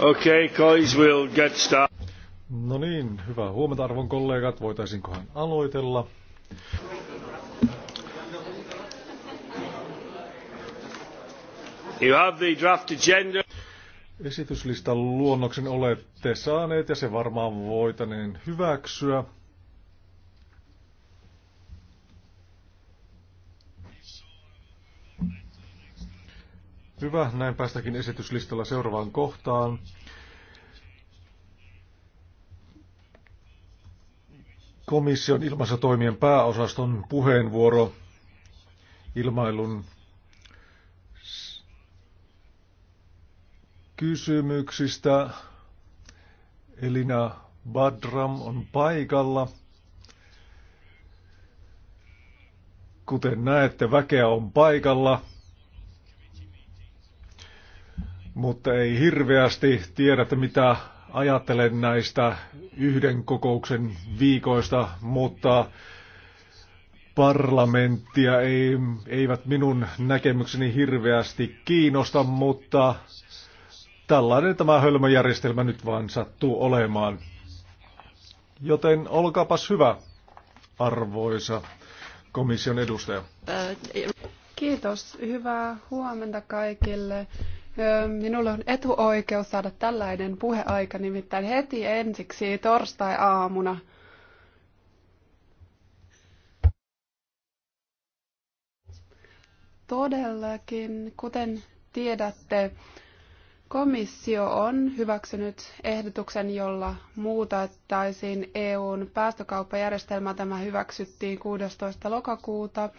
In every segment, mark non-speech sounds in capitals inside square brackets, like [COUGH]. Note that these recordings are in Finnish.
Okay, guys, we'll get started. No niin, hyvää huomenta arvon kollegat. Voitaisinkohan aloitella? You have the draft agenda. Esityslistan luonnoksen olette saaneet ja se varmaan voitaneen hyväksyä. Hyvä, näin päästäkin esityslistalla seuraavaan kohtaan. Komission ilmastotoimien pääosaston puheenvuoro ilmailun kysymyksistä. Elina Badram on paikalla. Kuten näette, väkeä on paikalla mutta ei hirveästi tiedä, että mitä ajattelen näistä yhden kokouksen viikoista, mutta parlamenttia ei, eivät minun näkemykseni hirveästi kiinnosta, mutta tällainen tämä hölmöjärjestelmä nyt vaan sattuu olemaan. Joten olkaapas hyvä, arvoisa komission edustaja. Äh, kiitos. Hyvää huomenta kaikille. Minulla on etuoikeus saada tällainen puheaika nimittäin heti ensiksi torstai-aamuna. Todellakin, kuten tiedätte, komissio on hyväksynyt ehdotuksen, jolla muutettaisiin EUn päästökauppajärjestelmää. Tämä hyväksyttiin 16. lokakuuta.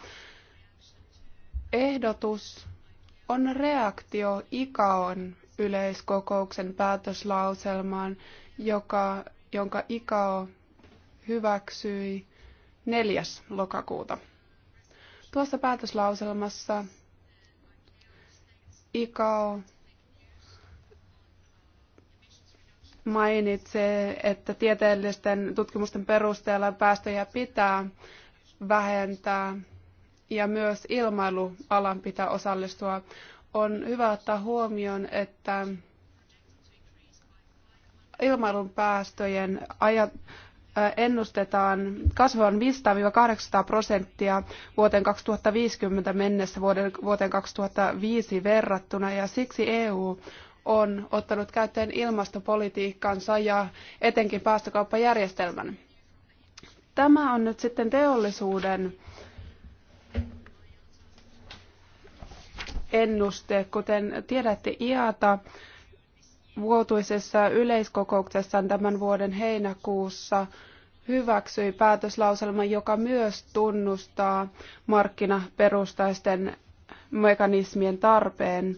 Ehdotus on reaktio ICAON yleiskokouksen päätöslauselmaan, joka, jonka ICAO hyväksyi 4. lokakuuta. Tuossa päätöslauselmassa ICAO mainitsee, että tieteellisten tutkimusten perusteella päästöjä pitää vähentää ja myös ilmailualan pitää osallistua. On hyvä ottaa huomioon, että ilmailun päästöjen ajat, äh, ennustetaan kasvavan 500-800 prosenttia vuoteen 2050 mennessä vuoteen 2005 verrattuna ja siksi EU on ottanut käyttöön ilmastopolitiikkansa ja etenkin päästökauppajärjestelmän. Tämä on nyt sitten teollisuuden ennuste. Kuten tiedätte, IATA vuotuisessa yleiskokouksessaan tämän vuoden heinäkuussa hyväksyi päätöslauselman, joka myös tunnustaa markkinaperustaisten mekanismien tarpeen.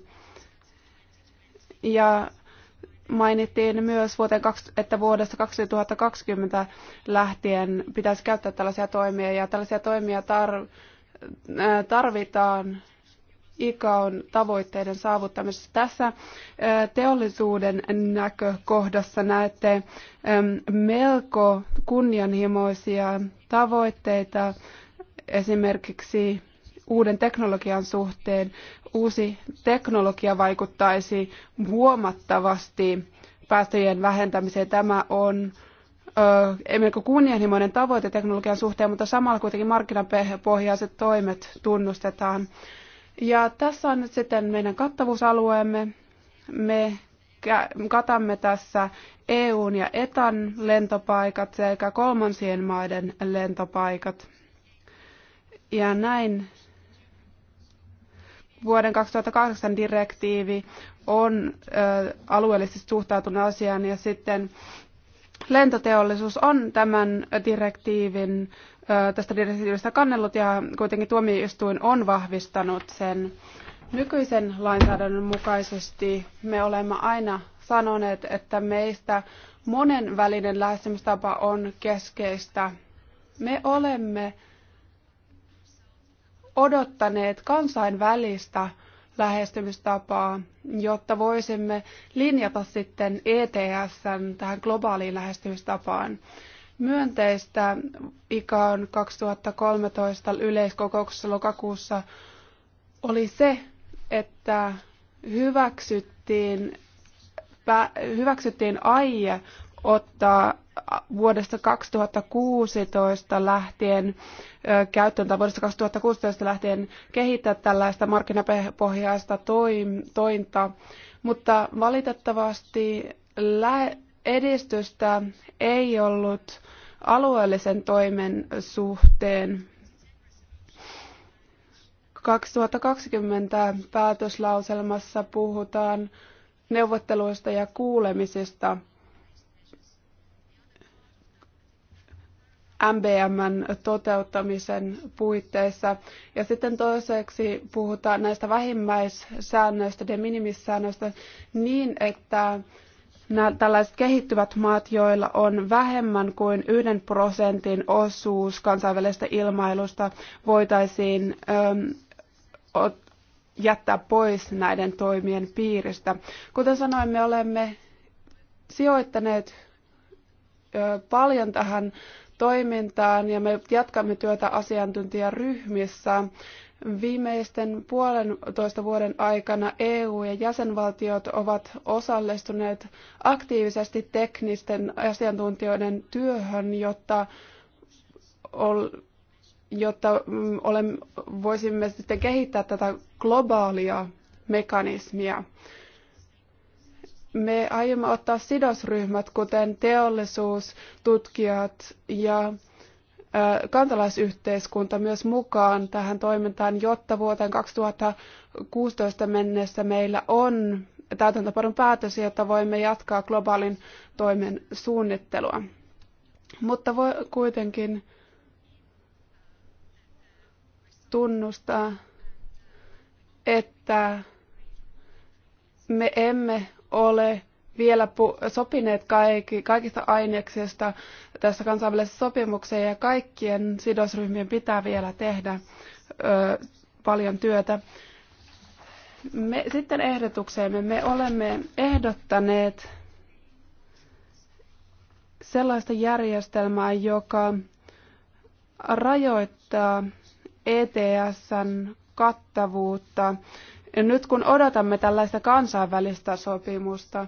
Ja mainittiin myös, vuoteen, että vuodesta 2020 lähtien pitäisi käyttää tällaisia toimia, ja tällaisia toimia tarvitaan ICAOn tavoitteiden saavuttamisessa. Tässä teollisuuden näkökohdassa näette melko kunnianhimoisia tavoitteita esimerkiksi uuden teknologian suhteen. Uusi teknologia vaikuttaisi huomattavasti päästöjen vähentämiseen. Tämä on melko kunnianhimoinen tavoite teknologian suhteen, mutta samalla kuitenkin markkinapohjaiset toimet tunnustetaan. Ja tässä on nyt sitten meidän kattavuusalueemme. Me katamme tässä EUn ja ETAn lentopaikat sekä kolmansien maiden lentopaikat. Ja näin vuoden 2008 direktiivi on ö, alueellisesti suhtautunut asiaan ja sitten lentoteollisuus on tämän direktiivin tästä direktiivistä kannellut ja kuitenkin tuomioistuin on vahvistanut sen. Nykyisen lainsäädännön mukaisesti me olemme aina sanoneet, että meistä monenvälinen lähestymistapa on keskeistä. Me olemme odottaneet kansainvälistä lähestymistapaa, jotta voisimme linjata sitten ETSn tähän globaaliin lähestymistapaan myönteistä ICAon 2013 yleiskokouksessa lokakuussa oli se, että hyväksyttiin, hyväksyttiin aie ottaa vuodesta 2016 lähtien käyttöön tai vuodesta 2016 lähtien kehittää tällaista markkinapohjaista tointa, mutta valitettavasti lä- edistystä ei ollut alueellisen toimen suhteen. 2020 päätöslauselmassa puhutaan neuvotteluista ja kuulemisista MBMn toteuttamisen puitteissa. Ja sitten toiseksi puhutaan näistä vähimmäissäännöistä, de minimissäännöistä, niin että nämä tällaiset kehittyvät maat, joilla on vähemmän kuin yhden prosentin osuus kansainvälisestä ilmailusta, voitaisiin äm, jättää pois näiden toimien piiristä. Kuten sanoin, me olemme sijoittaneet ö, paljon tähän toimintaan ja me jatkamme työtä asiantuntijaryhmissä. Viimeisten puolentoista vuoden aikana EU ja jäsenvaltiot ovat osallistuneet aktiivisesti teknisten asiantuntijoiden työhön, jotta, jotta mm, voisimme sitten kehittää tätä globaalia mekanismia. Me aiomme ottaa sidosryhmät, kuten teollisuus, tutkijat ja kansalaisyhteiskunta myös mukaan tähän toimintaan, jotta vuoteen 2016 mennessä meillä on täytäntöpanon päätös, jotta voimme jatkaa globaalin toimen suunnittelua. Mutta voi kuitenkin tunnustaa, että me emme ole vielä sopineet kaikki, kaikista aineksista tässä kansainvälisessä sopimuksessa ja kaikkien sidosryhmien pitää vielä tehdä ö, paljon työtä. Me, sitten ehdotukseemme me olemme ehdottaneet sellaista järjestelmää, joka rajoittaa ETSn kattavuutta. Ja nyt kun odotamme tällaista kansainvälistä sopimusta,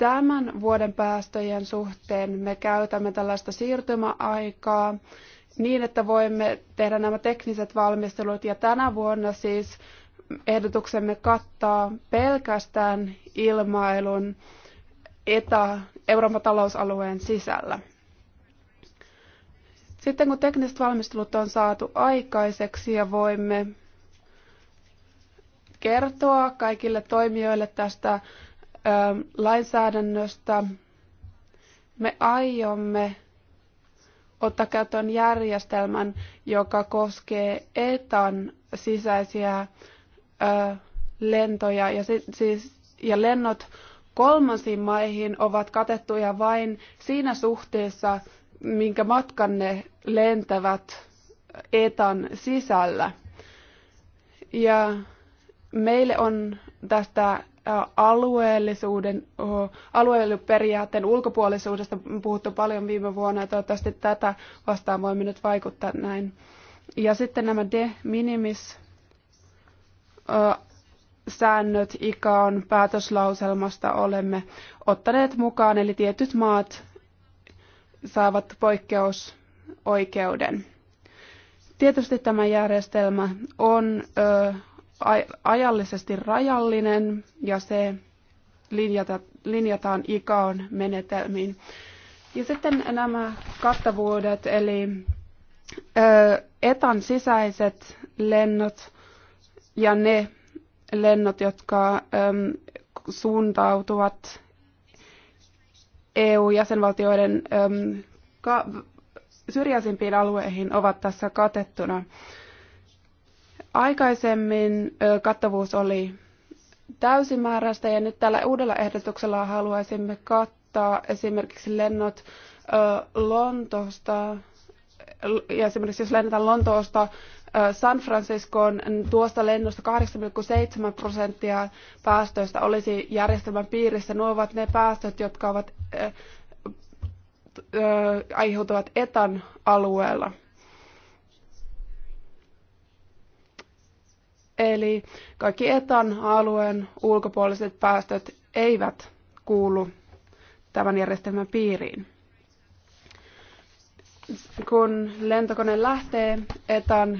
Tämän vuoden päästöjen suhteen me käytämme tällaista siirtymäaikaa niin, että voimme tehdä nämä tekniset valmistelut. Ja tänä vuonna siis ehdotuksemme kattaa pelkästään ilmailun etä Euroopan talousalueen sisällä. Sitten kun tekniset valmistelut on saatu aikaiseksi ja voimme kertoa kaikille toimijoille tästä lainsäädännöstä. Me aiomme ottaa käyttöön järjestelmän, joka koskee etan sisäisiä ö, lentoja ja, si, siis, ja lennot kolmansiin maihin ovat katettuja vain siinä suhteessa, minkä matkan ne lentävät etan sisällä. Ja meille on tästä alueellisuuden, alueelliperiaatteen ulkopuolisuudesta puhuttu paljon viime vuonna ja toivottavasti tätä vastaan voimme nyt vaikuttaa näin. Ja sitten nämä de minimis säännöt ICAon päätöslauselmasta olemme ottaneet mukaan, eli tietyt maat saavat poikkeusoikeuden. Tietysti tämä järjestelmä on ö, ajallisesti rajallinen ja se linjata, linjataan ikaon menetelmiin. Ja sitten nämä kattavuudet, eli ö, etan sisäiset lennot ja ne lennot, jotka ö, suuntautuvat EU-jäsenvaltioiden syrjäisimpiin alueihin, ovat tässä katettuna. Ö, Aikaisemmin kattavuus oli täysimääräistä ja nyt tällä uudella ehdotuksella haluaisimme kattaa esimerkiksi lennot Lontoosta ja esimerkiksi jos lennetään Lontoosta San Franciscoon, tuosta lennosta 8,7 prosenttia päästöistä olisi järjestelmän piirissä. Nuo ovat ne päästöt, jotka ovat, äh, äh, aiheutuvat etan alueella. Eli kaikki etan alueen ulkopuoliset päästöt eivät kuulu tämän järjestelmän piiriin. Kun lentokone lähtee etan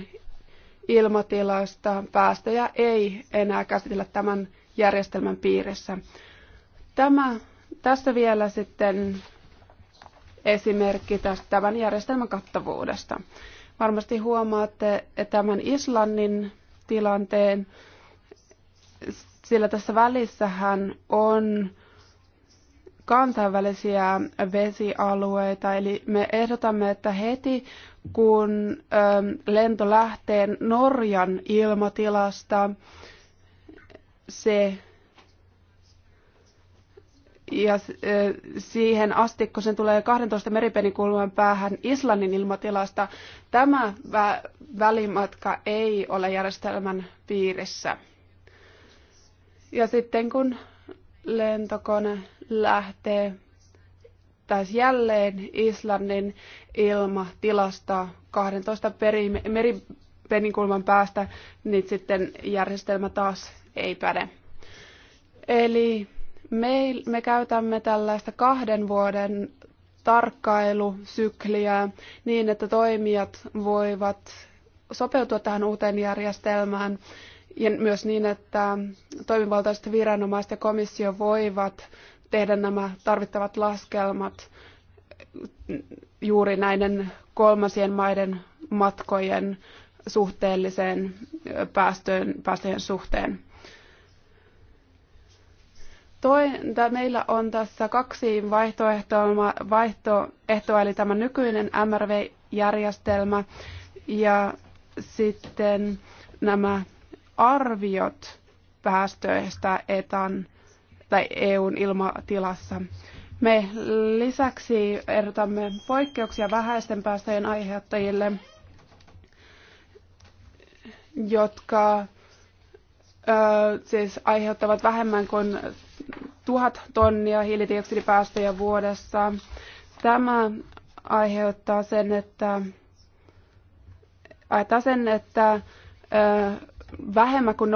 ilmatilasta, päästöjä ei enää käsitellä tämän järjestelmän piirissä. Tämä, tässä vielä sitten esimerkki tästä tämän järjestelmän kattavuudesta. Varmasti huomaatte että tämän Islannin tilanteen, sillä tässä välissähän on kansainvälisiä vesialueita. Eli me ehdotamme, että heti kun ähm, lento lähtee Norjan ilmatilasta, se ja siihen asti, kun sen tulee 12 meripenikulman päähän Islannin ilmatilasta, tämä vä- välimatka ei ole järjestelmän piirissä. Ja sitten kun lentokone lähtee taas jälleen Islannin ilmatilasta 12 peri- meripeninkulman päästä, niin sitten järjestelmä taas ei päde. Eli me, me käytämme tällaista kahden vuoden tarkkailusykliä niin, että toimijat voivat sopeutua tähän uuteen järjestelmään ja myös niin, että toimivaltaiset viranomaiset ja komissio voivat tehdä nämä tarvittavat laskelmat juuri näiden kolmansien maiden matkojen suhteelliseen päästöjen suhteen. Toinen, meillä on tässä kaksi vaihtoehtoa, vaihtoehtoa eli tämä nykyinen MRV-järjestelmä ja sitten nämä arviot päästöistä etan tai EUn ilmatilassa. Me lisäksi erotamme poikkeuksia vähäisten päästöjen aiheuttajille, jotka ö, siis aiheuttavat vähemmän kuin tuhat tonnia hiilidioksidipäästöjä vuodessa. Tämä aiheuttaa sen, että, aiheuttaa sen, että vähemmän kuin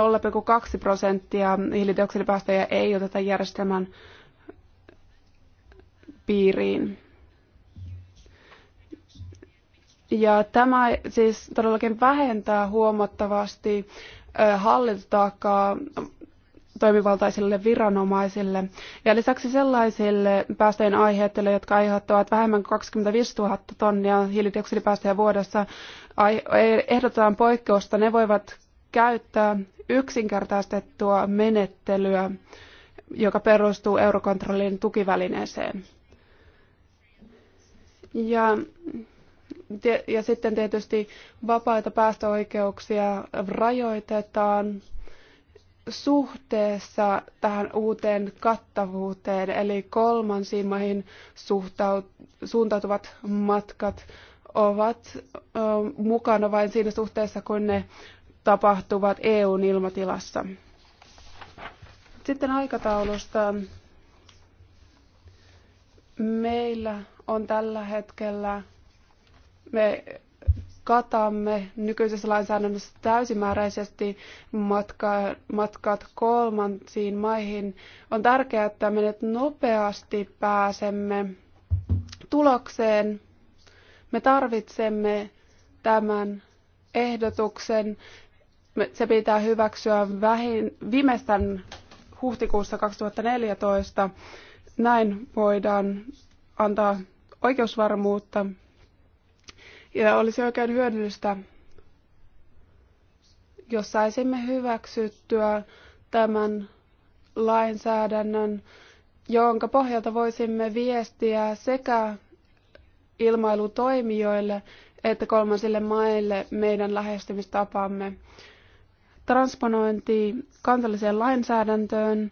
0,2 prosenttia hiilidioksidipäästöjä ei oteta järjestelmän piiriin. Ja tämä siis todellakin vähentää huomattavasti hallintotaakkaa toimivaltaisille viranomaisille ja lisäksi sellaisille päästöjen aiheuttajille, jotka aiheuttavat vähemmän kuin 25 000 tonnia hiilidioksidipäästöjä vuodessa. E- ehdotetaan poikkeusta, ne voivat käyttää yksinkertaistettua menettelyä, joka perustuu eurokontrollin tukivälineeseen. Ja, ja sitten tietysti vapaita päästöoikeuksia rajoitetaan suhteessa tähän uuteen kattavuuteen, eli kolmansiin maihin suhtaut- suuntautuvat matkat ovat ö, mukana vain siinä suhteessa, kun ne tapahtuvat EUn ilmatilassa. Sitten aikataulusta. Meillä on tällä hetkellä, me katamme nykyisessä lainsäädännössä täysimääräisesti matka, matkat kolmansiin maihin. On tärkeää, että me nyt nopeasti pääsemme tulokseen. Me tarvitsemme tämän ehdotuksen. Se pitää hyväksyä vähin, viimeistään huhtikuussa 2014. Näin voidaan antaa oikeusvarmuutta ja olisi oikein hyödyllistä, jos saisimme hyväksyttyä tämän lainsäädännön, jonka pohjalta voisimme viestiä sekä ilmailutoimijoille että kolmansille maille meidän lähestymistapamme. Transponointi kansalliseen lainsäädäntöön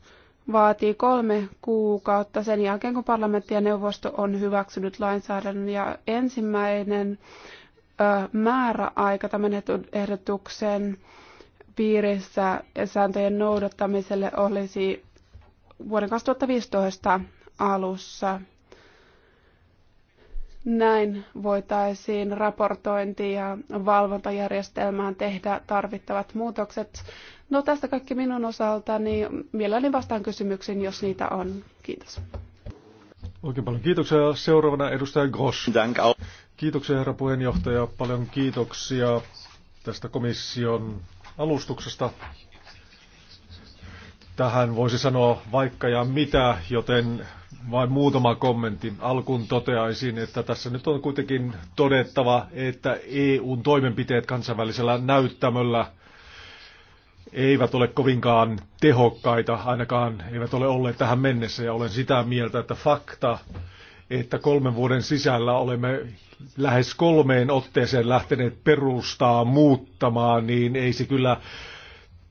vaatii kolme kuukautta sen jälkeen, kun parlamentti ja neuvosto on hyväksynyt lainsäädännön. Ja ensimmäinen ö, määräaika tämän ehdotuksen piirissä sääntöjen noudattamiselle olisi vuoden 2015 alussa. Näin voitaisiin raportointi- ja valvontajärjestelmään tehdä tarvittavat muutokset. No tästä kaikki minun osaltani. Mielelläni vastaan kysymyksiin, jos niitä on. Kiitos. Oikein paljon kiitoksia. Seuraavana edustaja Gross. Kiitoksia herra puheenjohtaja. Paljon kiitoksia tästä komission alustuksesta. Tähän voisi sanoa vaikka ja mitä, joten vain muutama kommentti. Alkuun toteaisin, että tässä nyt on kuitenkin todettava, että EUn toimenpiteet kansainvälisellä näyttämöllä eivät ole kovinkaan tehokkaita, ainakaan eivät ole olleet tähän mennessä. Ja olen sitä mieltä, että fakta, että kolmen vuoden sisällä olemme lähes kolmeen otteeseen lähteneet perustaa muuttamaan, niin ei se kyllä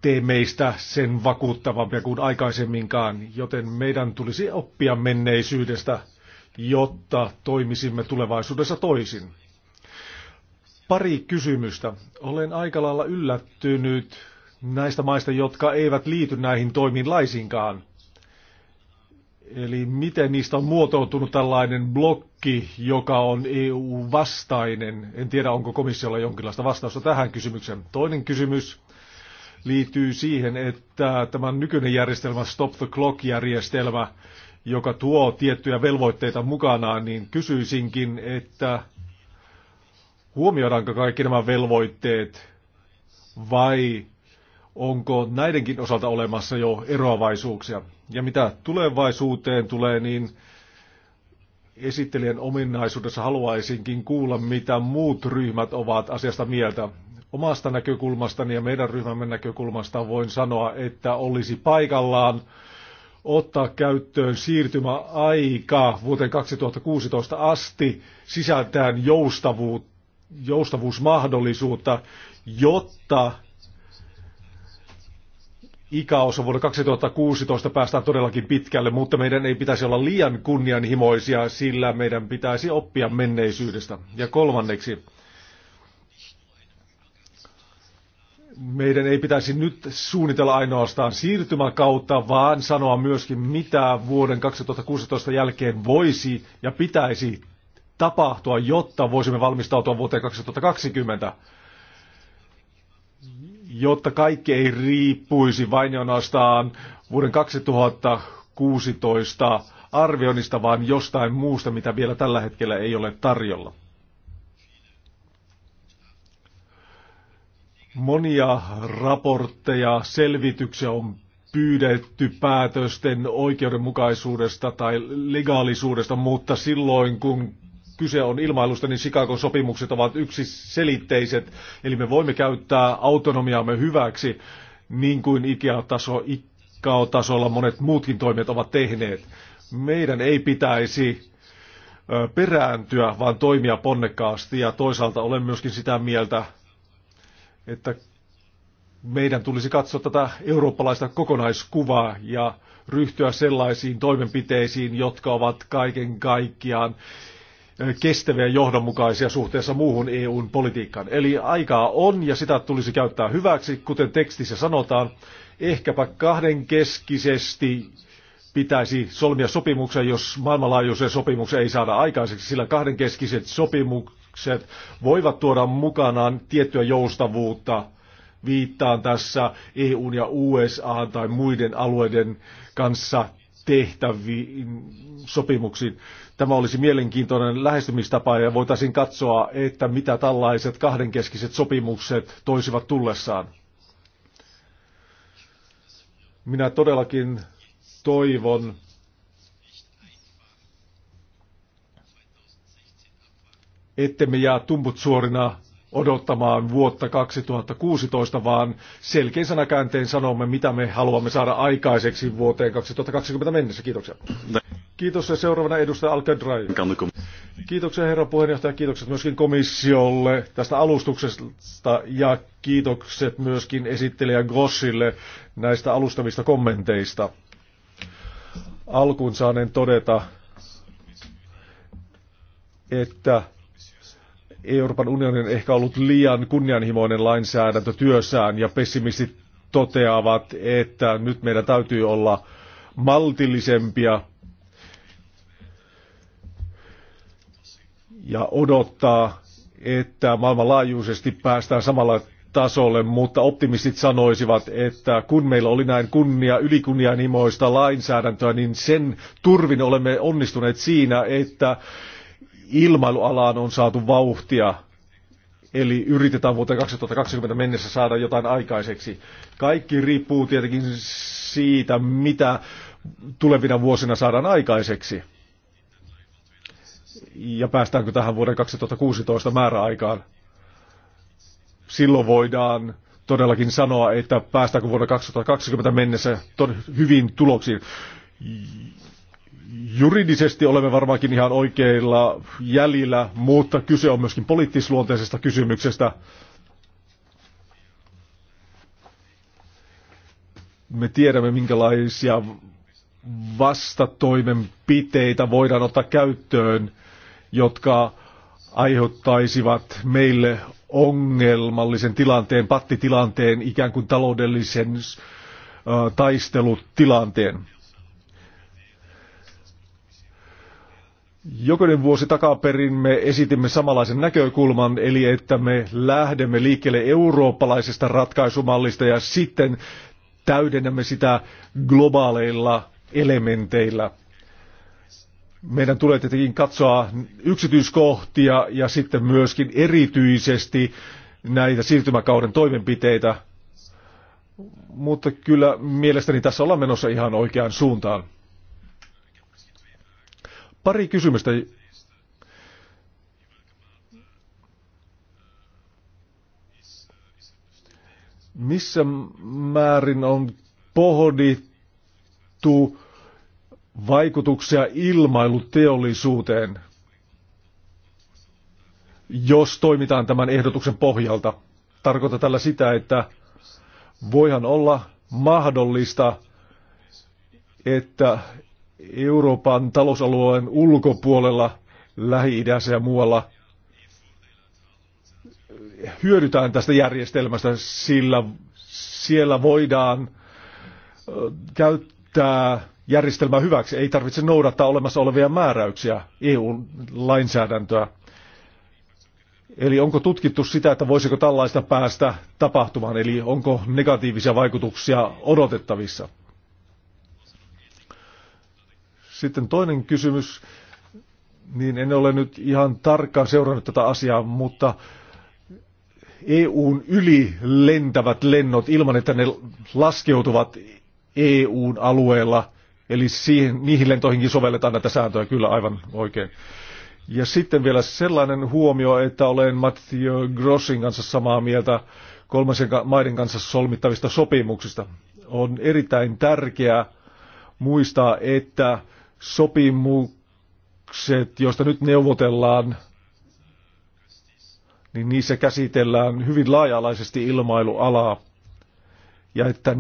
tee meistä sen vakuuttavampia kuin aikaisemminkaan, joten meidän tulisi oppia menneisyydestä, jotta toimisimme tulevaisuudessa toisin. Pari kysymystä. Olen aika lailla yllättynyt näistä maista, jotka eivät liity näihin toimiin laisinkaan. Eli miten niistä on muotoutunut tällainen blokki, joka on EU-vastainen? En tiedä, onko komissiolla jonkinlaista vastausta tähän kysymykseen. Toinen kysymys liittyy siihen, että tämä nykyinen järjestelmä, Stop the Clock-järjestelmä, joka tuo tiettyjä velvoitteita mukanaan, niin kysyisinkin, että huomioidaanko kaikki nämä velvoitteet vai onko näidenkin osalta olemassa jo eroavaisuuksia. Ja mitä tulevaisuuteen tulee, niin esittelijän ominaisuudessa haluaisinkin kuulla, mitä muut ryhmät ovat asiasta mieltä. Omasta näkökulmastani ja meidän ryhmämme näkökulmasta voin sanoa, että olisi paikallaan ottaa käyttöön siirtymäaika vuoteen 2016 asti sisältäen joustavuut, joustavuusmahdollisuutta, jotta ikäosa vuonna 2016 päästään todellakin pitkälle, mutta meidän ei pitäisi olla liian kunnianhimoisia, sillä meidän pitäisi oppia menneisyydestä. Ja kolmanneksi, meidän ei pitäisi nyt suunnitella ainoastaan siirtymäkautta, vaan sanoa myöskin, mitä vuoden 2016 jälkeen voisi ja pitäisi tapahtua, jotta voisimme valmistautua vuoteen 2020, jotta kaikki ei riippuisi vain ainoastaan vuoden 2016 arvioinnista, vaan jostain muusta, mitä vielä tällä hetkellä ei ole tarjolla. Monia raportteja, selvityksiä on pyydetty päätösten oikeudenmukaisuudesta tai legaalisuudesta, mutta silloin kun kyse on ilmailusta, niin Chicagon sopimukset ovat yksi selitteiset, eli me voimme käyttää autonomiaamme hyväksi, niin kuin IKEA-taso, IKAO-tasolla monet muutkin toimet ovat tehneet. Meidän ei pitäisi perääntyä, vaan toimia ponnekkaasti, ja toisaalta olen myöskin sitä mieltä, että meidän tulisi katsoa tätä eurooppalaista kokonaiskuvaa ja ryhtyä sellaisiin toimenpiteisiin, jotka ovat kaiken kaikkiaan kestäviä ja johdonmukaisia suhteessa muuhun EUn politiikkaan. Eli aikaa on ja sitä tulisi käyttää hyväksi, kuten tekstissä sanotaan. Ehkäpä kahdenkeskisesti pitäisi solmia sopimuksen, jos maailmanlaajuisen sopimuksen ei saada aikaiseksi, sillä kahdenkeskiset sopimukset säännökset voivat tuoda mukanaan tiettyä joustavuutta. Viittaan tässä EUn ja USA tai muiden alueiden kanssa tehtäviin sopimuksiin. Tämä olisi mielenkiintoinen lähestymistapa ja voitaisiin katsoa, että mitä tällaiset kahdenkeskiset sopimukset toisivat tullessaan. Minä todellakin toivon, ettemme jää tumput suorina odottamaan vuotta 2016, vaan selkein sanakäänteen sanomme, mitä me haluamme saada aikaiseksi vuoteen 2020 mennessä. Kiitoksia. Kiitos ja seuraavana edustaja Alcadray. Kiitoksia herra puheenjohtaja, kiitokset myöskin komissiolle tästä alustuksesta ja kiitokset myöskin esittelijä Grossille näistä alustavista kommenteista. Alkuun saanen todeta, että Euroopan unionin ehkä ollut liian kunnianhimoinen lainsäädäntö työssään ja pessimistit toteavat, että nyt meidän täytyy olla maltillisempia ja odottaa, että maailmanlaajuisesti päästään samalla tasolle, mutta optimistit sanoisivat, että kun meillä oli näin kunnia, ylikunnianhimoista lainsäädäntöä, niin sen turvin olemme onnistuneet siinä, että ilmailualaan on saatu vauhtia, eli yritetään vuoteen 2020 mennessä saada jotain aikaiseksi. Kaikki riippuu tietenkin siitä, mitä tulevina vuosina saadaan aikaiseksi. Ja päästäänkö tähän vuoden 2016 määräaikaan. Silloin voidaan todellakin sanoa, että päästäänkö vuoden 2020 mennessä hyvin tuloksiin juridisesti olemme varmaankin ihan oikeilla jäljillä, mutta kyse on myöskin poliittisluonteisesta kysymyksestä. Me tiedämme, minkälaisia vastatoimenpiteitä voidaan ottaa käyttöön, jotka aiheuttaisivat meille ongelmallisen tilanteen, pattitilanteen, ikään kuin taloudellisen taistelutilanteen. Jokainen vuosi takaperin me esitimme samanlaisen näkökulman, eli että me lähdemme liikkeelle eurooppalaisesta ratkaisumallista ja sitten täydennämme sitä globaaleilla elementeillä. Meidän tulee tietenkin katsoa yksityiskohtia ja sitten myöskin erityisesti näitä siirtymäkauden toimenpiteitä, mutta kyllä mielestäni tässä ollaan menossa ihan oikeaan suuntaan. Pari kysymystä. Missä määrin on pohdittu vaikutuksia ilmailuteollisuuteen, jos toimitaan tämän ehdotuksen pohjalta? Tarkoita tällä sitä, että voihan olla mahdollista, että Euroopan talousalueen ulkopuolella, Lähi-idässä ja muualla hyödytään tästä järjestelmästä, sillä siellä voidaan käyttää järjestelmää hyväksi. Ei tarvitse noudattaa olemassa olevia määräyksiä EU-lainsäädäntöä. Eli onko tutkittu sitä, että voisiko tällaista päästä tapahtumaan, eli onko negatiivisia vaikutuksia odotettavissa? Sitten toinen kysymys, niin en ole nyt ihan tarkkaan seurannut tätä asiaa, mutta EUn yli lentävät lennot ilman, että ne laskeutuvat EUn alueella, eli siihen, niihin lentoihinkin sovelletaan näitä sääntöjä kyllä aivan oikein. Ja sitten vielä sellainen huomio, että olen Matthew Grossin kanssa samaa mieltä kolmansien maiden kanssa solmittavista sopimuksista. On erittäin tärkeää muistaa, että sopimukset, joista nyt neuvotellaan, niin niissä käsitellään hyvin laajalaisesti ilmailualaa. Ja että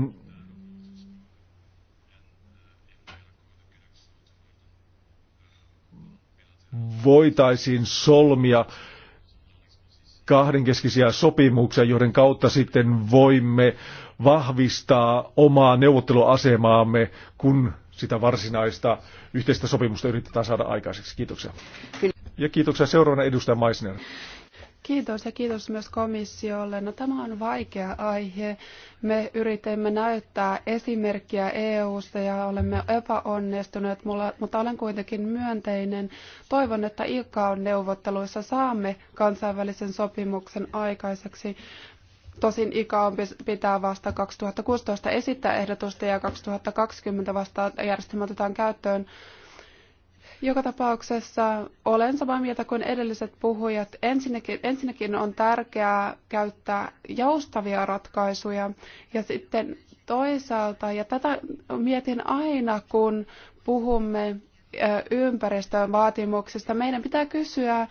voitaisiin solmia kahdenkeskisiä sopimuksia, joiden kautta sitten voimme vahvistaa omaa neuvotteluasemaamme, kun sitä varsinaista yhteistä sopimusta yritetään saada aikaiseksi. Kiitoksia. Ja kiitoksia seuraavana edustaja Meissner. Kiitos ja kiitos myös komissiolle. No, tämä on vaikea aihe. Me yritämme näyttää esimerkkiä EU-sta ja olemme epäonnistuneet, mutta olen kuitenkin myönteinen. Toivon, että ICAO-neuvotteluissa saamme kansainvälisen sopimuksen aikaiseksi. Tosin ICAO pitää vasta 2016 esittää ehdotusta ja 2020 vasta järjestelmä otetaan käyttöön. Joka tapauksessa olen samaa mieltä kuin edelliset puhujat. Ensinnäkin, ensinnäkin on tärkeää käyttää joustavia ratkaisuja ja sitten toisaalta, ja tätä mietin aina kun puhumme ympäristön vaatimuksista, meidän pitää kysyä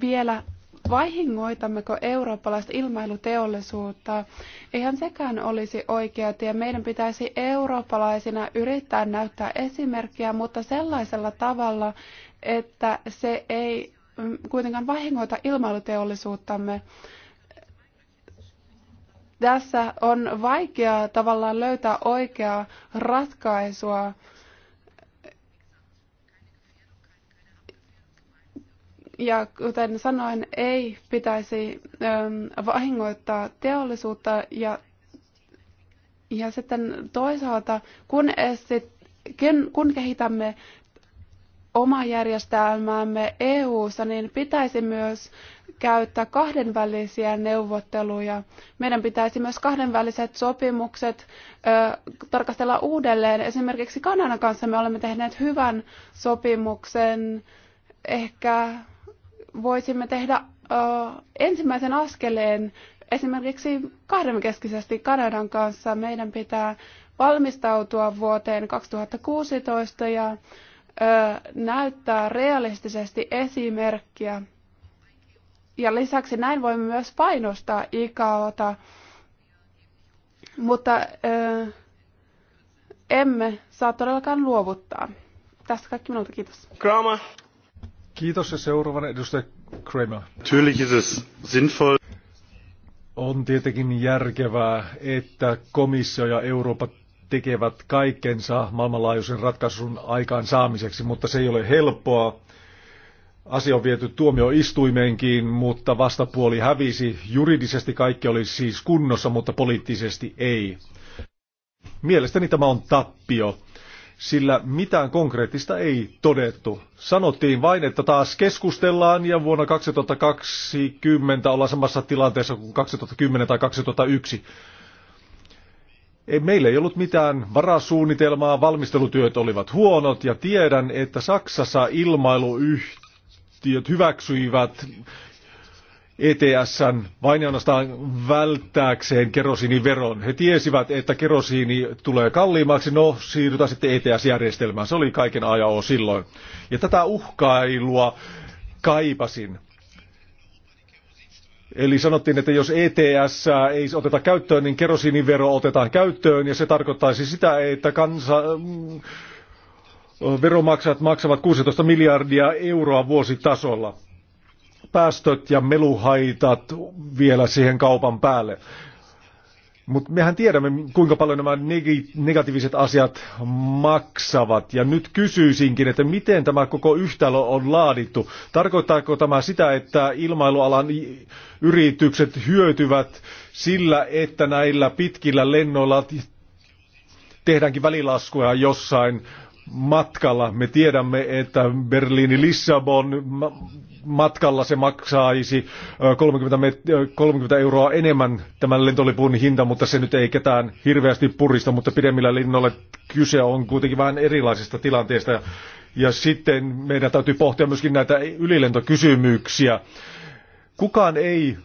vielä vahingoitammeko eurooppalaista ilmailuteollisuutta? Eihän sekään olisi oikea tie. Meidän pitäisi eurooppalaisina yrittää näyttää esimerkkiä, mutta sellaisella tavalla, että se ei mm, kuitenkaan vahingoita ilmailuteollisuuttamme. Tässä on vaikea tavallaan löytää oikeaa ratkaisua ja kuten sanoin, ei pitäisi ähm, vahingoittaa teollisuutta ja, ja sitten toisaalta, kun, esit kun kehitämme omaa järjestelmäämme EU-ssa, niin pitäisi myös käyttää kahdenvälisiä neuvotteluja. Meidän pitäisi myös kahdenväliset sopimukset ö, tarkastella uudelleen. Esimerkiksi Kanadan kanssa me olemme tehneet hyvän sopimuksen. Ehkä voisimme tehdä ensimmäisen askeleen esimerkiksi kahdenkeskisesti Kanadan kanssa. Meidän pitää valmistautua vuoteen 2016 ja näyttää realistisesti esimerkkiä. Ja lisäksi näin voimme myös painostaa ikaota, mutta ö, emme saa todellakaan luovuttaa. Tästä kaikki minulta, kiitos. Kramer. Kiitos ja seuraavana edustaja Kramer. On tietenkin järkevää, että komissio ja Eurooppa tekevät kaikkensa maailmanlaajuisen ratkaisun aikaan saamiseksi, mutta se ei ole helppoa. Asia on viety tuomioistuimeenkin, mutta vastapuoli hävisi. Juridisesti kaikki oli siis kunnossa, mutta poliittisesti ei. Mielestäni tämä on tappio sillä mitään konkreettista ei todettu. Sanottiin vain, että taas keskustellaan ja vuonna 2020 ollaan samassa tilanteessa kuin 2010 tai 2001. Ei, meillä ei ollut mitään varasuunnitelmaa, valmistelutyöt olivat huonot ja tiedän, että Saksassa ilmailuyhtiöt hyväksyivät ETSn vain ainoastaan välttääkseen kerosiiniveron. He tiesivät, että kerosiini tulee kalliimmaksi, no siirrytään sitten ETS-järjestelmään. Se oli kaiken ajan silloin. Ja tätä uhkailua kaipasin. Eli sanottiin, että jos ETS ei oteta käyttöön, niin kerosiinivero otetaan käyttöön ja se tarkoittaisi sitä, että kansa, mm, veromaksajat maksavat 16 miljardia euroa vuositasolla päästöt ja meluhaitat vielä siihen kaupan päälle. Mutta mehän tiedämme, kuinka paljon nämä negatiiviset asiat maksavat. Ja nyt kysyisinkin, että miten tämä koko yhtälö on laadittu. Tarkoittaako tämä sitä, että ilmailualan yritykset hyötyvät sillä, että näillä pitkillä lennoilla tehdäänkin välilaskuja jossain matkalla. Me tiedämme, että Berliini-Lissabon matkalla se maksaisi 30, 30 euroa enemmän tämän lentolipun hinta, mutta se nyt ei ketään hirveästi purista, mutta pidemmillä linnoilla kyse on kuitenkin vähän erilaisista tilanteista. Ja sitten meidän täytyy pohtia myöskin näitä ylilentokysymyksiä. Kukaan ei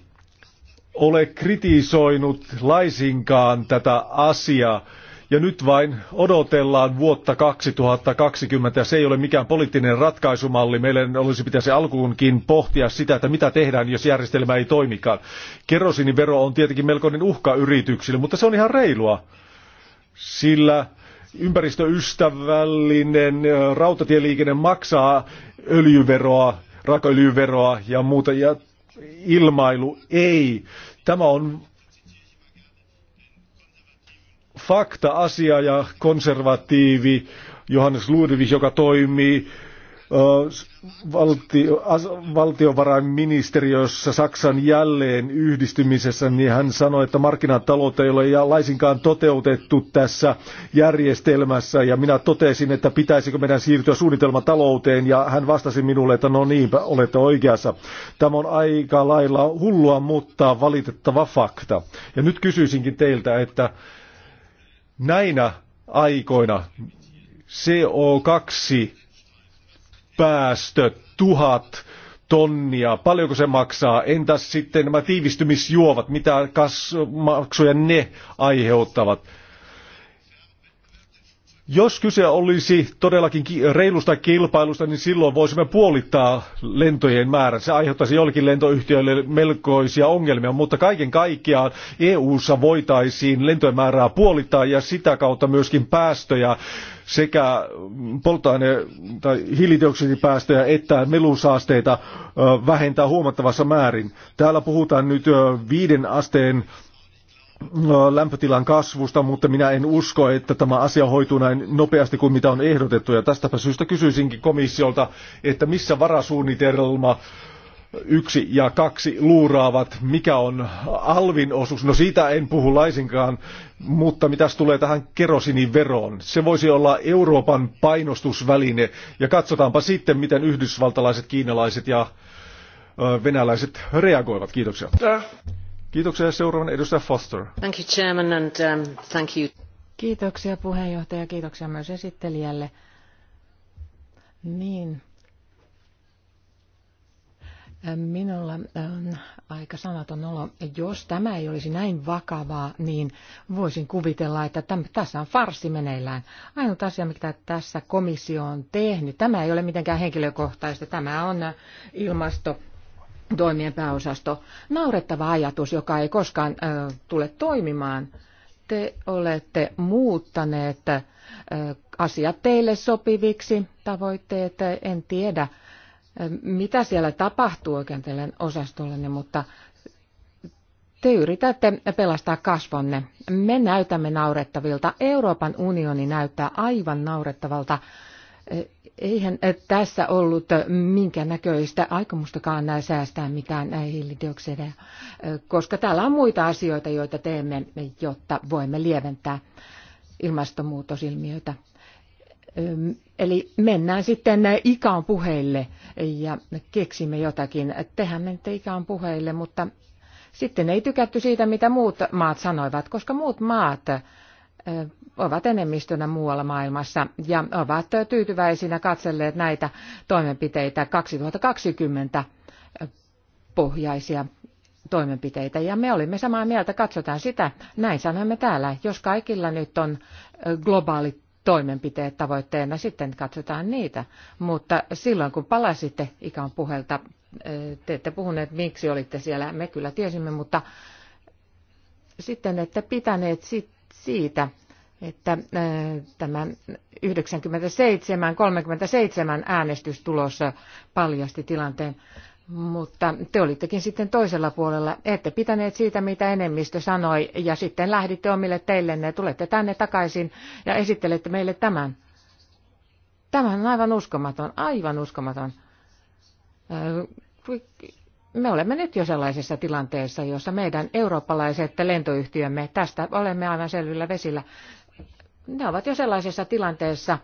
ole kritisoinut laisinkaan tätä asiaa ja nyt vain odotellaan vuotta 2020 ja se ei ole mikään poliittinen ratkaisumalli. Meidän olisi pitäisi alkuunkin pohtia sitä, että mitä tehdään, jos järjestelmä ei toimikaan. Kerosinivero on tietenkin melkoinen uhka yrityksille, mutta se on ihan reilua. Sillä ympäristöystävällinen rautatieliikenne maksaa öljyveroa, rakoöljyveroa ja muuta, ja ilmailu ei. Tämä on fakta-asia ja konservatiivi Johannes Ludwig, joka toimii valti, as, valtiovarainministeriössä Saksan jälleen yhdistymisessä, niin hän sanoi, että markkinataloutta ei ole laisinkaan toteutettu tässä järjestelmässä. Ja minä totesin, että pitäisikö meidän siirtyä suunnitelmatalouteen, ja hän vastasi minulle, että no niinpä, olette oikeassa. Tämä on aika lailla hullua, mutta valitettava fakta. Ja nyt kysyisinkin teiltä, että näinä aikoina CO2 päästöt tuhat tonnia, paljonko se maksaa? Entäs sitten nämä tiivistymisjuovat, mitä kas- maksuja ne aiheuttavat? Jos kyse olisi todellakin reilusta kilpailusta, niin silloin voisimme puolittaa lentojen määrän. Se aiheuttaisi jollekin lentoyhtiöille melkoisia ongelmia, mutta kaiken kaikkiaan EU-ssa voitaisiin lentojen määrää puolittaa ja sitä kautta myöskin päästöjä sekä polttoaine- tai hiilidioksidipäästöjä että melusaasteita vähentää huomattavassa määrin. Täällä puhutaan nyt viiden asteen No, lämpötilan kasvusta, mutta minä en usko, että tämä asia hoituu näin nopeasti kuin mitä on ehdotettu. Ja tästäpä syystä kysyisinkin komissiolta, että missä varasuunnitelma yksi ja kaksi luuraavat, mikä on alvin osuus. No siitä en puhu laisinkaan, mutta mitä tulee tähän veroon, Se voisi olla Euroopan painostusväline ja katsotaanpa sitten, miten yhdysvaltalaiset, kiinalaiset ja venäläiset reagoivat. Kiitoksia. Kiitoksia. Seuraavan edustaja Foster. Thank you, Chairman, and, um, thank you. Kiitoksia puheenjohtaja, kiitoksia myös esittelijälle. Niin. Minulla on aika sanaton olo. Jos tämä ei olisi näin vakavaa, niin voisin kuvitella, että täm, tässä on farsi meneillään. Ainut asia, mitä tässä komissio on tehnyt, tämä ei ole mitenkään henkilökohtaista, tämä on ilmasto toimien pääosasto. Naurettava ajatus, joka ei koskaan ö, tule toimimaan. Te olette muuttaneet ö, asiat teille sopiviksi tavoitteet. En tiedä, mitä siellä tapahtuu oikein teille osastollenne, mutta te yritätte pelastaa kasvonne. Me näytämme naurettavilta. Euroopan unioni näyttää aivan naurettavalta. Eihän äh, tässä ollut äh, minkä näköistä aikomustakaan säästää mitään äh, hiilidioksideja, koska täällä on muita asioita, joita teemme, jotta voimme lieventää ilmastonmuutosilmiöitä. Eli mennään sitten ikaan puheille ja keksimme jotakin. Tehän menette ikaan puheille, mutta sitten ei tykätty siitä, mitä muut maat sanoivat, koska muut maat ovat enemmistönä muualla maailmassa ja ovat tyytyväisinä katselleet näitä toimenpiteitä 2020 pohjaisia toimenpiteitä. Ja me olimme samaa mieltä, katsotaan sitä, näin sanoimme täällä, jos kaikilla nyt on globaalit toimenpiteet tavoitteena, sitten katsotaan niitä. Mutta silloin kun palasitte ikään puhelta, te ette puhuneet miksi olitte siellä, me kyllä tiesimme, mutta sitten ette pitäneet siitä että äh, tämä 97-37 äänestystulos paljasti tilanteen, mutta te olittekin sitten toisella puolella, ette pitäneet siitä, mitä enemmistö sanoi, ja sitten lähditte omille teillenne, tulette tänne takaisin ja esittelette meille tämän. Tämä on aivan uskomaton, aivan uskomaton. Äh, me olemme nyt jo sellaisessa tilanteessa, jossa meidän eurooppalaiset lentoyhtiömme, tästä olemme aivan selvillä vesillä, ne ovat jo sellaisessa tilanteessa,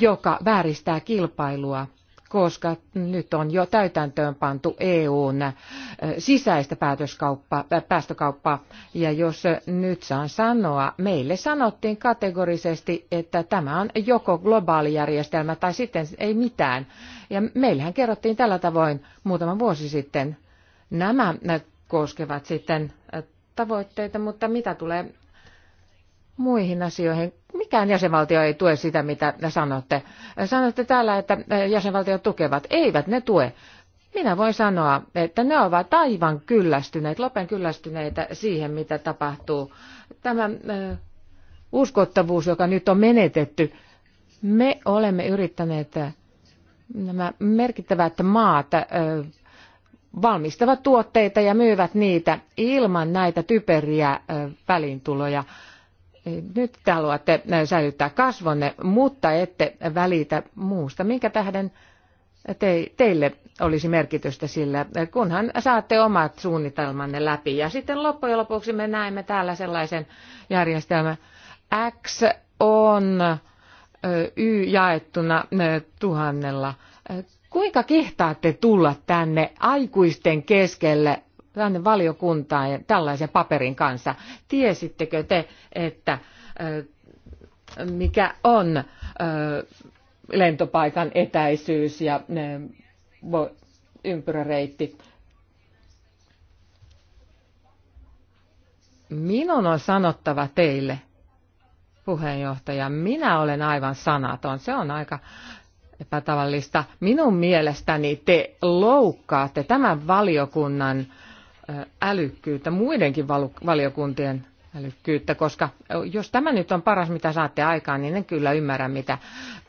joka vääristää kilpailua, koska nyt on jo täytäntöön pantu EUn sisäistä päästökauppaa. Ja jos nyt saan sanoa, meille sanottiin kategorisesti, että tämä on joko globaali järjestelmä tai sitten ei mitään. Ja meillähän kerrottiin tällä tavoin muutama vuosi sitten. Nämä koskevat sitten tavoitteita, mutta mitä tulee muihin asioihin. Mikään jäsenvaltio ei tue sitä, mitä sanotte. Sanotte täällä, että jäsenvaltiot tukevat. Eivät ne tue. Minä voin sanoa, että ne ovat aivan kyllästyneet, lopen kyllästyneitä siihen, mitä tapahtuu. Tämä uskottavuus, joka nyt on menetetty, me olemme yrittäneet nämä merkittävät maat valmistavat tuotteita ja myyvät niitä ilman näitä typeriä välintuloja nyt te haluatte äh, säilyttää kasvonne, mutta ette välitä muusta. Minkä tähden te, teille olisi merkitystä sillä, kunhan saatte omat suunnitelmanne läpi. Ja sitten loppujen lopuksi me näemme täällä sellaisen järjestelmän. X on Y jaettuna tuhannella. Kuinka kehtaatte tulla tänne aikuisten keskelle tänne valiokuntaan tällaisen paperin kanssa. Tiesittekö te, että mikä on lentopaikan etäisyys ja ympyräreitti? Minun on sanottava teille, puheenjohtaja, minä olen aivan sanaton. Se on aika epätavallista. Minun mielestäni te loukkaatte tämän valiokunnan äh, älykkyyttä, muidenkin valiokuntien älykkyyttä, koska jos tämä nyt on paras, mitä saatte aikaan, niin en kyllä ymmärrä, mitä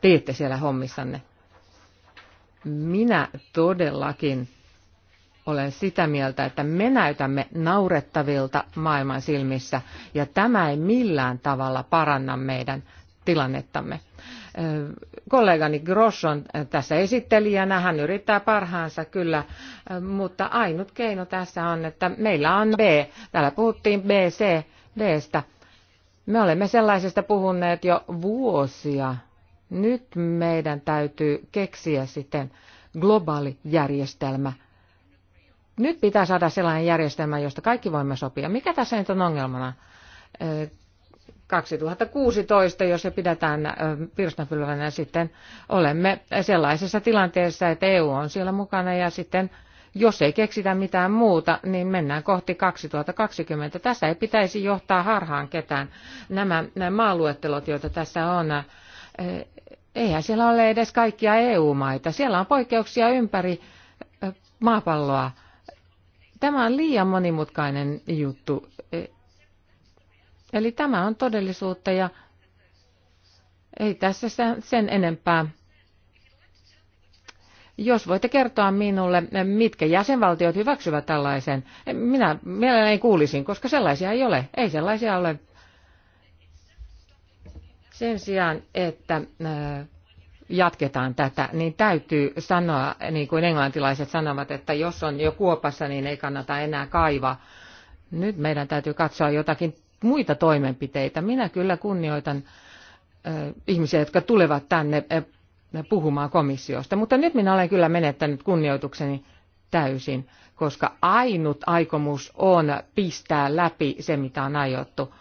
teette siellä hommissanne. Minä todellakin olen sitä mieltä, että me näytämme naurettavilta maailman silmissä, ja tämä ei millään tavalla paranna meidän tilannettamme kollegani Gross on tässä esittelijänä, hän yrittää parhaansa kyllä, mutta ainut keino tässä on, että meillä on B, täällä puhuttiin BC, D:stä, Me olemme sellaisesta puhuneet jo vuosia. Nyt meidän täytyy keksiä sitten globaali järjestelmä. Nyt pitää saada sellainen järjestelmä, josta kaikki voimme sopia. Mikä tässä nyt on ongelmana? 2016, jos se pidetään pirstanpylvänä, sitten olemme sellaisessa tilanteessa, että EU on siellä mukana ja sitten jos ei keksitä mitään muuta, niin mennään kohti 2020. Tässä ei pitäisi johtaa harhaan ketään. Nämä, nämä maaluettelot, joita tässä on, eihän siellä ole edes kaikkia EU-maita. Siellä on poikkeuksia ympäri maapalloa. Tämä on liian monimutkainen juttu. Eli tämä on todellisuutta ja ei tässä sen enempää. Jos voitte kertoa minulle, mitkä jäsenvaltiot hyväksyvät tällaisen, minä mielelläni kuulisin, koska sellaisia ei ole. Ei sellaisia ole. Sen sijaan, että jatketaan tätä, niin täytyy sanoa, niin kuin englantilaiset sanovat, että jos on jo kuopassa, niin ei kannata enää kaivaa. Nyt meidän täytyy katsoa jotakin muita toimenpiteitä. Minä kyllä kunnioitan ihmisiä, jotka tulevat tänne puhumaan komissiosta, mutta nyt minä olen kyllä menettänyt kunnioitukseni täysin, koska ainut aikomus on pistää läpi se, mitä on aiottu.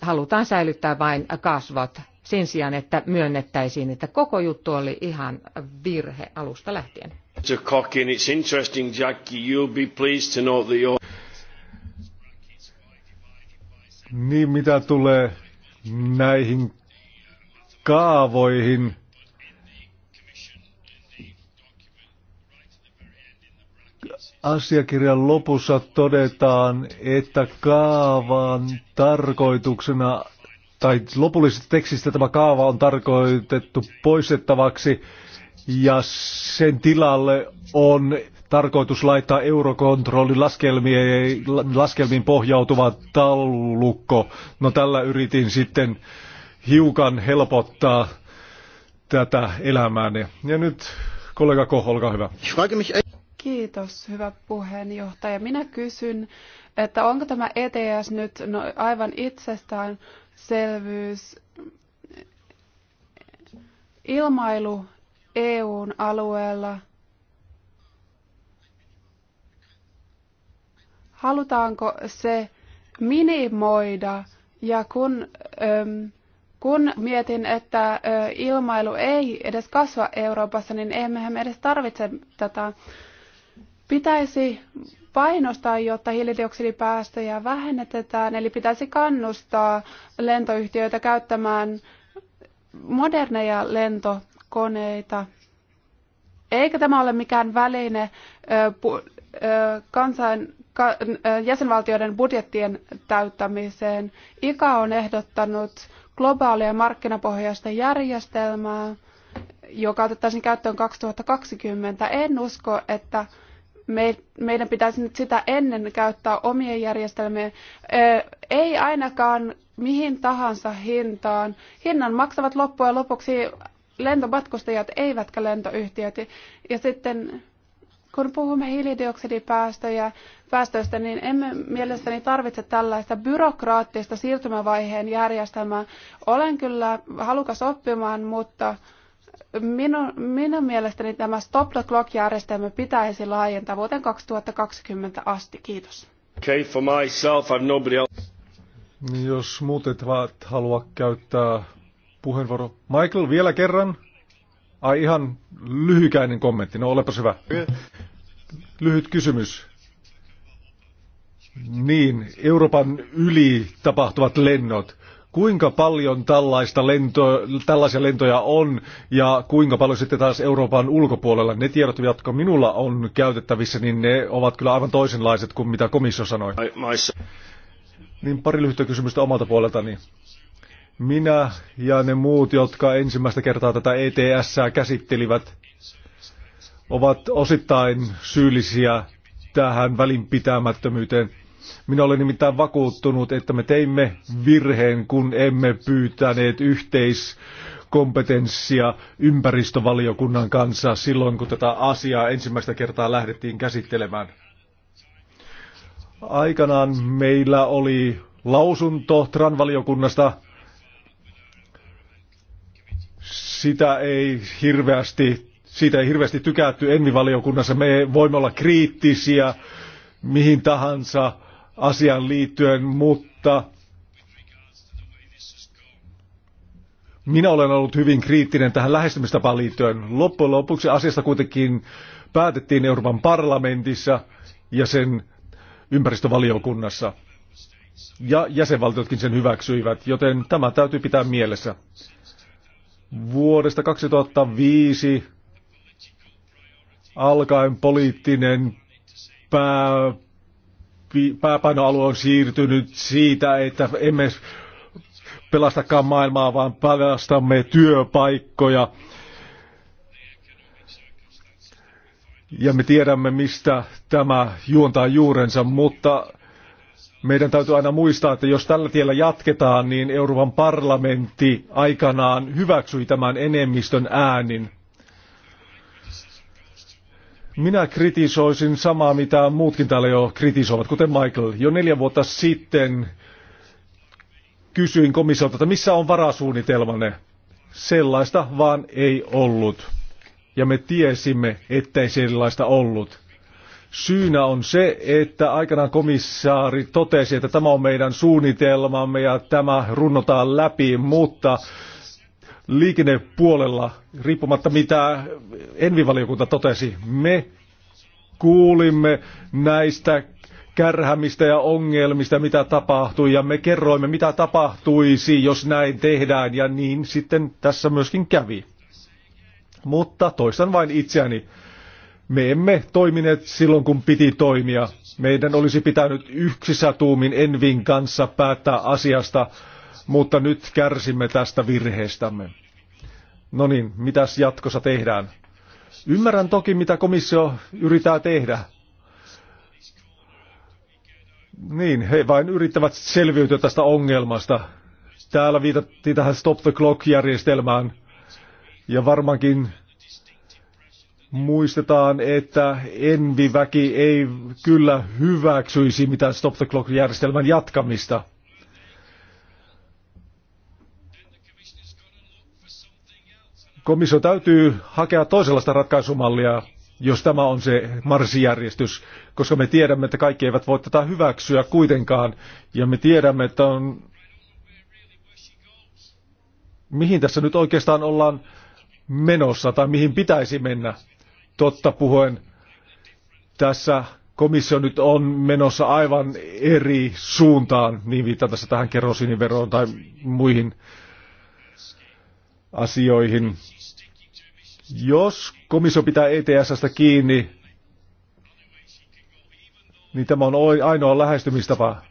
Halutaan säilyttää vain kasvot sen sijaan, että myönnettäisiin, että koko juttu oli ihan virhe alusta lähtien. Niin mitä tulee näihin kaavoihin, asiakirjan lopussa todetaan, että kaavan tarkoituksena, tai lopullisesta tekstistä tämä kaava on tarkoitettu poistettavaksi, ja sen tilalle on tarkoitus laittaa Eurokontrolli laskelmiin pohjautuva taulukko. No tällä yritin sitten hiukan helpottaa tätä elämääni. Ja nyt kollega Koh, olkaa hyvä. Kiitos, hyvä puheenjohtaja. Minä kysyn, että onko tämä ETS nyt no, aivan itsestäänselvyys ilmailu EUn alueella – halutaanko se minimoida. Ja kun, äm, kun mietin, että ä, ilmailu ei edes kasva Euroopassa, niin emmehän me edes tarvitse tätä. Pitäisi painostaa, jotta hiilidioksidipäästöjä vähennetään, eli pitäisi kannustaa lentoyhtiöitä käyttämään moderneja lentokoneita. Eikä tämä ole mikään väline kansain, jäsenvaltioiden budjettien täyttämiseen. ICA on ehdottanut globaalia markkinapohjaista järjestelmää, joka otettaisiin käyttöön 2020. En usko, että meidän pitäisi nyt sitä ennen käyttää omien järjestelmien, ei ainakaan mihin tahansa hintaan. Hinnan maksavat loppujen lopuksi lentomatkustajat eivätkä lentoyhtiöt. Ja sitten kun puhumme hiilidioksidipäästöjä, päästöistä, niin emme mielestäni tarvitse tällaista byrokraattista siirtymävaiheen järjestelmää. Olen kyllä halukas oppimaan, mutta minun, minun mielestäni tämä stop the clock-järjestelmä pitäisi laajentaa vuoteen 2020 asti. Kiitos. Okay, for myself, I've nobody else. Jos muut et halua käyttää puheenvuoro. Michael, vielä kerran. Ai ihan lyhykäinen kommentti, no olepas hyvä. Lyhyt kysymys. Niin, Euroopan yli tapahtuvat lennot. Kuinka paljon tällaista lento, tällaisia lentoja on ja kuinka paljon sitten taas Euroopan ulkopuolella? Ne tiedot, jotka minulla on käytettävissä, niin ne ovat kyllä aivan toisenlaiset kuin mitä komissio sanoi. Niin pari lyhyttä kysymystä omalta puoleltani. Niin minä ja ne muut, jotka ensimmäistä kertaa tätä ets käsittelivät, ovat osittain syyllisiä tähän välinpitämättömyyteen. Minä olen nimittäin vakuuttunut, että me teimme virheen, kun emme pyytäneet yhteiskompetenssia ympäristövaliokunnan kanssa silloin, kun tätä asiaa ensimmäistä kertaa lähdettiin käsittelemään. Aikanaan meillä oli lausunto Tran-valiokunnasta sitä ei hirveästi, siitä ei hirveästi tykätty envivaliokunnassa. Me voimme olla kriittisiä mihin tahansa asian liittyen, mutta minä olen ollut hyvin kriittinen tähän lähestymistapaan liittyen. Loppujen lopuksi asiasta kuitenkin päätettiin Euroopan parlamentissa ja sen ympäristövaliokunnassa. Ja jäsenvaltiotkin sen hyväksyivät, joten tämä täytyy pitää mielessä. Vuodesta 2005 alkaen poliittinen pää, pääpainoalue on siirtynyt siitä, että emme pelastakaan maailmaa, vaan pelastamme työpaikkoja. Ja me tiedämme, mistä tämä juontaa juurensa, mutta meidän täytyy aina muistaa, että jos tällä tiellä jatketaan, niin Euroopan parlamentti aikanaan hyväksyi tämän enemmistön äänin. Minä kritisoisin samaa, mitä muutkin täällä jo kritisoivat, kuten Michael. Jo neljä vuotta sitten kysyin komissiolta, että missä on varasuunnitelmanne. Sellaista vaan ei ollut. Ja me tiesimme, ettei sellaista ollut. Syynä on se, että aikanaan komissaari totesi, että tämä on meidän suunnitelmamme ja tämä runnotaan läpi, mutta liikennepuolella, riippumatta mitä Envivaliokunta totesi, me kuulimme näistä kärhämistä ja ongelmista, mitä tapahtui, ja me kerroimme, mitä tapahtuisi, jos näin tehdään, ja niin sitten tässä myöskin kävi. Mutta toistan vain itseäni. Me emme toimineet silloin, kun piti toimia. Meidän olisi pitänyt yksissä tuumin Envin kanssa päättää asiasta, mutta nyt kärsimme tästä virheestämme. No niin, mitäs jatkossa tehdään? Ymmärrän toki, mitä komissio yrittää tehdä. Niin, he vain yrittävät selviytyä tästä ongelmasta. Täällä viitattiin tähän Stop the Clock-järjestelmään. Ja varmaankin muistetaan, että enviväki ei kyllä hyväksyisi mitään Stop the Clock-järjestelmän jatkamista. Komissio täytyy hakea toisenlaista ratkaisumallia, jos tämä on se marssijärjestys, koska me tiedämme, että kaikki eivät voi tätä hyväksyä kuitenkaan, ja me tiedämme, että on... mihin tässä nyt oikeastaan ollaan menossa tai mihin pitäisi mennä totta puhuen tässä komissio nyt on menossa aivan eri suuntaan, niin viittaan tässä tähän kerosiiniveroon tai muihin asioihin. Jos komissio pitää ETSstä kiinni, niin tämä on ainoa lähestymistapa.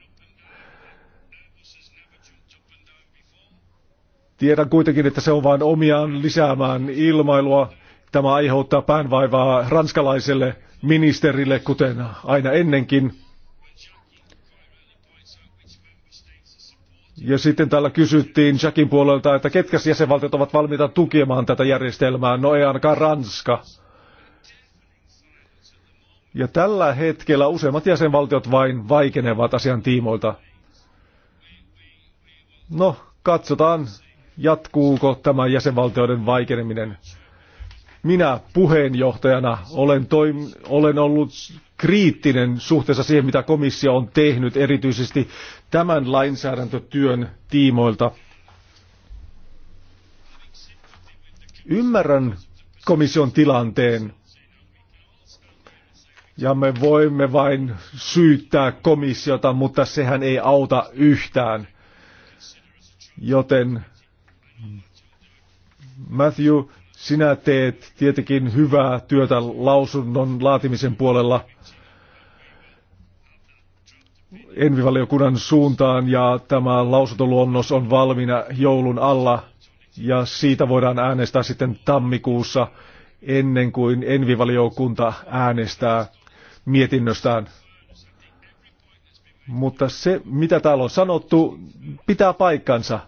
Tiedän kuitenkin, että se on vain omiaan lisäämään ilmailua Tämä aiheuttaa päänvaivaa ranskalaiselle ministerille, kuten aina ennenkin. Ja sitten täällä kysyttiin Jackin puolelta, että ketkä jäsenvaltiot ovat valmiita tukemaan tätä järjestelmää. No ei ainakaan Ranska. Ja tällä hetkellä useimmat jäsenvaltiot vain vaikenevat asian tiimoilta. No, katsotaan, jatkuuko tämä jäsenvaltioiden vaikeneminen. Minä puheenjohtajana olen, toim- olen ollut kriittinen suhteessa siihen, mitä komissio on tehnyt, erityisesti tämän lainsäädäntötyön tiimoilta. Ymmärrän komission tilanteen, ja me voimme vain syyttää komissiota, mutta sehän ei auta yhtään. Joten Matthew, sinä teet tietenkin hyvää työtä lausunnon laatimisen puolella envivaliokunnan suuntaan ja tämä lausuntoluonnos on valmiina joulun alla ja siitä voidaan äänestää sitten tammikuussa ennen kuin envivaliokunta äänestää mietinnöstään. Mutta se, mitä täällä on sanottu, pitää paikkansa.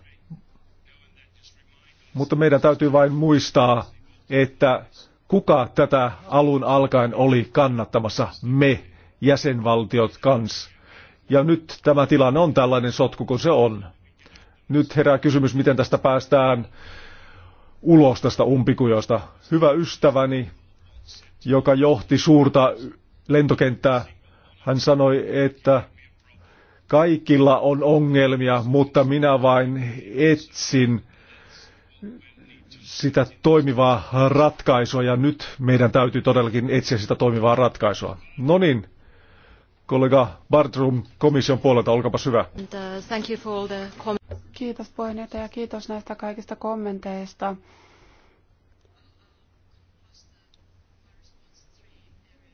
Mutta meidän täytyy vain muistaa, että kuka tätä alun alkaen oli kannattamassa? Me, jäsenvaltiot kans. Ja nyt tämä tilanne on tällainen sotku kuin se on. Nyt herää kysymys, miten tästä päästään ulos tästä umpikujosta. Hyvä ystäväni, joka johti suurta lentokenttää, hän sanoi, että kaikilla on ongelmia, mutta minä vain etsin sitä toimivaa ratkaisua ja nyt meidän täytyy todellakin etsiä sitä toimivaa ratkaisua. No niin, kollega Bartrum komission puolelta, olkapa hyvä. Uh, kiitos puheenjohtaja ja kiitos näistä kaikista kommenteista.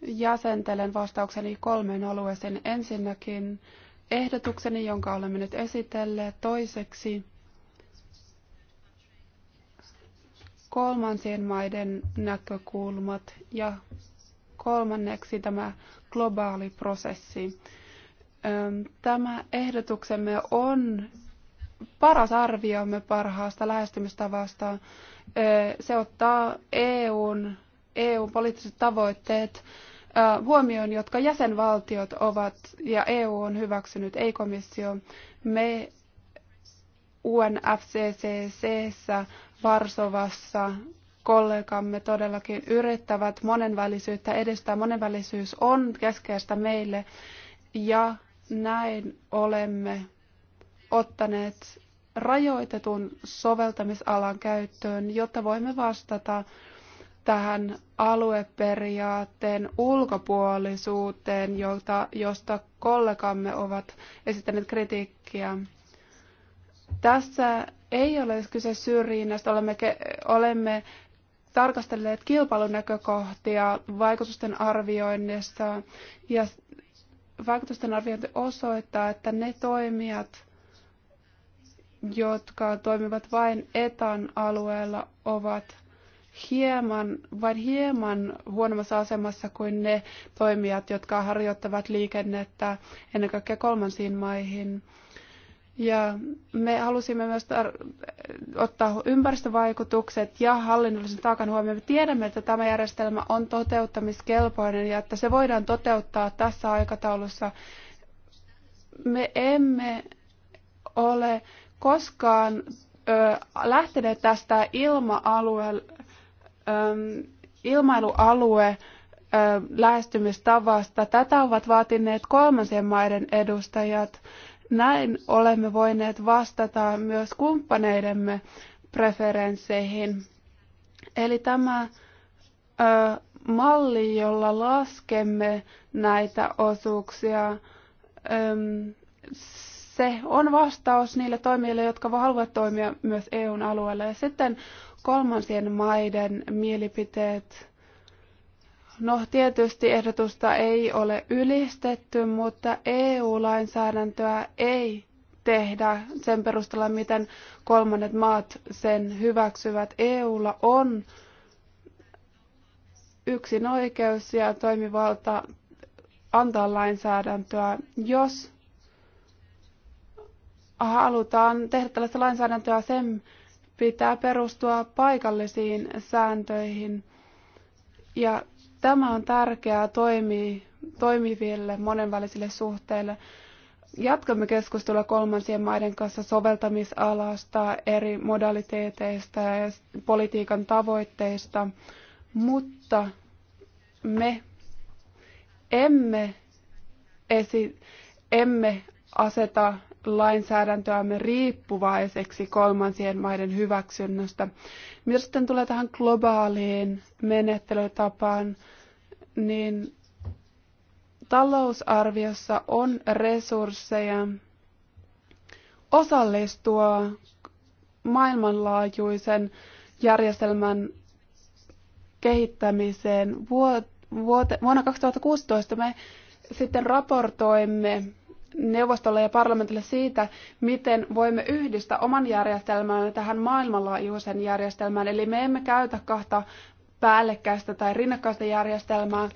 Jäsentelen vastaukseni kolmeen alueeseen. Ensinnäkin ehdotukseni, jonka olemme nyt esitelleet. Toiseksi kolmansien maiden näkökulmat ja kolmanneksi tämä globaali prosessi. Tämä ehdotuksemme on paras arviomme parhaasta lähestymistavasta. Se ottaa EUn, EUn poliittiset tavoitteet huomioon, jotka jäsenvaltiot ovat ja EU on hyväksynyt, ei komissio. Me UNFCCC Varsovassa kollegamme todellakin yrittävät monenvälisyyttä edistää. Monenvälisyys on keskeistä meille ja näin olemme ottaneet rajoitetun soveltamisalan käyttöön, jotta voimme vastata tähän alueperiaatteen ulkopuolisuuteen, josta kollegamme ovat esittäneet kritiikkiä. Tässä ei ole kyse syrjinnästä. Olemme, olemme tarkastelleet kilpailunäkökohtia vaikutusten arvioinnissa ja vaikutusten arviointi osoittaa, että ne toimijat, jotka toimivat vain etan alueella, ovat hieman, vain hieman huonommassa asemassa kuin ne toimijat, jotka harjoittavat liikennettä ennen kaikkea kolmansiin maihin. Ja me halusimme myös ottaa ympäristövaikutukset ja hallinnollisen taakan huomioon. Me tiedämme, että tämä järjestelmä on toteuttamiskelpoinen ja että se voidaan toteuttaa tässä aikataulussa. Me emme ole koskaan ö, lähteneet tästä ilma-alue, ö, ilmailualue ö, lähestymistavasta. Tätä ovat vaatineet kolmansien maiden edustajat. Näin olemme voineet vastata myös kumppaneidemme preferensseihin. Eli tämä ö, malli, jolla laskemme näitä osuuksia, ö, se on vastaus niille toimijoille, jotka haluavat toimia myös EUn alueella. Ja sitten kolmansien maiden mielipiteet No tietysti ehdotusta ei ole ylistetty, mutta EU-lainsäädäntöä ei tehdä sen perusteella, miten kolmannet maat sen hyväksyvät. EUlla on yksin oikeus ja toimivalta antaa lainsäädäntöä, jos halutaan tehdä tällaista lainsäädäntöä, sen pitää perustua paikallisiin sääntöihin. Ja Tämä on tärkeää toimi, toimiville monenvälisille suhteille. Jatkamme keskustelua kolmansien maiden kanssa soveltamisalasta, eri modaliteeteista ja politiikan tavoitteista, mutta me emme, esi- emme aseta lainsäädäntöämme riippuvaiseksi kolmansien maiden hyväksynnästä. Mitä sitten tulee tähän globaaliin menettelytapaan, niin talousarviossa on resursseja osallistua maailmanlaajuisen järjestelmän kehittämiseen. vuote, vuonna 2016 me sitten raportoimme neuvostolle ja parlamentille siitä, miten voimme yhdistää oman järjestelmämme tähän maailmanlaajuisen järjestelmään. Eli me emme käytä kahta päällekkäistä tai rinnakkaista järjestelmää,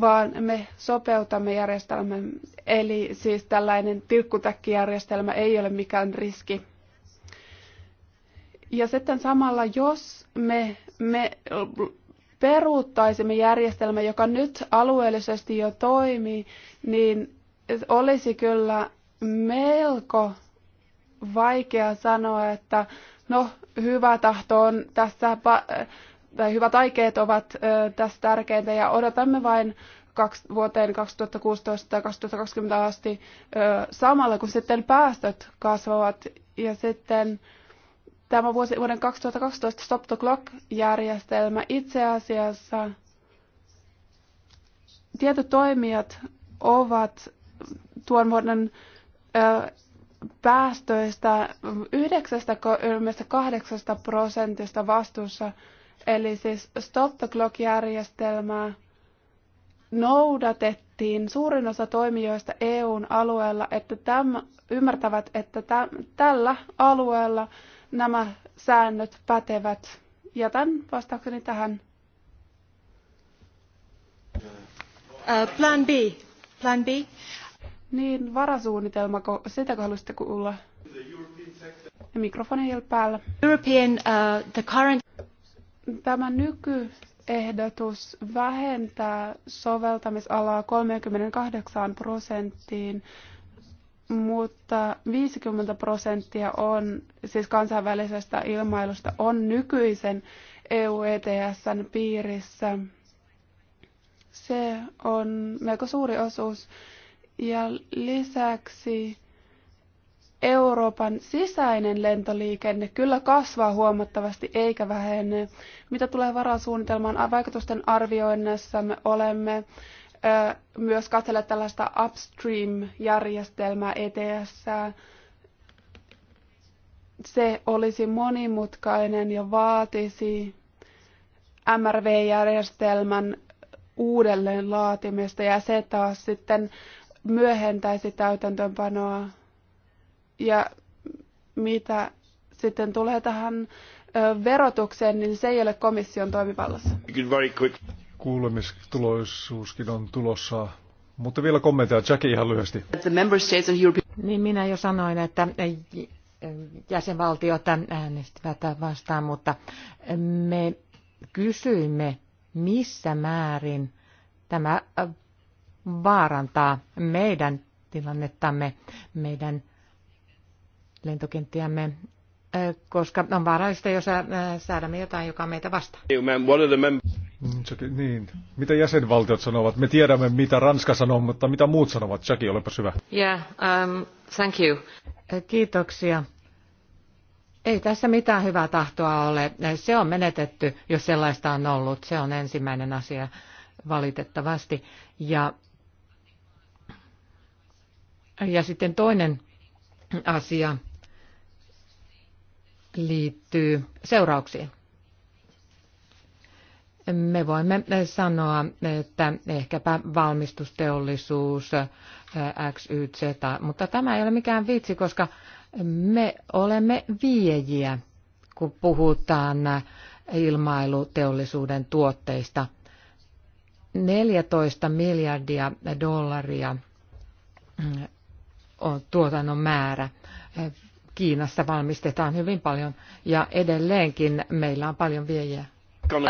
vaan me sopeutamme järjestelmän. Eli siis tällainen tilkkutäkkijärjestelmä ei ole mikään riski. Ja sitten samalla, jos me, me peruuttaisimme järjestelmän, joka nyt alueellisesti jo toimii, niin olisi kyllä melko vaikea sanoa, että no hyvä tahto on tässä, tai hyvät aikeet ovat tässä tärkeintä ja odotamme vain vuoteen 2016-2020 asti samalla, kun sitten päästöt kasvavat ja sitten tämä vuosi, vuoden 2012 Stop the Clock-järjestelmä itse asiassa tietotoimijat ovat tuon vuoden päästöistä 98 prosentista vastuussa. Eli siis Stop the Clock-järjestelmää noudatettiin suurin osa toimijoista EUn alueella, että täm, ymmärtävät, että täm, tällä alueella nämä säännöt pätevät. Jätän vastaukseni tähän. Uh, plan B. Plan B. Niin, varasuunnitelma, sitä haluaisitte kuulla? Ja mikrofoni ei ole päällä. European, uh, the current... Tämä nykyehdotus vähentää soveltamisalaa 38 prosenttiin, mutta 50 prosenttia on, siis kansainvälisestä ilmailusta on nykyisen EU-ETSn piirissä. Se on melko suuri osuus ja lisäksi Euroopan sisäinen lentoliikenne kyllä kasvaa huomattavasti eikä vähene. Mitä tulee varasuunnitelman vaikutusten arvioinnissa, me olemme myös katselleet tällaista upstream-järjestelmää ETS. Se olisi monimutkainen ja vaatisi MRV-järjestelmän uudelleen laatimista ja se taas sitten myöhentäisi täytäntöönpanoa. Ja mitä sitten tulee tähän verotukseen, niin se ei ole komission toimivallassa. Kuulemistuloisuuskin on tulossa, mutta vielä kommentteja Jackie ihan lyhyesti. Niin minä jo sanoin, että jäsenvaltiot äänestivät vastaan, mutta me kysyimme, missä määrin tämä vaarantaa meidän tilannettamme, meidän lentokenttiämme, koska on vaarallista, jos säädämme jotain, joka on meitä vastaan. Mm, niin. Mitä jäsenvaltiot sanovat? Me tiedämme, mitä Ranska sanoo, mutta mitä muut sanovat? Jackie, olepa hyvä. Yeah, um, thank you. Kiitoksia. Ei tässä mitään hyvää tahtoa ole. Se on menetetty, jos sellaista on ollut. Se on ensimmäinen asia valitettavasti. Ja ja sitten toinen asia liittyy seurauksiin. Me voimme sanoa, että ehkäpä valmistusteollisuus, XYZ, mutta tämä ei ole mikään vitsi, koska me olemme viejiä, kun puhutaan ilmailuteollisuuden tuotteista. 14 miljardia dollaria tuotannon määrä. Kiinassa valmistetaan hyvin paljon ja edelleenkin meillä on paljon viejiä. Uh,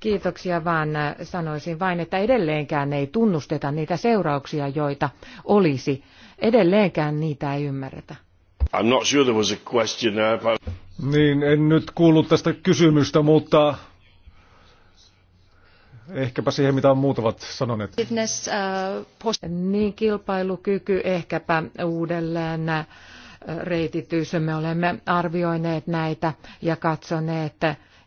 Kiitoksia vaan äh, sanoisin vain, että edelleenkään ei tunnusteta niitä seurauksia, joita olisi. Edelleenkään niitä ei ymmärretä. I'm not sure there was a question there, but... Niin, en nyt kuullut tästä kysymystä, mutta ehkäpä siihen, mitä muut ovat sanoneet. Äh, niin, kilpailukyky ehkäpä uudelleen äh, reititys. Me olemme arvioineet näitä ja katsoneet,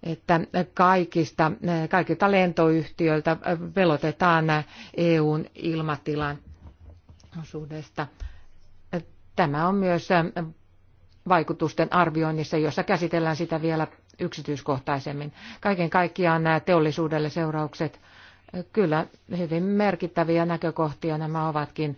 että kaikista, äh, kaikilta lentoyhtiöiltä velotetaan EUn ilmatilan osuudesta. Tämä on myös vaikutusten arvioinnissa, jossa käsitellään sitä vielä yksityiskohtaisemmin. Kaiken kaikkiaan nämä teollisuudelle seuraukset, kyllä hyvin merkittäviä näkökohtia nämä ovatkin.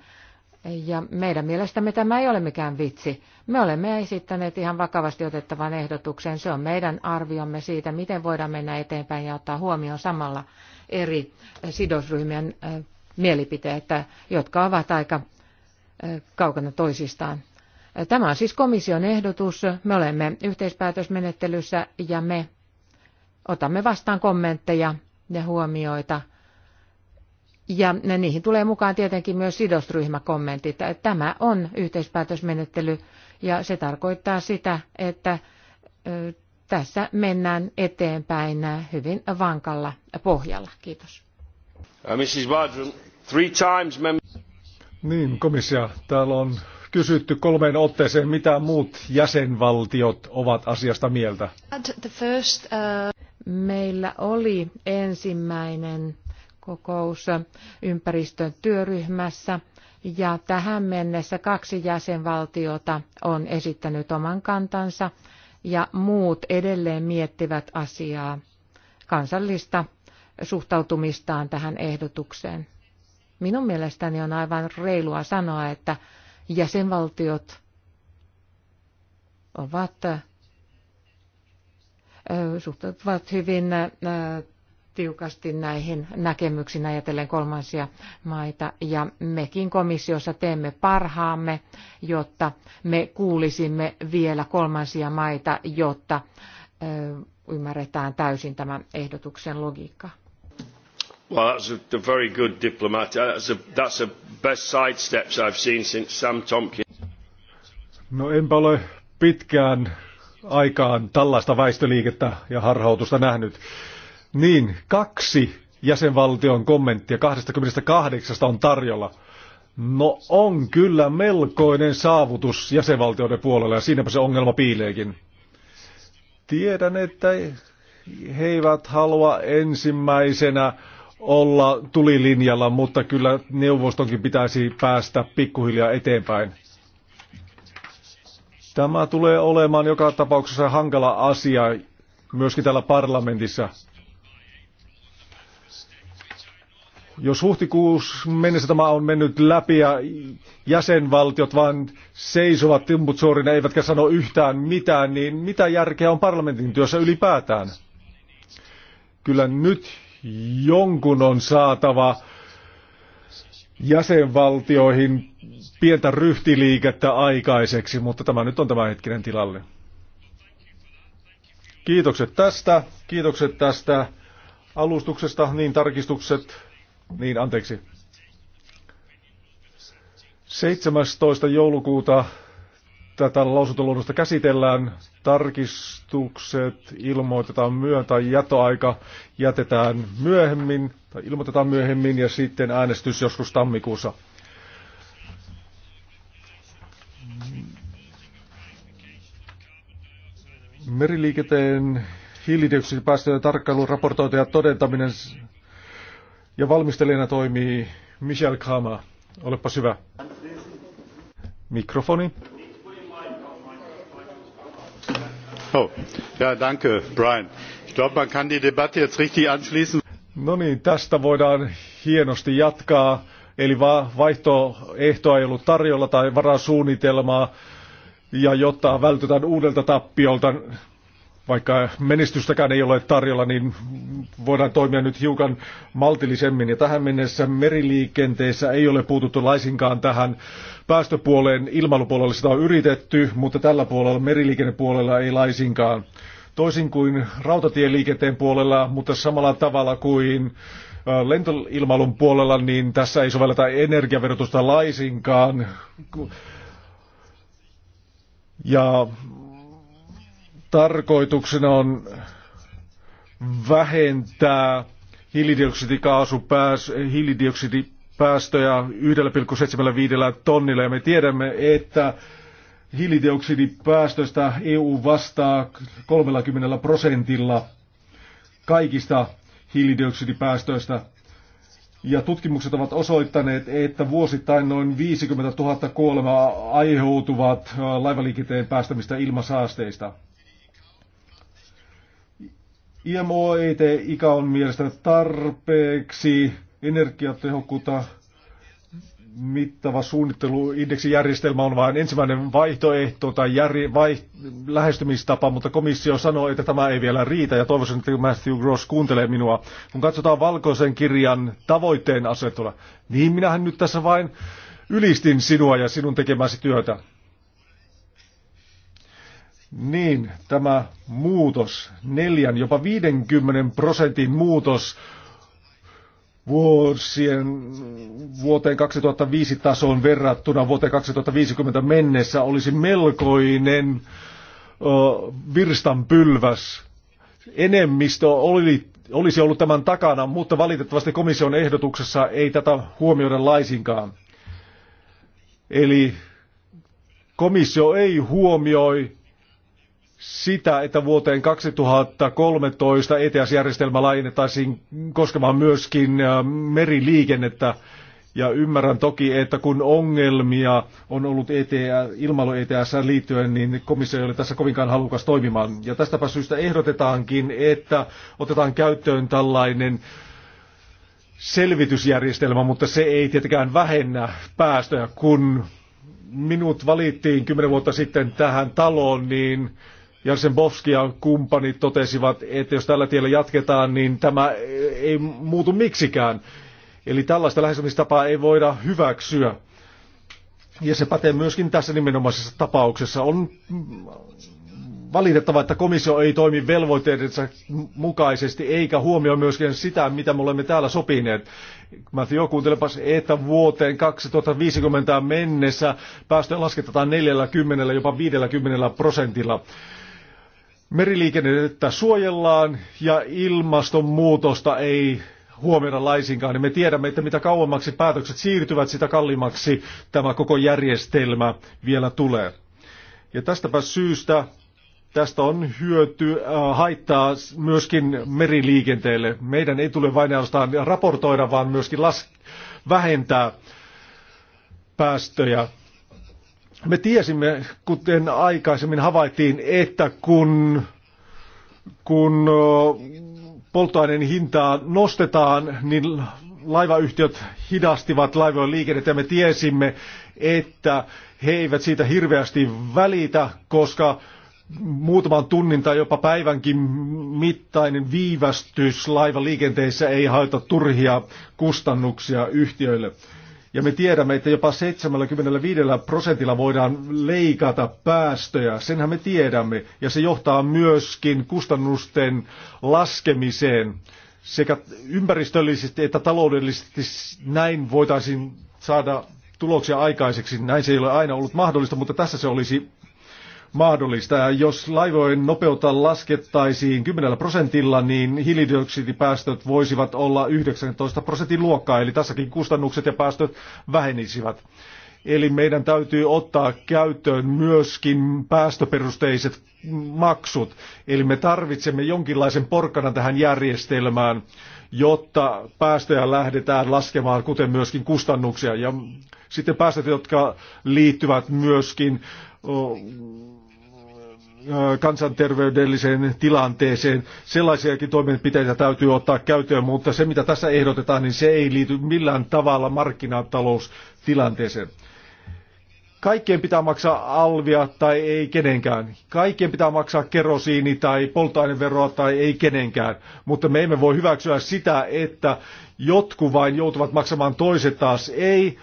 Ja meidän mielestämme tämä ei ole mikään vitsi. Me olemme esittäneet ihan vakavasti otettavan ehdotuksen. Se on meidän arviomme siitä, miten voidaan mennä eteenpäin ja ottaa huomioon samalla eri sidosryhmien äh, mielipiteet, jotka ovat aika äh, kaukana toisistaan. Tämä on siis komission ehdotus. Me olemme yhteispäätösmenettelyssä ja me otamme vastaan kommentteja ja huomioita. Ja niihin tulee mukaan tietenkin myös sidosryhmäkommentit. Tämä on yhteispäätösmenettely ja se tarkoittaa sitä, että tässä mennään eteenpäin hyvin vankalla pohjalla. Kiitos. Uh, Mrs. Badrum, three times... Niin, komissio, täällä on kysytty kolmeen otteeseen, mitä muut jäsenvaltiot ovat asiasta mieltä. Uh, Meillä oli ensimmäinen kokous ympäristön työryhmässä ja tähän mennessä kaksi jäsenvaltiota on esittänyt oman kantansa ja muut edelleen miettivät asiaa kansallista suhtautumistaan tähän ehdotukseen. Minun mielestäni on aivan reilua sanoa, että jäsenvaltiot ovat suhtautuvat hyvin tiukasti näihin näkemyksiin ajatellen kolmansia maita. Ja mekin komissiossa teemme parhaamme, jotta me kuulisimme vielä kolmansia maita, jotta ymmärretään täysin tämän ehdotuksen logiikka. Well, that's a, very good diplomat. Uh, that's a, that's a best sidesteps I've seen since Sam Tompkins. No enpä ole pitkään aikaan tällaista väistöliikettä ja harhautusta nähnyt. Niin, kaksi jäsenvaltion kommenttia 28 on tarjolla. No on kyllä melkoinen saavutus jäsenvaltioiden puolella ja siinäpä se ongelma piileekin. Tiedän, että he eivät halua ensimmäisenä olla tulilinjalla, mutta kyllä neuvostonkin pitäisi päästä pikkuhiljaa eteenpäin. Tämä tulee olemaan joka tapauksessa hankala asia myöskin täällä parlamentissa. Jos huhtikuussa mennessä tämä on mennyt läpi ja jäsenvaltiot vaan seisovat timput suorina eivätkä sano yhtään mitään, niin mitä järkeä on parlamentin työssä ylipäätään? Kyllä nyt jonkun on saatava jäsenvaltioihin pientä ryhtiliikettä aikaiseksi, mutta tämä nyt on tämä hetkinen tilalle. Kiitokset tästä, kiitokset tästä alustuksesta, niin tarkistukset, niin anteeksi. 17. joulukuuta tätä lausuntoluonnosta käsitellään, tarkistukset ilmoitetaan myöhemmin tai jätoaika jätetään myöhemmin tai ilmoitetaan myöhemmin ja sitten äänestys joskus tammikuussa. Meriliikenteen hiilidioksidipäästöjen tarkkailu, raportointi ja todentaminen ja valmistelijana toimii Michel Kama. Olepa hyvä. Mikrofoni. Brian. Ich glaube, man kann die Debatte jetzt richtig anschließen. No niin, tästä voidaan hienosti jatkaa. Eli vaihtoehtoa ei ollut tarjolla tai varasuunnitelmaa. Ja jotta vältytään uudelta tappiolta, vaikka menestystäkään ei ole tarjolla, niin voidaan toimia nyt hiukan maltillisemmin. Ja tähän mennessä meriliikenteessä ei ole puututtu laisinkaan tähän päästöpuoleen. Ilmailupuolella sitä on yritetty, mutta tällä puolella meriliikennepuolella ei laisinkaan. Toisin kuin rautatieliikenteen puolella, mutta samalla tavalla kuin lentoilmailun puolella, niin tässä ei sovelleta energiaverotusta laisinkaan. Ja Tarkoituksena on vähentää hiilidioksidipäästöjä 1,75 tonnilla. Ja me tiedämme, että hiilidioksidipäästöistä EU vastaa 30 prosentilla kaikista hiilidioksidipäästöistä. Ja tutkimukset ovat osoittaneet, että vuosittain noin 50 000 kuolemaa aiheutuvat laivaliikenteen päästämistä ilmasaasteista. IMO tee ikä on mielestäni tarpeeksi energiatehokkuutta mittava suunnitteluindeksijärjestelmä on vain ensimmäinen vaihtoehto tai järje, vai, lähestymistapa, mutta komissio sanoo, että tämä ei vielä riitä ja toivoisin, että Matthew Gross kuuntelee minua. Kun katsotaan valkoisen kirjan tavoitteen asetulla, niin minähän nyt tässä vain ylistin sinua ja sinun tekemäsi työtä. Niin, tämä muutos, neljän, jopa 50 prosentin muutos vuosien, vuoteen 2005 tasoon verrattuna vuoteen 2050 mennessä olisi melkoinen ö, virstanpylväs. Enemmistö oli, olisi ollut tämän takana, mutta valitettavasti komission ehdotuksessa ei tätä huomioida laisinkaan. Eli komissio ei huomioi sitä, että vuoteen 2013 ETS-järjestelmä laajennettaisiin koskemaan myöskin äh, meriliikennettä. Ja ymmärrän toki, että kun ongelmia on ollut ETS, ilmailu ETS liittyen, niin komissio ei ole tässä kovinkaan halukas toimimaan. Ja tästäpä syystä ehdotetaankin, että otetaan käyttöön tällainen selvitysjärjestelmä, mutta se ei tietenkään vähennä päästöjä. Kun minut valittiin kymmenen vuotta sitten tähän taloon, niin Jansenbovski ja kumppanit totesivat, että jos tällä tiellä jatketaan, niin tämä ei muutu miksikään. Eli tällaista lähestymistapaa ei voida hyväksyä. Ja se pätee myöskin tässä nimenomaisessa tapauksessa. On valitettava, että komissio ei toimi velvoitteidensa mukaisesti, eikä huomioi myöskään sitä, mitä me olemme täällä sopineet. jo kuuntelepas, että vuoteen 2050 mennessä päästöjä lasketetaan 40, jopa 50 prosentilla meriliikennettä suojellaan ja ilmastonmuutosta ei huomioida laisinkaan, niin me tiedämme, että mitä kauemmaksi päätökset siirtyvät, sitä kalliimmaksi tämä koko järjestelmä vielä tulee. Ja tästäpä syystä tästä on hyöty, äh, haittaa myöskin meriliikenteelle. Meidän ei tule vain ainoastaan raportoida, vaan myöskin las- vähentää päästöjä. Me tiesimme, kuten aikaisemmin havaittiin, että kun, kun polttoaineen hintaa nostetaan, niin laivayhtiöt hidastivat laivojen liikennettä ja me tiesimme, että he eivät siitä hirveästi välitä, koska muutaman tunnin tai jopa päivänkin mittainen viivästys laivaliikenteessä ei haita turhia kustannuksia yhtiöille. Ja me tiedämme, että jopa 75 prosentilla voidaan leikata päästöjä. Senhän me tiedämme. Ja se johtaa myöskin kustannusten laskemiseen. Sekä ympäristöllisesti että taloudellisesti näin voitaisiin saada tuloksia aikaiseksi. Näin se ei ole aina ollut mahdollista, mutta tässä se olisi mahdollista. jos laivojen nopeutta laskettaisiin 10 prosentilla, niin hiilidioksidipäästöt voisivat olla 19 prosentin luokkaa, eli tässäkin kustannukset ja päästöt vähenisivät. Eli meidän täytyy ottaa käyttöön myöskin päästöperusteiset maksut. Eli me tarvitsemme jonkinlaisen porkkana tähän järjestelmään, jotta päästöjä lähdetään laskemaan, kuten myöskin kustannuksia. Ja sitten päästöt, jotka liittyvät myöskin kansanterveydelliseen tilanteeseen. Sellaisiakin toimenpiteitä täytyy ottaa käyttöön, mutta se mitä tässä ehdotetaan, niin se ei liity millään tavalla markkinataloustilanteeseen. Kaikkien pitää maksaa alvia tai ei kenenkään. Kaikkien pitää maksaa kerosiini tai polttoaineveroa tai ei kenenkään. Mutta me emme voi hyväksyä sitä, että jotkut vain joutuvat maksamaan toiset taas ei.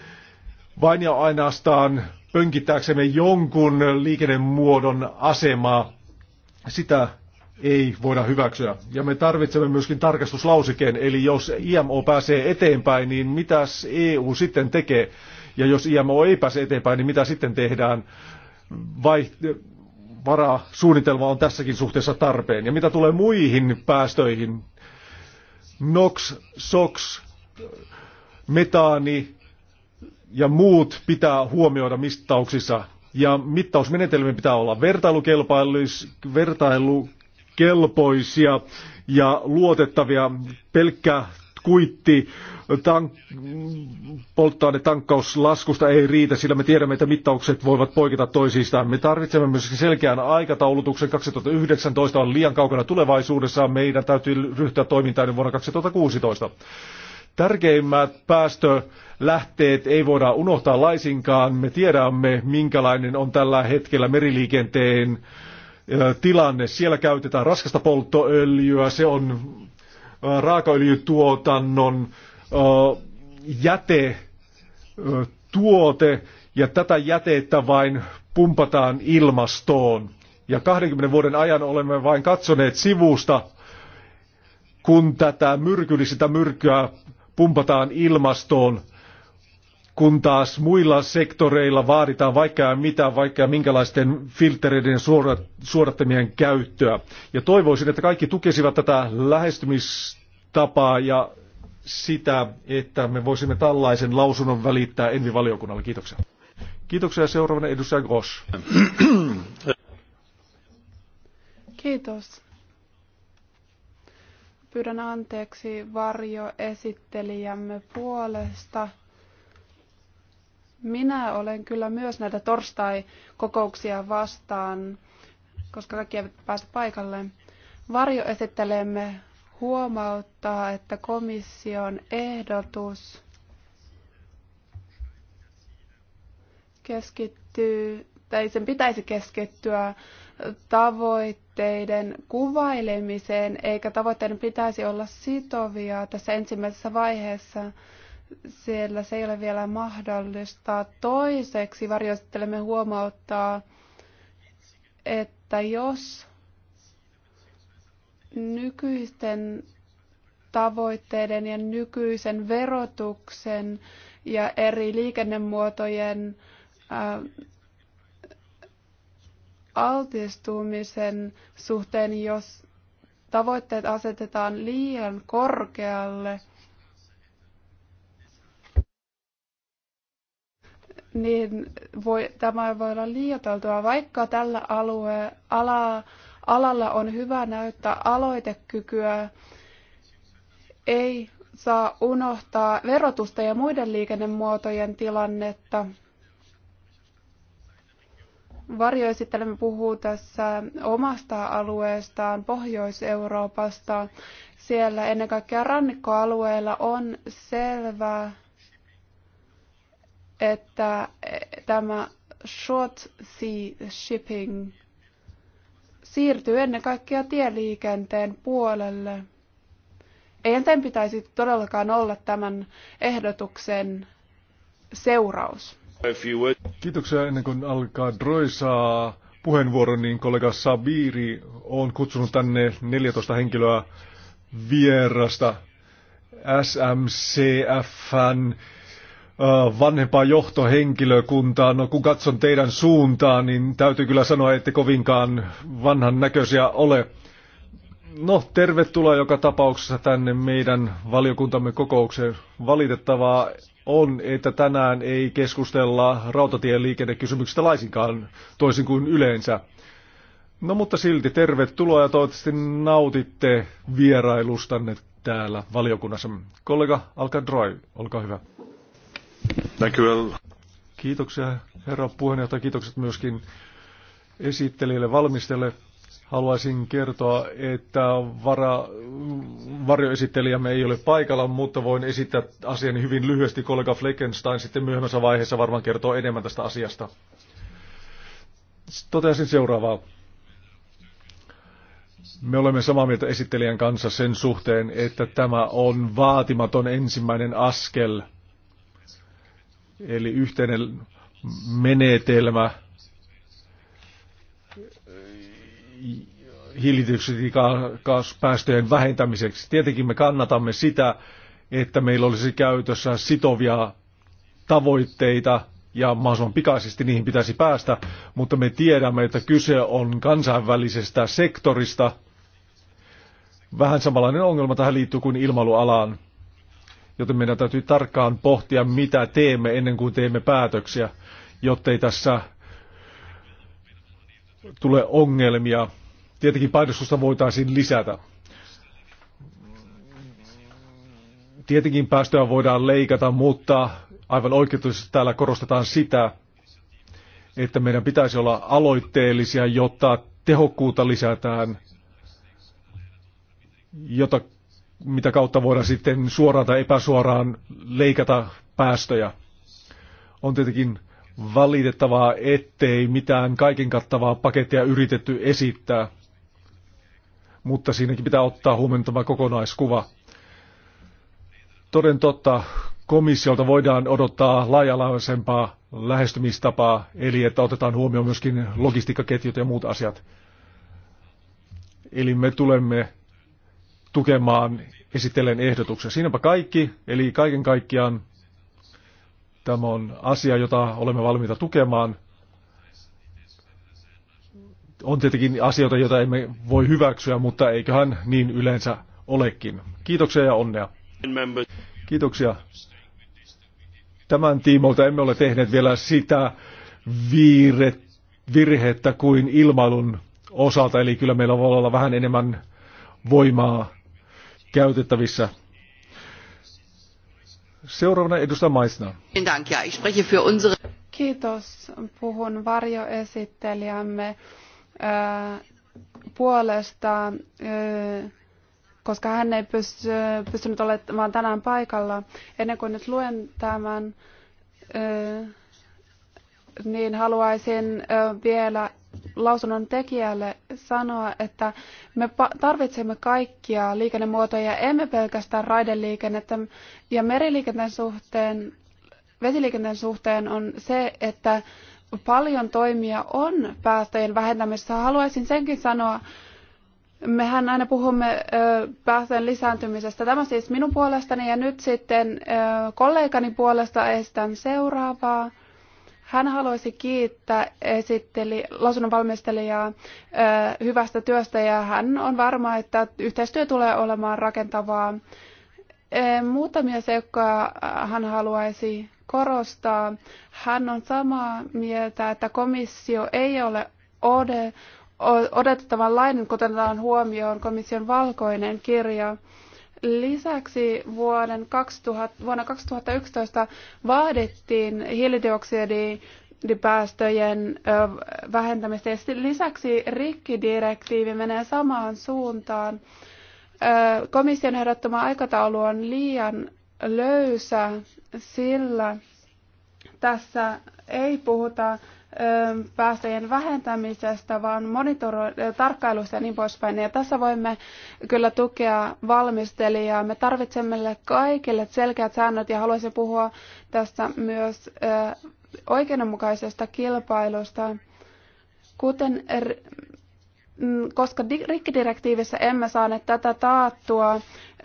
Vain ja ainoastaan pönkittääksemme jonkun liikennemuodon asemaa. Sitä ei voida hyväksyä. Ja me tarvitsemme myöskin tarkastuslausikeen, eli jos IMO pääsee eteenpäin, niin mitäs EU sitten tekee? Ja jos IMO ei pääse eteenpäin, niin mitä sitten tehdään? Vai varaa suunnitelma on tässäkin suhteessa tarpeen. Ja mitä tulee muihin päästöihin, NOx, SOx, metaani, ja muut pitää huomioida mittauksissa Ja mittausmenetelmien pitää olla vertailukelpoisia ja luotettavia. Pelkkä kuitti tank- tankkauslaskusta ei riitä, sillä me tiedämme, että mittaukset voivat poiketa toisistaan. Me tarvitsemme myös selkeän aikataulutuksen. 2019 on liian kaukana tulevaisuudessa. Meidän täytyy ryhtyä toimintaan vuonna 2016. Tärkeimmät päästölähteet ei voida unohtaa laisinkaan. Me tiedämme, minkälainen on tällä hetkellä meriliikenteen tilanne. Siellä käytetään raskasta polttoöljyä, se on raakaöljytuotannon jäte, tuote, ja tätä jätettä vain pumpataan ilmastoon. Ja 20 vuoden ajan olemme vain katsoneet sivusta, kun tätä myrkyllistä myrkyä pumpataan ilmastoon, kun taas muilla sektoreilla vaaditaan vaikka mitä, vaikka minkälaisten filtereiden suodattamien käyttöä. Ja toivoisin, että kaikki tukisivat tätä lähestymistapaa ja sitä, että me voisimme tällaisen lausunnon välittää Envi-valiokunnalle. Kiitoksia. Kiitoksia seuraavana edustaja Gross. Kiitos. Pyydän anteeksi varjoesittelijämme puolesta. Minä olen kyllä myös näitä torstai-kokouksia vastaan, koska kaikki eivät pääse paikalle. Varjoesittelemme huomauttaa, että komission ehdotus keskittyy, tai sen pitäisi keskittyä tavoitteiden kuvailemiseen, eikä tavoitteiden pitäisi olla sitovia tässä ensimmäisessä vaiheessa, siellä se ei ole vielä mahdollista. Toiseksi varjoittelemme huomauttaa, että jos nykyisten tavoitteiden ja nykyisen verotuksen ja eri liikennemuotojen äh, altistumisen suhteen, jos tavoitteet asetetaan liian korkealle, niin voi, tämä voi olla liioiteltua, vaikka tällä alue, ala, alalla on hyvä näyttää aloitekykyä, ei saa unohtaa verotusta ja muiden liikennemuotojen tilannetta varjoesittelemme puhuu tässä omasta alueestaan, Pohjois-Euroopasta. Siellä ennen kaikkea rannikkoalueella on selvää, että tämä short sea shipping siirtyy ennen kaikkea tieliikenteen puolelle. Ei sen pitäisi todellakaan olla tämän ehdotuksen seuraus. Kiitoksia ennen kuin alkaa Droisaa puheenvuoron, niin kollega Sabiri on kutsunut tänne 14 henkilöä vierasta SMCFn vanhempaa johtohenkilökuntaa. No kun katson teidän suuntaan, niin täytyy kyllä sanoa, että kovinkaan vanhan näköisiä ole. No, tervetuloa joka tapauksessa tänne meidän valiokuntamme kokoukseen. Valitettavaa on, että tänään ei keskustella rautatien liikennekysymyksistä laisinkaan, toisin kuin yleensä. No mutta silti tervetuloa ja toivottavasti nautitte vierailustanne täällä valiokunnassa. Kollega Alka Droi, olkaa hyvä. Thank you. Kiitoksia herra puheenjohtaja, kiitokset myöskin esittelijälle valmistelle Haluaisin kertoa, että vara, varjoesittelijämme ei ole paikalla, mutta voin esittää asian hyvin lyhyesti. Kollega Fleckenstein sitten myöhemmässä vaiheessa varmaan kertoo enemmän tästä asiasta. Toteasin seuraavaa. Me olemme samaa mieltä esittelijän kanssa sen suhteen, että tämä on vaatimaton ensimmäinen askel, eli yhteinen menetelmä – hiilidioksidipäästöjen vähentämiseksi. Tietenkin me kannatamme sitä, että meillä olisi käytössä sitovia tavoitteita ja mahdollisimman pikaisesti niihin pitäisi päästä, mutta me tiedämme, että kyse on kansainvälisestä sektorista. Vähän samanlainen ongelma tähän liittyy kuin ilmailualaan, joten meidän täytyy tarkkaan pohtia, mitä teemme ennen kuin teemme päätöksiä, jottei tässä tule ongelmia. Tietenkin painostusta voitaisiin lisätä. Tietenkin päästöä voidaan leikata, mutta aivan oikeutuisesti täällä korostetaan sitä, että meidän pitäisi olla aloitteellisia, jotta tehokkuutta lisätään, jota, mitä kautta voidaan sitten suoraan tai epäsuoraan leikata päästöjä. On tietenkin valitettavaa, ettei mitään kaiken kattavaa pakettia yritetty esittää. Mutta siinäkin pitää ottaa huomioon tämä kokonaiskuva. Toden totta, komissiolta voidaan odottaa laajalaisempaa lähestymistapaa, eli että otetaan huomioon myöskin logistiikkaketjut ja muut asiat. Eli me tulemme tukemaan esitellen ehdotuksen. Siinäpä kaikki, eli kaiken kaikkiaan Tämä on asia, jota olemme valmiita tukemaan. On tietenkin asioita, joita emme voi hyväksyä, mutta eiköhän niin yleensä olekin. Kiitoksia ja onnea. Kiitoksia. Tämän tiimoilta emme ole tehneet vielä sitä viiret, virhettä kuin ilmailun osalta, eli kyllä meillä voi olla vähän enemmän voimaa käytettävissä. Seuraavana edustaja Maisna. Kiitos. Puhun varjoesittelijämme puolesta, koska hän ei pystynyt olemaan tänään paikalla. Ennen kuin nyt luen tämän, niin haluaisin vielä lausunnon tekijälle sanoa, että me tarvitsemme kaikkia liikennemuotoja, emme pelkästään raideliikennettä. Ja meriliikenteen suhteen, vesiliikenteen suhteen on se, että paljon toimia on päästöjen vähentämisessä. Haluaisin senkin sanoa, mehän aina puhumme päästöjen lisääntymisestä. Tämä siis minun puolestani ja nyt sitten kollegani puolesta esitän seuraavaa. Hän haluaisi kiittää esitteli, lausunnon valmistelijaa hyvästä työstä ja hän on varma, että yhteistyö tulee olemaan rakentavaa. Muutamia seikkoja hän haluaisi korostaa. Hän on samaa mieltä, että komissio ei ole odotettavanlainen, kun otetaan huomioon komission valkoinen kirja. Lisäksi vuoden 2000, vuonna 2011 vaadittiin hiilidioksidipäästöjen vähentämistä ja lisäksi rikkidirektiivi menee samaan suuntaan. Komission ehdottama aikataulu on liian löysä, sillä tässä ei puhuta päästöjen vähentämisestä, vaan monitoro- tarkkailusta ja niin poispäin. Ja tässä voimme kyllä tukea valmistelijaa. Me tarvitsemme kaikille selkeät säännöt ja haluaisin puhua tässä myös oikeudenmukaisesta kilpailusta. Kuten Mm, koska rikkidirektiivissä emme saaneet tätä taattua,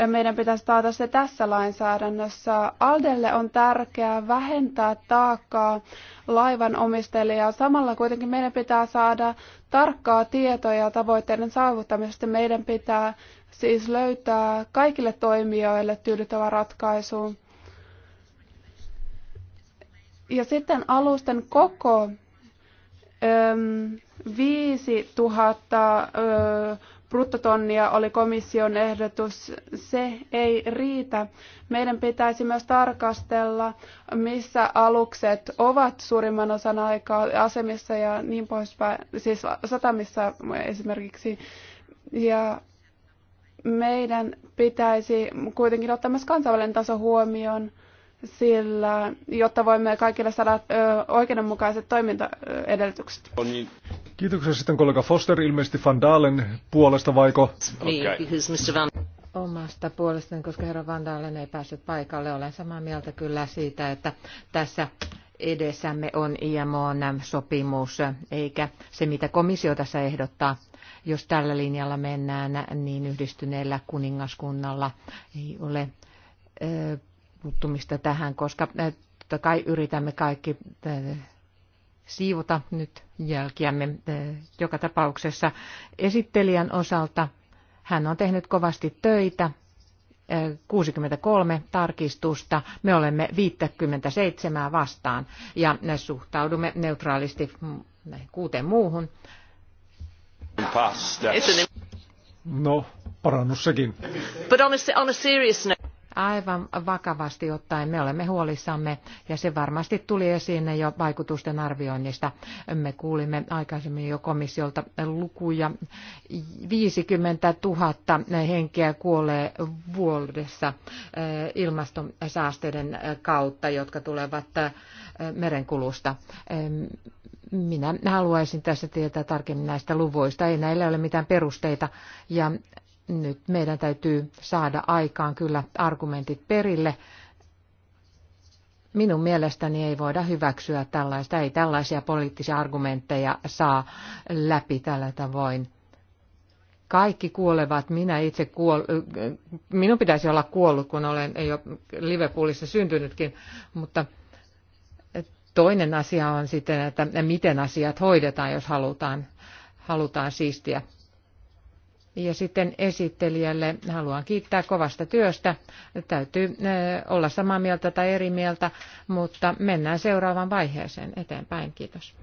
meidän pitäisi taata se tässä lainsäädännössä. Aldelle on tärkeää vähentää taakkaa laivan omistajille samalla kuitenkin meidän pitää saada tarkkaa ja tavoitteiden saavuttamisesta. Meidän pitää siis löytää kaikille toimijoille tyydyttävä ratkaisu. Ja sitten alusten koko. Öm, 5 000 bruttotonnia oli komission ehdotus. Se ei riitä. Meidän pitäisi myös tarkastella, missä alukset ovat suurimman osan aikaa asemissa ja niin poispäin, siis satamissa esimerkiksi. Ja meidän pitäisi kuitenkin ottaa myös kansainvälinen taso huomioon sillä, jotta voimme kaikille saada ö, oikeudenmukaiset toimintaedellytykset. Kiitoksia sitten kollega Foster, ilmeisesti Van Dalen puolesta vaiko? Okay. Omasta puolestani, koska herra Van Dalen ei päässyt paikalle, olen samaa mieltä kyllä siitä, että tässä edessämme on IMO-sopimus, eikä se mitä komissio tässä ehdottaa. Jos tällä linjalla mennään, niin yhdistyneellä kuningaskunnalla ei ole puuttumista tähän, koska totta kai yritämme kaikki siivota nyt jälkiämme joka tapauksessa. Esittelijän osalta hän on tehnyt kovasti töitä, 63 tarkistusta, me olemme 57 vastaan ja ne suhtaudumme neutraalisti kuuteen muuhun. No, parannus sekin. But on a, on a serious note aivan vakavasti ottaen me olemme huolissamme ja se varmasti tuli esiin jo vaikutusten arvioinnista. Me kuulimme aikaisemmin jo komissiolta lukuja. 50 000 henkeä kuolee vuodessa eh, ilmastosaasteiden kautta, jotka tulevat eh, merenkulusta minä haluaisin tässä tietää tarkemmin näistä luvuista. Ei näillä ole mitään perusteita ja nyt meidän täytyy saada aikaan kyllä argumentit perille. Minun mielestäni ei voida hyväksyä tällaista, ei tällaisia poliittisia argumentteja saa läpi tällä tavoin. Kaikki kuolevat, minä itse kuol... minun pitäisi olla kuollut, kun olen jo Liverpoolissa syntynytkin, mutta toinen asia on sitten, että miten asiat hoidetaan, jos halutaan, halutaan siistiä ja sitten esittelijälle haluan kiittää kovasta työstä. Täytyy äh, olla samaa mieltä tai eri mieltä, mutta mennään seuraavaan vaiheeseen eteenpäin. Kiitos.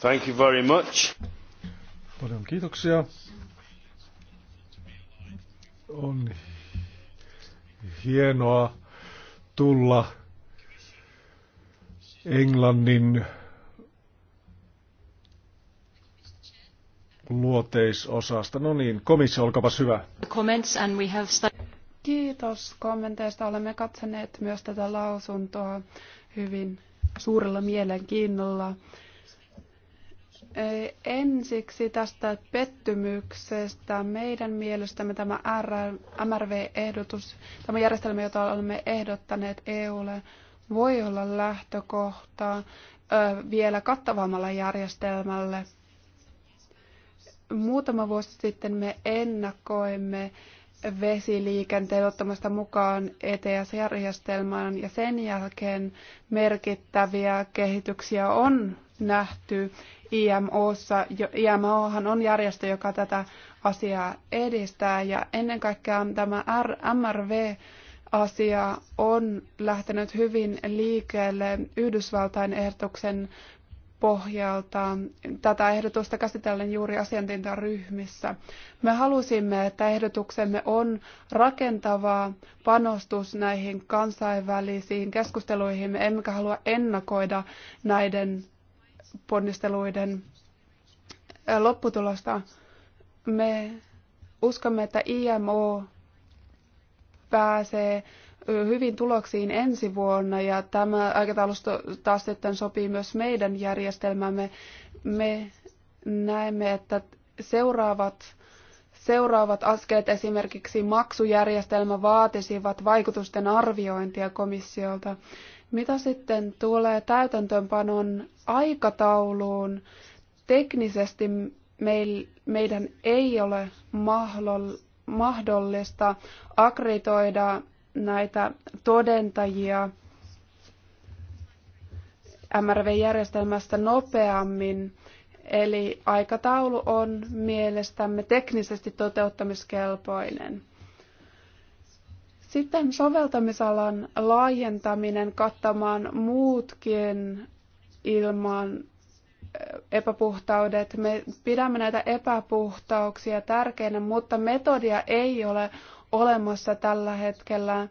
Thank you very much. Paljon kiitoksia. On hienoa tulla Englannin luoteisosasta. No niin, komissio, olkapas hyvä. Kiitos kommenteista. Olemme katsoneet myös tätä lausuntoa hyvin suurella mielenkiinnolla. Ensiksi tästä pettymyksestä. Meidän mielestämme tämä MRV-ehdotus, tämä järjestelmä, jota olemme ehdottaneet EUlle, voi olla lähtökohta vielä kattavammalle järjestelmälle – muutama vuosi sitten me ennakoimme vesiliikenteen ottamasta mukaan ETS-järjestelmään ja sen jälkeen merkittäviä kehityksiä on nähty IMOssa. IMOhan on järjestö, joka tätä asiaa edistää ja ennen kaikkea tämä MRV asia on lähtenyt hyvin liikkeelle Yhdysvaltain ehdotuksen pohjalta. Tätä ehdotusta käsitellen juuri asiantuntijaryhmissä. Me halusimme, että ehdotuksemme on rakentava panostus näihin kansainvälisiin keskusteluihin, Me emmekä halua ennakoida näiden ponnisteluiden lopputulosta. Me uskomme, että IMO pääsee hyvin tuloksiin ensi vuonna ja tämä aikataulu taas sitten sopii myös meidän järjestelmämme. Me näemme, että seuraavat Seuraavat askeleet esimerkiksi maksujärjestelmä vaatisivat vaikutusten arviointia komissiolta. Mitä sitten tulee täytäntöönpanon aikatauluun? Teknisesti meil, meidän ei ole mahdollista akreitoida näitä todentajia MRV-järjestelmästä nopeammin. Eli aikataulu on mielestämme teknisesti toteuttamiskelpoinen. Sitten soveltamisalan laajentaminen kattamaan muutkin ilman eh, epäpuhtaudet. Me pidämme näitä epäpuhtauksia tärkeinä, mutta metodia ei ole olemassa tällä hetkellä.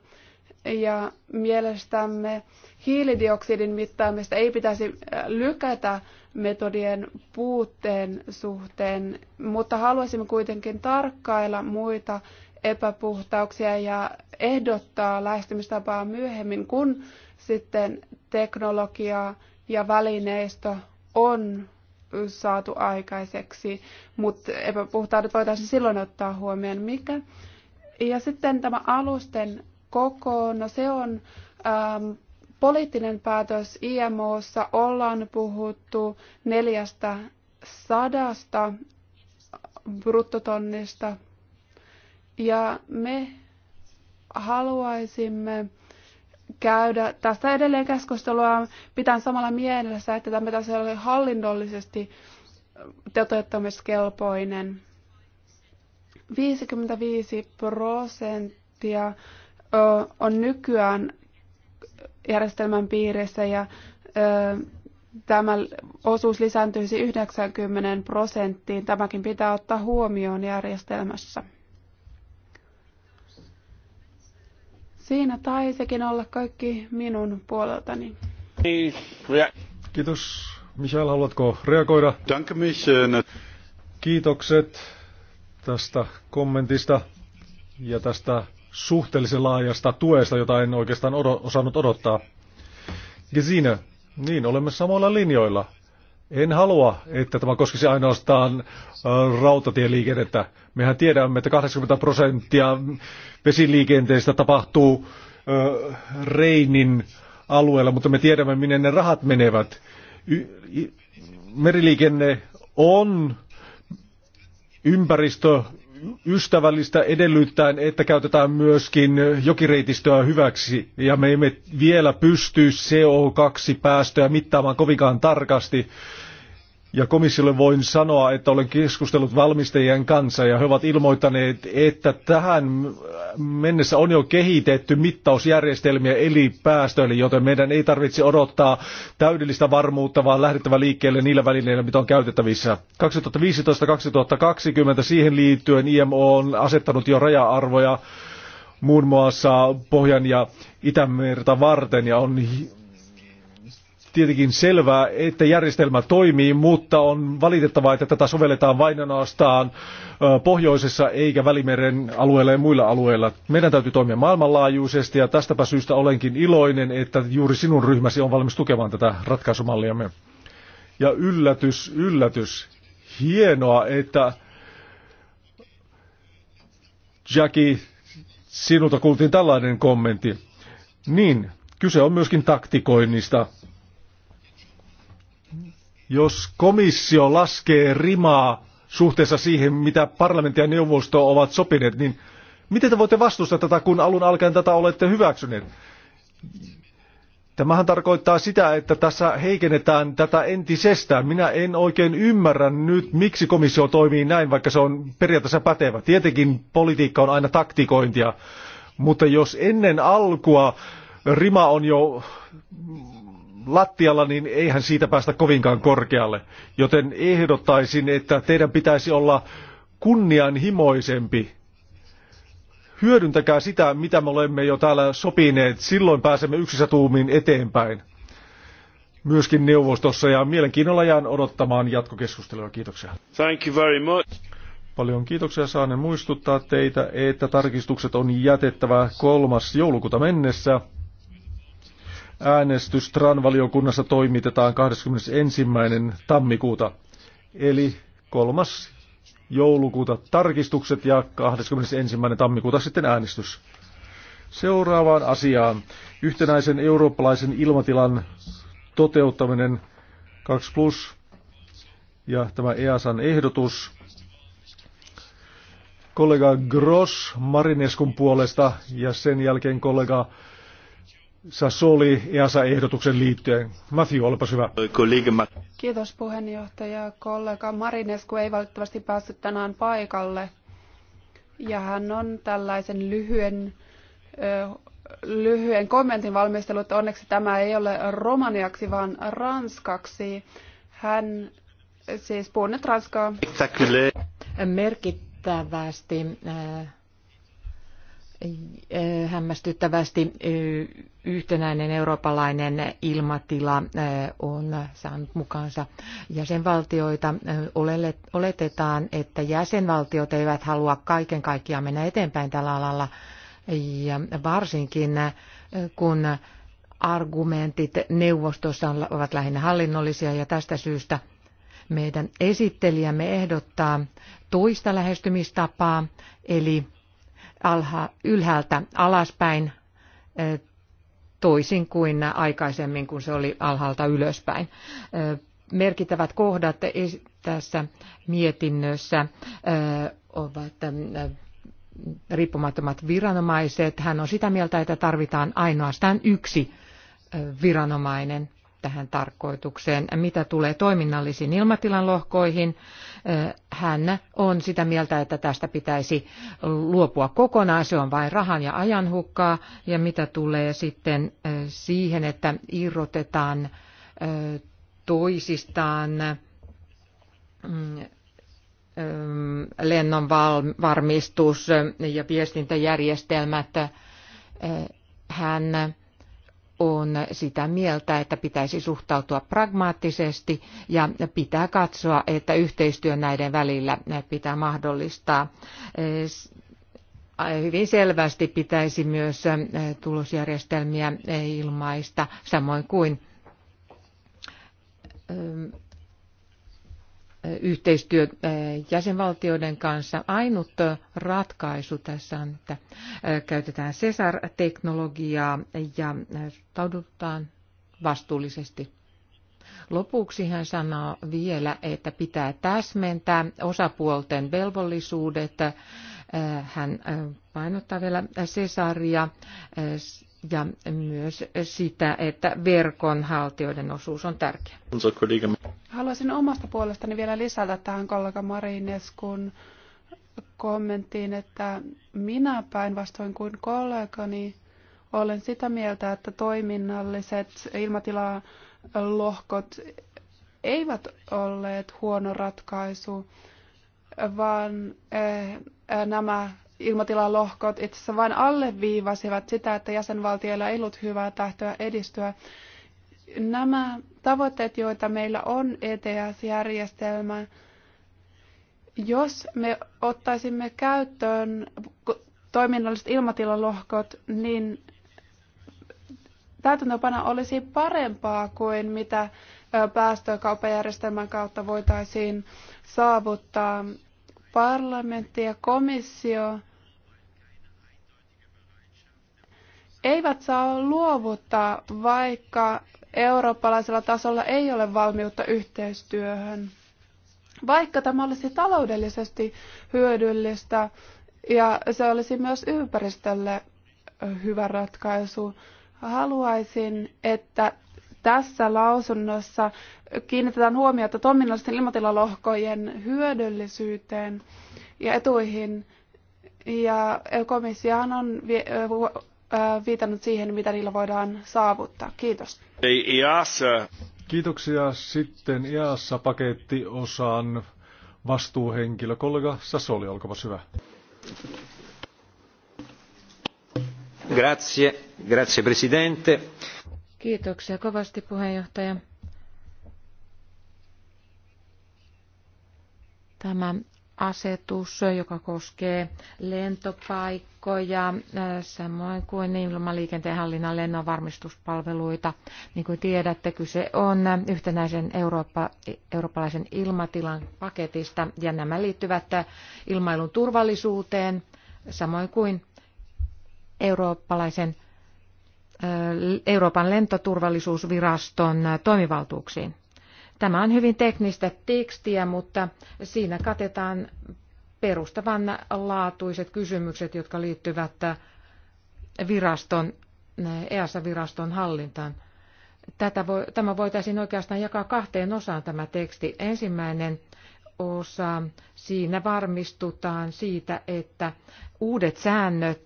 Ja mielestämme hiilidioksidin mittaamista ei pitäisi äh, lykätä metodien puutteen suhteen, mutta haluaisimme kuitenkin tarkkailla muita epäpuhtauksia ja ehdottaa lähestymistapaa myöhemmin, kun sitten teknologia ja välineistö on saatu aikaiseksi, mutta epäpuhtaudet voitaisiin silloin ottaa huomioon. Mikä ja sitten tämä alusten koko, no se on ähm, poliittinen päätös IMOssa. Ollaan puhuttu neljästä sadasta bruttotonnista. Ja me haluaisimme käydä tästä edelleen keskustelua. Pitää samalla mielessä, että tämä tässä oli hallinnollisesti toteuttamiskelpoinen. 55 prosenttia on nykyään järjestelmän piirissä ja tämä osuus lisääntyisi 90 prosenttiin. Tämäkin pitää ottaa huomioon järjestelmässä. Siinä taisikin olla kaikki minun puoleltani. Kiitos. Michel, haluatko reagoida? Kiitokset tästä kommentista ja tästä suhteellisen laajasta tuesta, jota en oikeastaan odo, osannut odottaa. Gesine, niin olemme samoilla linjoilla. En halua, että tämä koskisi ainoastaan äh, rautatieliikennettä. Mehän tiedämme, että 80 prosenttia vesiliikenteestä tapahtuu ö, äh, Reinin alueella, mutta me tiedämme, minne ne rahat menevät. Y- meriliikenne on ympäristö ystävällistä edellyttäen, että käytetään myöskin jokireitistöä hyväksi ja me emme vielä pysty CO2-päästöjä mittaamaan kovinkaan tarkasti ja komissiolle voin sanoa, että olen keskustellut valmistajien kanssa ja he ovat ilmoittaneet, että tähän mennessä on jo kehitetty mittausjärjestelmiä eli päästöille, joten meidän ei tarvitse odottaa täydellistä varmuutta, vaan lähdettävä liikkeelle niillä välineillä, mitä on käytettävissä. 2015-2020 siihen liittyen IMO on asettanut jo raja-arvoja muun muassa Pohjan ja Itämerta varten ja on tietenkin selvää, että järjestelmä toimii, mutta on valitettavaa, että tätä sovelletaan vain ainoastaan pohjoisessa eikä Välimeren alueella ja muilla alueilla. Meidän täytyy toimia maailmanlaajuisesti ja tästäpä syystä olenkin iloinen, että juuri sinun ryhmäsi on valmis tukemaan tätä ratkaisumalliamme. Ja yllätys, yllätys, hienoa, että Jackie, sinulta kuultiin tällainen kommentti. Niin, kyse on myöskin taktikoinnista. Jos komissio laskee rimaa suhteessa siihen, mitä parlamentti ja neuvosto ovat sopineet, niin miten te voitte vastustaa tätä, kun alun alkaen tätä olette hyväksyneet? Tämähän tarkoittaa sitä, että tässä heikennetään tätä entisestään. Minä en oikein ymmärrä nyt, miksi komissio toimii näin, vaikka se on periaatteessa pätevä. Tietenkin politiikka on aina taktikointia, mutta jos ennen alkua rima on jo lattialla, niin eihän siitä päästä kovinkaan korkealle. Joten ehdottaisin, että teidän pitäisi olla kunnianhimoisempi. Hyödyntäkää sitä, mitä me olemme jo täällä sopineet. Silloin pääsemme yksissä tuumiin eteenpäin. Myöskin neuvostossa ja mielenkiinnolla jään odottamaan jatkokeskustelua. Kiitoksia. Thank you very much. Paljon kiitoksia. Saanen muistuttaa teitä, että tarkistukset on jätettävä kolmas joulukuuta mennessä. Äänestys Tranvaliokunnassa toimitetaan 21. tammikuuta, eli kolmas joulukuuta tarkistukset ja 21. tammikuuta sitten äänestys. Seuraavaan asiaan. Yhtenäisen eurooppalaisen ilmatilan toteuttaminen 2 plus ja tämä EASan ehdotus. Kollega Gross Marineskun puolesta ja sen jälkeen kollega Sassoli EASA-ehdotuksen liittyen. Matthew, olipas hyvä. Kiitos puheenjohtaja. Kollega Marinesku ei valitettavasti päässyt tänään paikalle. Ja hän on tällaisen lyhyen, lyhyen kommentin valmistellut. Onneksi tämä ei ole romaniaksi, vaan ranskaksi. Hän siis puhuu nyt ranskaa. Merkittävästi äh, hämmästyttävästi yhtenäinen eurooppalainen ilmatila on saanut mukaansa jäsenvaltioita. Oletetaan, että jäsenvaltiot eivät halua kaiken kaikkiaan mennä eteenpäin tällä alalla, ja varsinkin kun argumentit neuvostossa ovat lähinnä hallinnollisia, ja tästä syystä meidän esittelijämme ehdottaa toista lähestymistapaa, eli alha, ylhäältä alaspäin toisin kuin aikaisemmin, kun se oli alhaalta ylöspäin. Merkittävät kohdat tässä mietinnössä ovat riippumattomat viranomaiset. Hän on sitä mieltä, että tarvitaan ainoastaan yksi viranomainen tähän tarkoitukseen. Mitä tulee toiminnallisiin ilmatilan lohkoihin, hän on sitä mieltä, että tästä pitäisi luopua kokonaan. Se on vain rahan ja ajan hukkaa. Ja mitä tulee sitten siihen, että irrotetaan toisistaan mm, lennon varmistus ja viestintäjärjestelmät. Hän on sitä mieltä, että pitäisi suhtautua pragmaattisesti ja pitää katsoa, että yhteistyö näiden välillä pitää mahdollistaa. Hyvin selvästi pitäisi myös tulosjärjestelmiä ilmaista, samoin kuin yhteistyö jäsenvaltioiden kanssa. Ainut ratkaisu tässä on, että käytetään CESAR-teknologiaa ja taudutaan vastuullisesti. Lopuksi hän sanoo vielä, että pitää täsmentää osapuolten velvollisuudet. Hän painottaa vielä Cesaria ja myös sitä, että verkonhaltijoiden osuus on tärkeä. Haluaisin omasta puolestani vielä lisätä tähän kollega Marineskun kommenttiin, että minä päinvastoin kuin kollegani olen sitä mieltä, että toiminnalliset ilmatilalohkot eivät olleet huono ratkaisu, vaan eh, nämä ilmatilan lohkot itse asiassa vain alleviivasivat sitä, että jäsenvaltioilla ei ollut hyvää tahtoa edistyä. Nämä tavoitteet, joita meillä on ETS-järjestelmä, jos me ottaisimme käyttöön toiminnalliset ilmatilalohkot, niin täytäntöpana olisi parempaa kuin mitä päästökauppajärjestelmän kautta voitaisiin saavuttaa. Parlamentti ja komissio eivät saa luovuttaa, vaikka eurooppalaisella tasolla ei ole valmiutta yhteistyöhön. Vaikka tämä olisi taloudellisesti hyödyllistä ja se olisi myös ympäristölle hyvä ratkaisu, haluaisin, että tässä lausunnossa kiinnitetään huomiota toiminnallisten ilmatilalohkojen hyödyllisyyteen ja etuihin. Ja komissiohan on viitannut siihen, mitä niillä voidaan saavuttaa. Kiitos. Ei IASA. Kiitoksia. Sitten IASA pakettiosan vastuuhenkilö, kollega Sassoli, olkaa hyvä. Grazie, grazie presidente. Kiitoksia kovasti puheenjohtaja. Tämä asetus, joka koskee lentopaikkoja, samoin kuin ilmaliikenteen hallinnan lennonvarmistuspalveluita. Niin kuin tiedätte, kyse on yhtenäisen Eurooppa, eurooppalaisen ilmatilan paketista, ja nämä liittyvät ilmailun turvallisuuteen, samoin kuin eurooppalaisen Euroopan lentoturvallisuusviraston toimivaltuuksiin. Tämä on hyvin teknistä tekstiä, mutta siinä katetaan perustavanlaatuiset kysymykset, jotka liittyvät viraston, EASA-viraston hallintaan. Tätä voi, tämä voitaisiin oikeastaan jakaa kahteen osaan tämä teksti. Ensimmäinen osa, siinä varmistutaan siitä, että uudet säännöt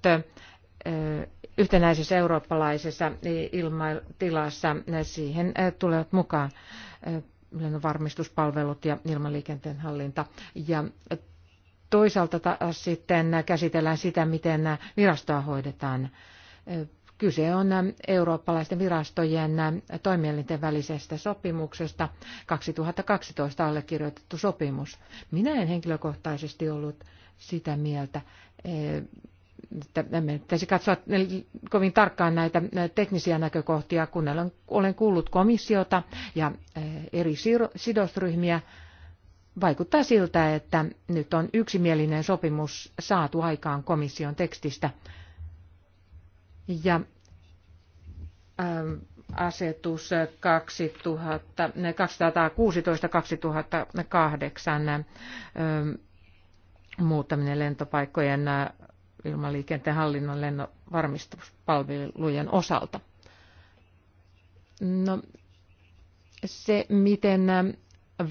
yhtenäisessä eurooppalaisessa ilmatilassa siihen tulevat mukaan varmistuspalvelut ja ilmaliikenteen hallinta. Ja toisaalta taas sitten käsitellään sitä, miten virastoa hoidetaan. Kyse on eurooppalaisten virastojen toimielinten välisestä sopimuksesta, 2012 allekirjoitettu sopimus. Minä en henkilökohtaisesti ollut sitä mieltä, meidän pitäisi katsoa kovin tarkkaan näitä teknisiä näkökohtia, kun olen kuullut komissiota ja eri sidosryhmiä. Vaikuttaa siltä, että nyt on yksimielinen sopimus saatu aikaan komission tekstistä. Ja asetus 216-2008 muuttaminen lentopaikkojen ilmaliikenteen hallinnon lennonvarmistuspalvelujen osalta. No, se, miten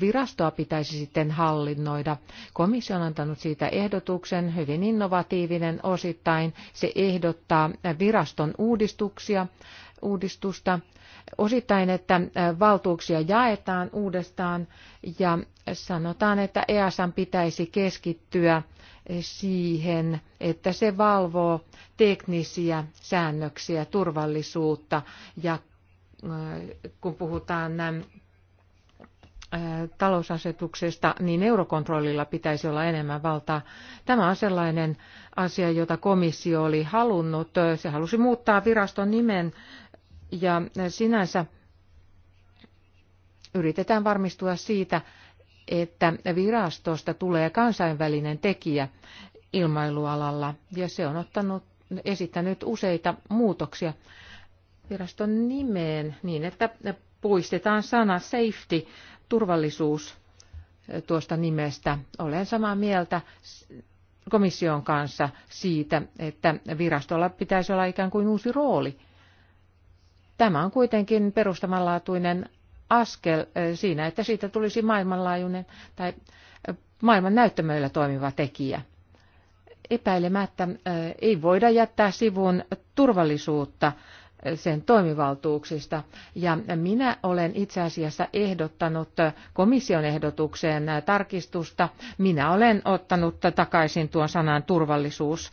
virastoa pitäisi sitten hallinnoida. Komissio on antanut siitä ehdotuksen, hyvin innovatiivinen osittain. Se ehdottaa viraston uudistuksia, uudistusta osittain, että valtuuksia jaetaan uudestaan ja sanotaan, että EASan pitäisi keskittyä siihen, että se valvoo teknisiä säännöksiä, turvallisuutta ja kun puhutaan talousasetuksesta, niin eurokontrollilla pitäisi olla enemmän valtaa. Tämä on sellainen asia, jota komissio oli halunnut. Se halusi muuttaa viraston nimen ja sinänsä yritetään varmistua siitä, että virastosta tulee kansainvälinen tekijä ilmailualalla, ja se on ottanut, esittänyt useita muutoksia viraston nimeen niin, että poistetaan sana safety, turvallisuus tuosta nimestä. Olen samaa mieltä komission kanssa siitä, että virastolla pitäisi olla ikään kuin uusi rooli – Tämä on kuitenkin perustavanlaatuinen askel siinä, että siitä tulisi maailmanlaajuinen tai maailman näyttämöillä toimiva tekijä. Epäilemättä ei voida jättää sivuun turvallisuutta sen toimivaltuuksista. Ja minä olen itse asiassa ehdottanut komission ehdotukseen tarkistusta. Minä olen ottanut takaisin tuon sanan turvallisuus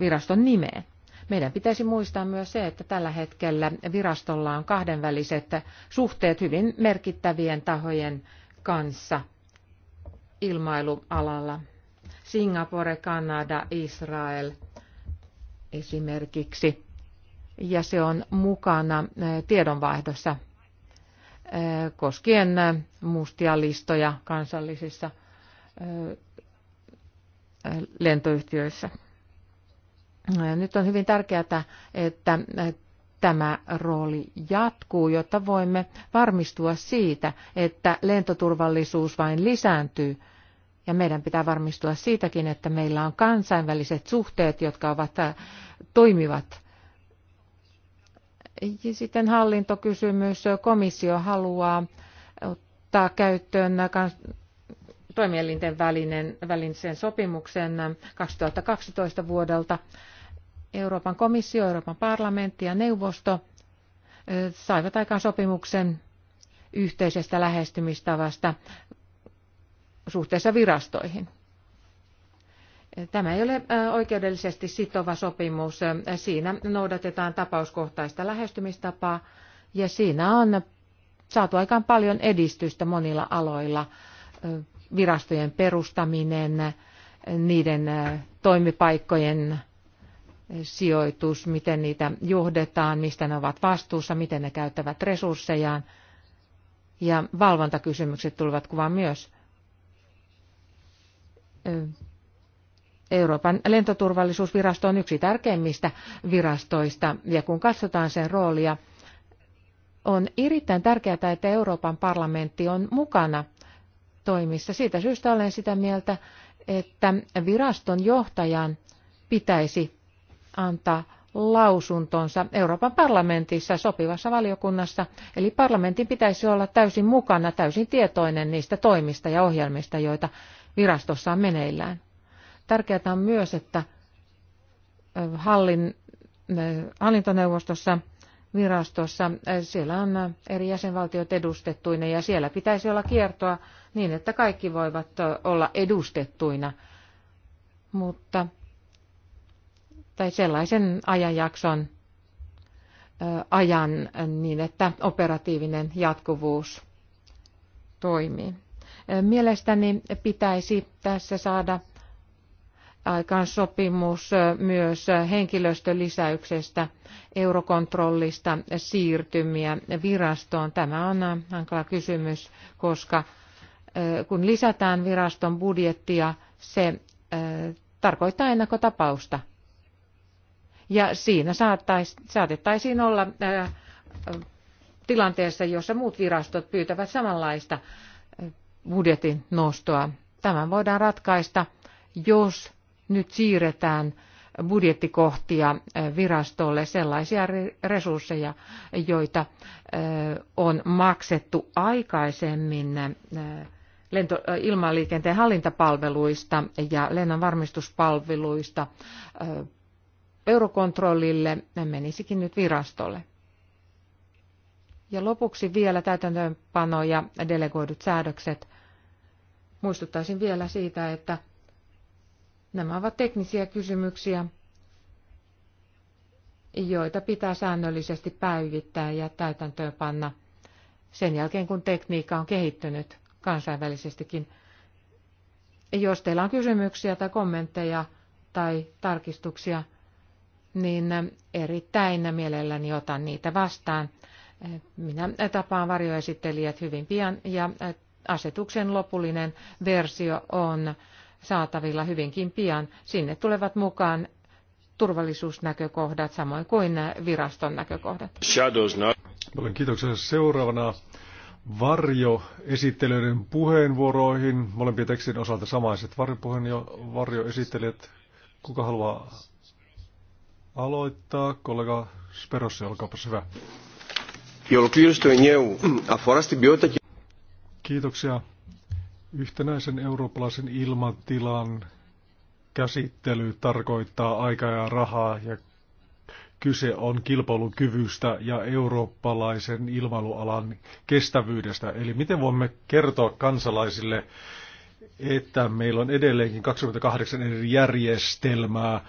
viraston nimeen. Meidän pitäisi muistaa myös se, että tällä hetkellä virastolla on kahdenväliset suhteet hyvin merkittävien tahojen kanssa ilmailualalla. Singapore, Kanada, Israel esimerkiksi. Ja se on mukana eh, tiedonvaihdossa eh, koskien eh, mustia listoja kansallisissa lentoyhtiöissä. Nyt on hyvin tärkeää, että tämä rooli jatkuu, jotta voimme varmistua siitä, että lentoturvallisuus vain lisääntyy. Ja meidän pitää varmistua siitäkin, että meillä on kansainväliset suhteet, jotka ovat äh, toimivat. Ja sitten hallintokysymys. Komissio haluaa ottaa käyttöön toimielinten välinen, välisen sopimuksen 2012 äh, vuodelta Euroopan komissio, Euroopan parlamentti ja neuvosto saivat aikaan sopimuksen yhteisestä lähestymistavasta suhteessa virastoihin. Tämä ei ole oikeudellisesti sitova sopimus. Siinä noudatetaan tapauskohtaista lähestymistapaa ja siinä on saatu aikaan paljon edistystä monilla aloilla. Virastojen perustaminen, niiden toimipaikkojen sijoitus, miten niitä johdetaan, mistä ne ovat vastuussa, miten ne käyttävät resurssejaan. Ja valvontakysymykset tulevat kuvaan myös. Euroopan lentoturvallisuusvirasto on yksi tärkeimmistä virastoista, ja kun katsotaan sen roolia, on erittäin tärkeää, että Euroopan parlamentti on mukana toimissa. Siitä syystä olen sitä mieltä, että viraston johtajan pitäisi antaa lausuntonsa Euroopan parlamentissa sopivassa valiokunnassa. Eli parlamentin pitäisi olla täysin mukana, täysin tietoinen niistä toimista ja ohjelmista, joita virastossa on meneillään. Tärkeää on myös, että hallin, hallintoneuvostossa virastossa, siellä on eri jäsenvaltiot edustettuina ja siellä pitäisi olla kiertoa niin, että kaikki voivat olla edustettuina. Mutta tai sellaisen ajanjakson ajan niin, että operatiivinen jatkuvuus toimii. Mielestäni pitäisi tässä saada aikaan sopimus myös henkilöstölisäyksestä, eurokontrollista siirtymiä virastoon. Tämä on hankala kysymys, koska kun lisätään viraston budjettia, se tarkoittaa ennakkotapausta ja siinä saatettaisiin olla äh, äh, tilanteessa, jossa muut virastot pyytävät samanlaista äh, budjetin nostoa. Tämä voidaan ratkaista, jos nyt siirretään budjettikohtia virastolle sellaisia resursseja, joita on maksettu aikaisemmin lento- ilmaliikenteen hallintapalveluista ja lennonvarmistuspalveluista eurokontrollille menisikin nyt virastolle. Ja lopuksi vielä täytäntöönpano ja delegoidut säädökset. Muistuttaisin vielä siitä, että nämä ovat teknisiä kysymyksiä, joita pitää säännöllisesti päivittää ja täytäntöönpanna sen jälkeen, kun tekniikka on kehittynyt kansainvälisestikin. Jos teillä on kysymyksiä tai kommentteja tai tarkistuksia, niin erittäin mielelläni otan niitä vastaan. Minä tapaan varjoesittelijät hyvin pian ja asetuksen lopullinen versio on saatavilla hyvinkin pian. Sinne tulevat mukaan turvallisuusnäkökohdat samoin kuin viraston näkökohdat. Paljon kiitoksia. Seuraavana varjo puheenvuoroihin. Molempien tekstin osalta samaiset varjoesittelijät. Kuka haluaa aloittaa. Kollega Sperossi, olkaapa hyvä. Kiitoksia. Yhtenäisen eurooppalaisen ilmatilan käsittely tarkoittaa aikaa ja rahaa ja kyse on kilpailukyvystä ja eurooppalaisen ilmailualan kestävyydestä. Eli miten voimme kertoa kansalaisille, että meillä on edelleenkin 28 eri järjestelmää,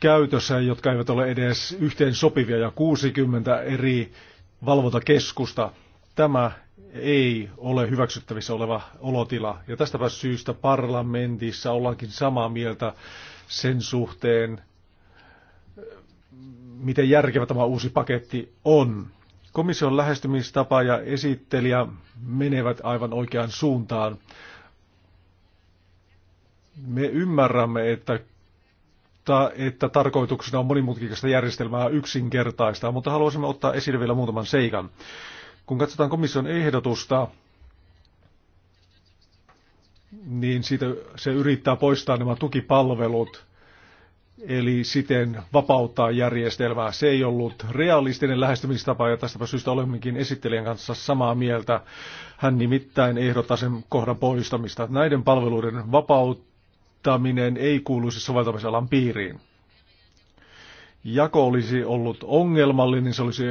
käytössä, jotka eivät ole edes yhteen sopivia ja 60 eri valvontakeskusta. Tämä ei ole hyväksyttävissä oleva olotila. Ja tästäpä syystä parlamentissa ollaankin samaa mieltä sen suhteen, miten järkevä tämä uusi paketti on. Komission lähestymistapa ja esittelijä menevät aivan oikeaan suuntaan. Me ymmärrämme, että muistaa, että tarkoituksena on monimutkikasta järjestelmää yksinkertaistaa, mutta haluaisimme ottaa esille vielä muutaman seikan. Kun katsotaan komission ehdotusta, niin siitä se yrittää poistaa nämä tukipalvelut, eli siten vapauttaa järjestelmää. Se ei ollut realistinen lähestymistapa, ja tästä syystä olemmekin esittelijän kanssa samaa mieltä. Hän nimittäin ehdottaa sen kohdan poistamista. Näiden palveluiden vapaut soittaminen ei kuuluisi soveltamisalan piiriin. Jako olisi ollut ongelmallinen, niin se olisi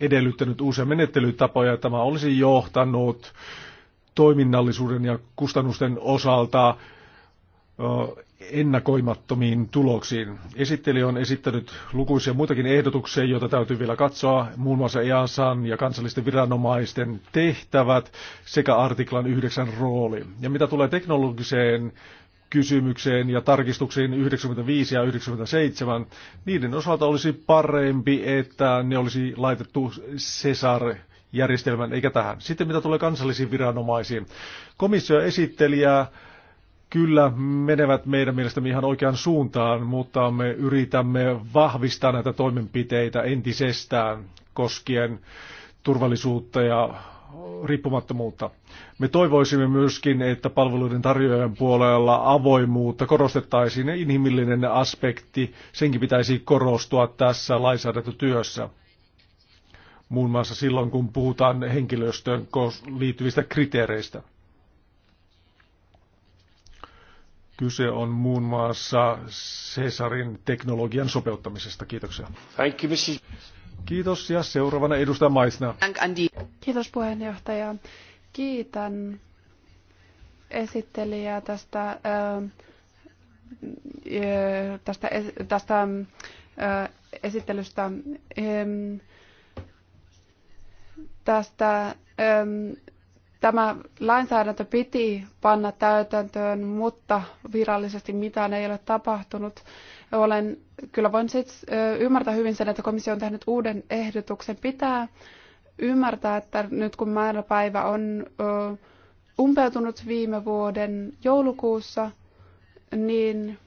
edellyttänyt uusia menettelytapoja ja tämä olisi johtanut toiminnallisuuden ja kustannusten osalta ennakoimattomiin tuloksiin. Esitteli on esittänyt lukuisia muitakin ehdotuksia, joita täytyy vielä katsoa, muun muassa EASAN ja kansallisten viranomaisten tehtävät sekä artiklan 9 rooli. Ja mitä tulee teknologiseen kysymykseen ja tarkistuksiin 95 ja 97, niiden osalta olisi parempi, että ne olisi laitettu Cesar järjestelmän eikä tähän. Sitten mitä tulee kansallisiin viranomaisiin. Komissio esittelijää kyllä menevät meidän mielestämme ihan oikeaan suuntaan, mutta me yritämme vahvistaa näitä toimenpiteitä entisestään koskien turvallisuutta ja riippumattomuutta. Me toivoisimme myöskin, että palveluiden tarjoajan puolella avoimuutta korostettaisiin inhimillinen aspekti, senkin pitäisi korostua tässä lainsäädäntötyössä. Muun muassa silloin, kun puhutaan henkilöstöön liittyvistä kriteereistä. Kyse on muun muassa Cesarin teknologian sopeuttamisesta. Kiitoksia. Thank you, Kiitos ja seuraavana edustaja Maisna. Kiitos puheenjohtaja. Kiitän esittelijää tästä, äh, äh, tästä, tästä äh, esittelystä ähm, tästä ähm, tämä lainsäädäntö piti panna täytäntöön, mutta virallisesti mitään ei ole tapahtunut. Olen, kyllä voin sit, ymmärtää hyvin sen, että komissio on tehnyt uuden ehdotuksen. Pitää ymmärtää, että nyt kun määräpäivä on umpeutunut viime vuoden joulukuussa, niin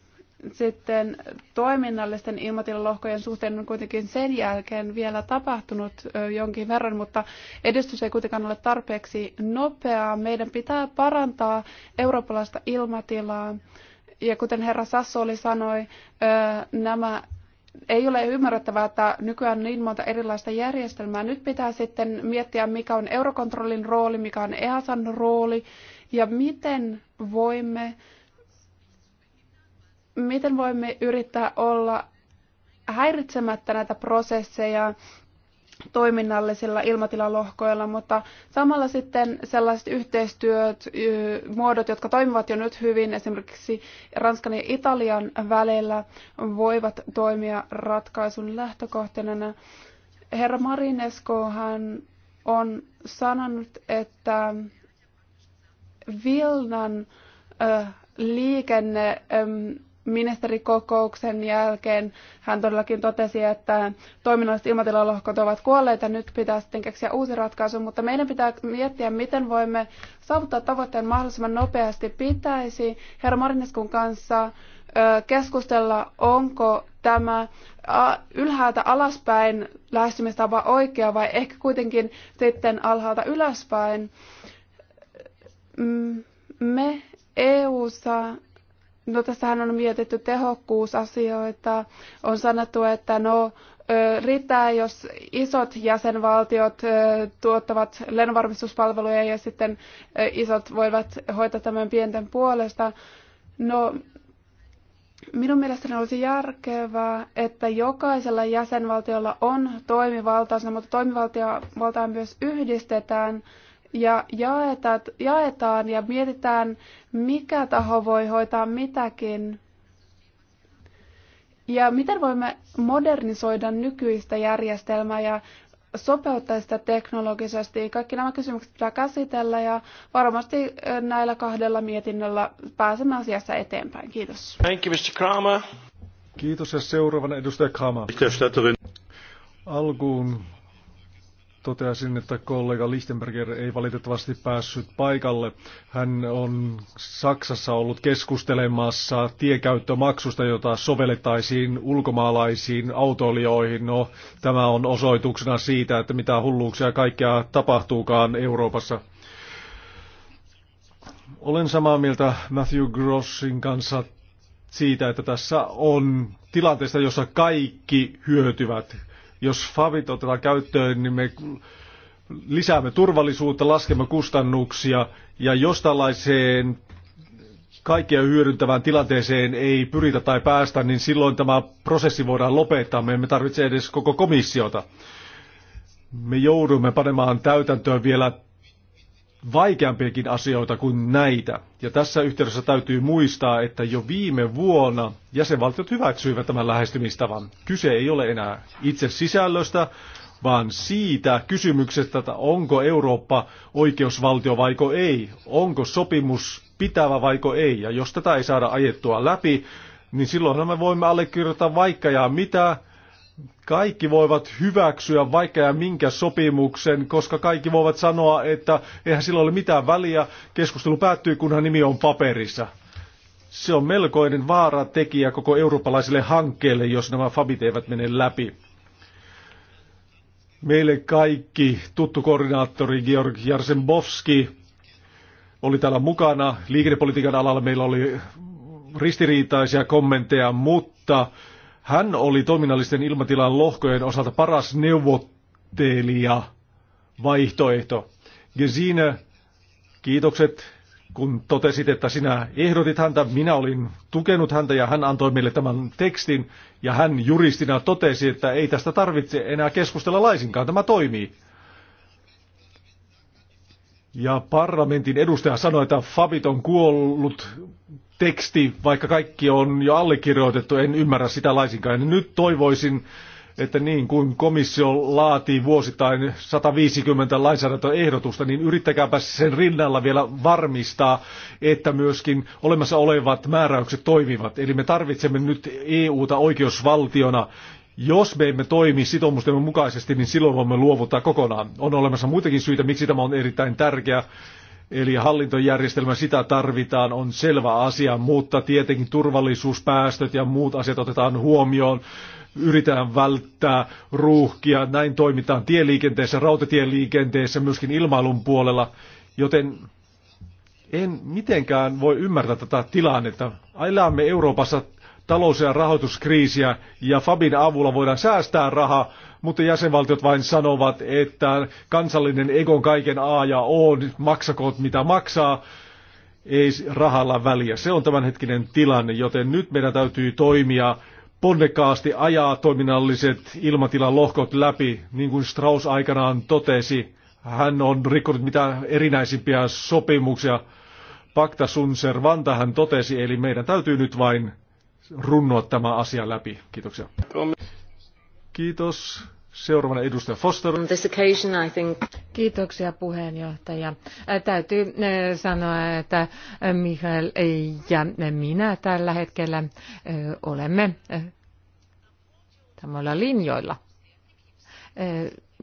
sitten toiminnallisten ilmatilalohkojen suhteen on kuitenkin sen jälkeen vielä tapahtunut jonkin verran, mutta edistys ei kuitenkaan ole tarpeeksi nopeaa. Meidän pitää parantaa eurooppalaista ilmatilaa ja kuten herra Sassoli sanoi, nämä ei ole ymmärrettävää, että nykyään on niin monta erilaista järjestelmää. Nyt pitää sitten miettiä, mikä on eurokontrollin rooli, mikä on EASan rooli ja miten voimme, miten voimme yrittää olla häiritsemättä näitä prosesseja toiminnallisilla ilmatilalohkoilla, mutta samalla sitten sellaiset yhteistyöt, muodot, jotka toimivat jo nyt hyvin, esimerkiksi Ranskan ja Italian välillä, voivat toimia ratkaisun lähtökohtana. Herra Marineskohan on sanonut, että Vilnan liikenne ministerikokouksen jälkeen hän todellakin totesi, että toiminnalliset ilmatilalohkot ovat kuolleita ja nyt pitää sitten keksiä uusi ratkaisu, mutta meidän pitää miettiä, miten voimme saavuttaa tavoitteen mahdollisimman nopeasti. Pitäisi herra Marineskun kanssa keskustella, onko tämä ylhäältä alaspäin lähestymistapa oikea vai ehkä kuitenkin sitten alhaalta ylöspäin. Mm, me EU:ssa No tässähän on mietitty tehokkuusasioita. On sanottu, että no riittää, jos isot jäsenvaltiot tuottavat lennonvarmistuspalveluja ja sitten isot voivat hoitaa tämän pienten puolesta. No, minun mielestäni olisi järkevää, että jokaisella jäsenvaltiolla on toimivaltaansa, mutta toimivaltaa myös yhdistetään – ja jaetaan, jaetaan ja mietitään, mikä taho voi hoitaa mitäkin. Ja miten voimme modernisoida nykyistä järjestelmää ja sopeuttaa sitä teknologisesti. Kaikki nämä kysymykset pitää käsitellä ja varmasti näillä kahdella mietinnöllä pääsemme asiassa eteenpäin. Kiitos. Thank you, Mr. Kramer. Kiitos ja seuraavana edustaja Kramer. Alkuun toteaisin, että kollega Lichtenberger ei valitettavasti päässyt paikalle. Hän on Saksassa ollut keskustelemassa tiekäyttömaksusta, jota sovelletaisiin ulkomaalaisiin autoilijoihin. No, tämä on osoituksena siitä, että mitä hulluuksia kaikkea tapahtuukaan Euroopassa. Olen samaa mieltä Matthew Grossin kanssa siitä, että tässä on tilanteesta, jossa kaikki hyötyvät jos favit otetaan käyttöön, niin me lisäämme turvallisuutta, laskemme kustannuksia ja jos tällaiseen kaikkia hyödyntävään tilanteeseen ei pyritä tai päästä, niin silloin tämä prosessi voidaan lopettaa. Me emme tarvitse edes koko komissiota. Me joudumme panemaan täytäntöön vielä vaikeampiakin asioita kuin näitä. Ja tässä yhteydessä täytyy muistaa, että jo viime vuonna jäsenvaltiot hyväksyivät tämän lähestymistavan. Kyse ei ole enää itse sisällöstä, vaan siitä kysymyksestä, että onko Eurooppa oikeusvaltio vaiko ei, onko sopimus pitävä vaiko ei. Ja jos tätä ei saada ajettua läpi, niin silloin me voimme allekirjoittaa vaikka ja mitä, kaikki voivat hyväksyä vaikka ja minkä sopimuksen, koska kaikki voivat sanoa, että eihän sillä ole mitään väliä, keskustelu päättyy, kunhan nimi on paperissa. Se on melkoinen vaaratekijä koko eurooppalaiselle hankkeelle, jos nämä fabit eivät mene läpi. Meille kaikki tuttu koordinaattori Georg Jarsenbowski oli täällä mukana. Liikennepolitiikan alalla meillä oli ristiriitaisia kommentteja, mutta hän oli toiminnallisten ilmatilan lohkojen osalta paras neuvottelija vaihtoehto. Gesine, kiitokset, kun totesit, että sinä ehdotit häntä. Minä olin tukenut häntä ja hän antoi meille tämän tekstin. Ja hän juristina totesi, että ei tästä tarvitse enää keskustella laisinkaan. Tämä toimii. Ja parlamentin edustaja sanoi, että Fabit on kuollut teksti, vaikka kaikki on jo allekirjoitettu, en ymmärrä sitä laisinkaan. Nyt toivoisin, että niin kuin komissio laatii vuosittain 150 lainsäädäntöehdotusta, niin yrittäkääpä sen rinnalla vielä varmistaa, että myöskin olemassa olevat määräykset toimivat. Eli me tarvitsemme nyt EUta oikeusvaltiona. Jos me emme toimi sitoumustemme mukaisesti, niin silloin voimme luovuttaa kokonaan. On olemassa muitakin syitä, miksi tämä on erittäin tärkeä. Eli hallintojärjestelmä sitä tarvitaan, on selvä asia, mutta tietenkin turvallisuuspäästöt ja muut asiat otetaan huomioon. Yritetään välttää ruuhkia, näin toimitaan tieliikenteessä, rautatieliikenteessä, myöskin ilmailun puolella, joten en mitenkään voi ymmärtää tätä tilannetta. Elämme Euroopassa talous- ja rahoituskriisiä ja Fabin avulla voidaan säästää rahaa, mutta jäsenvaltiot vain sanovat, että kansallinen egon kaiken A ja O, maksakoot mitä maksaa, ei rahalla väliä. Se on tämänhetkinen tilanne, joten nyt meidän täytyy toimia ponnekaasti ajaa toiminnalliset ilmatilan lohkot läpi, niin kuin Strauss aikanaan totesi. Hän on rikkonut mitä erinäisimpiä sopimuksia. Pakta sun servanta hän totesi, eli meidän täytyy nyt vain runnoa tämä asia läpi. Kiitoksia. Kiitos. Seuraavana edustaja Foster. This occasion, I think... Kiitoksia puheenjohtaja. Täytyy sanoa, että Michael ja minä tällä hetkellä olemme samoilla linjoilla.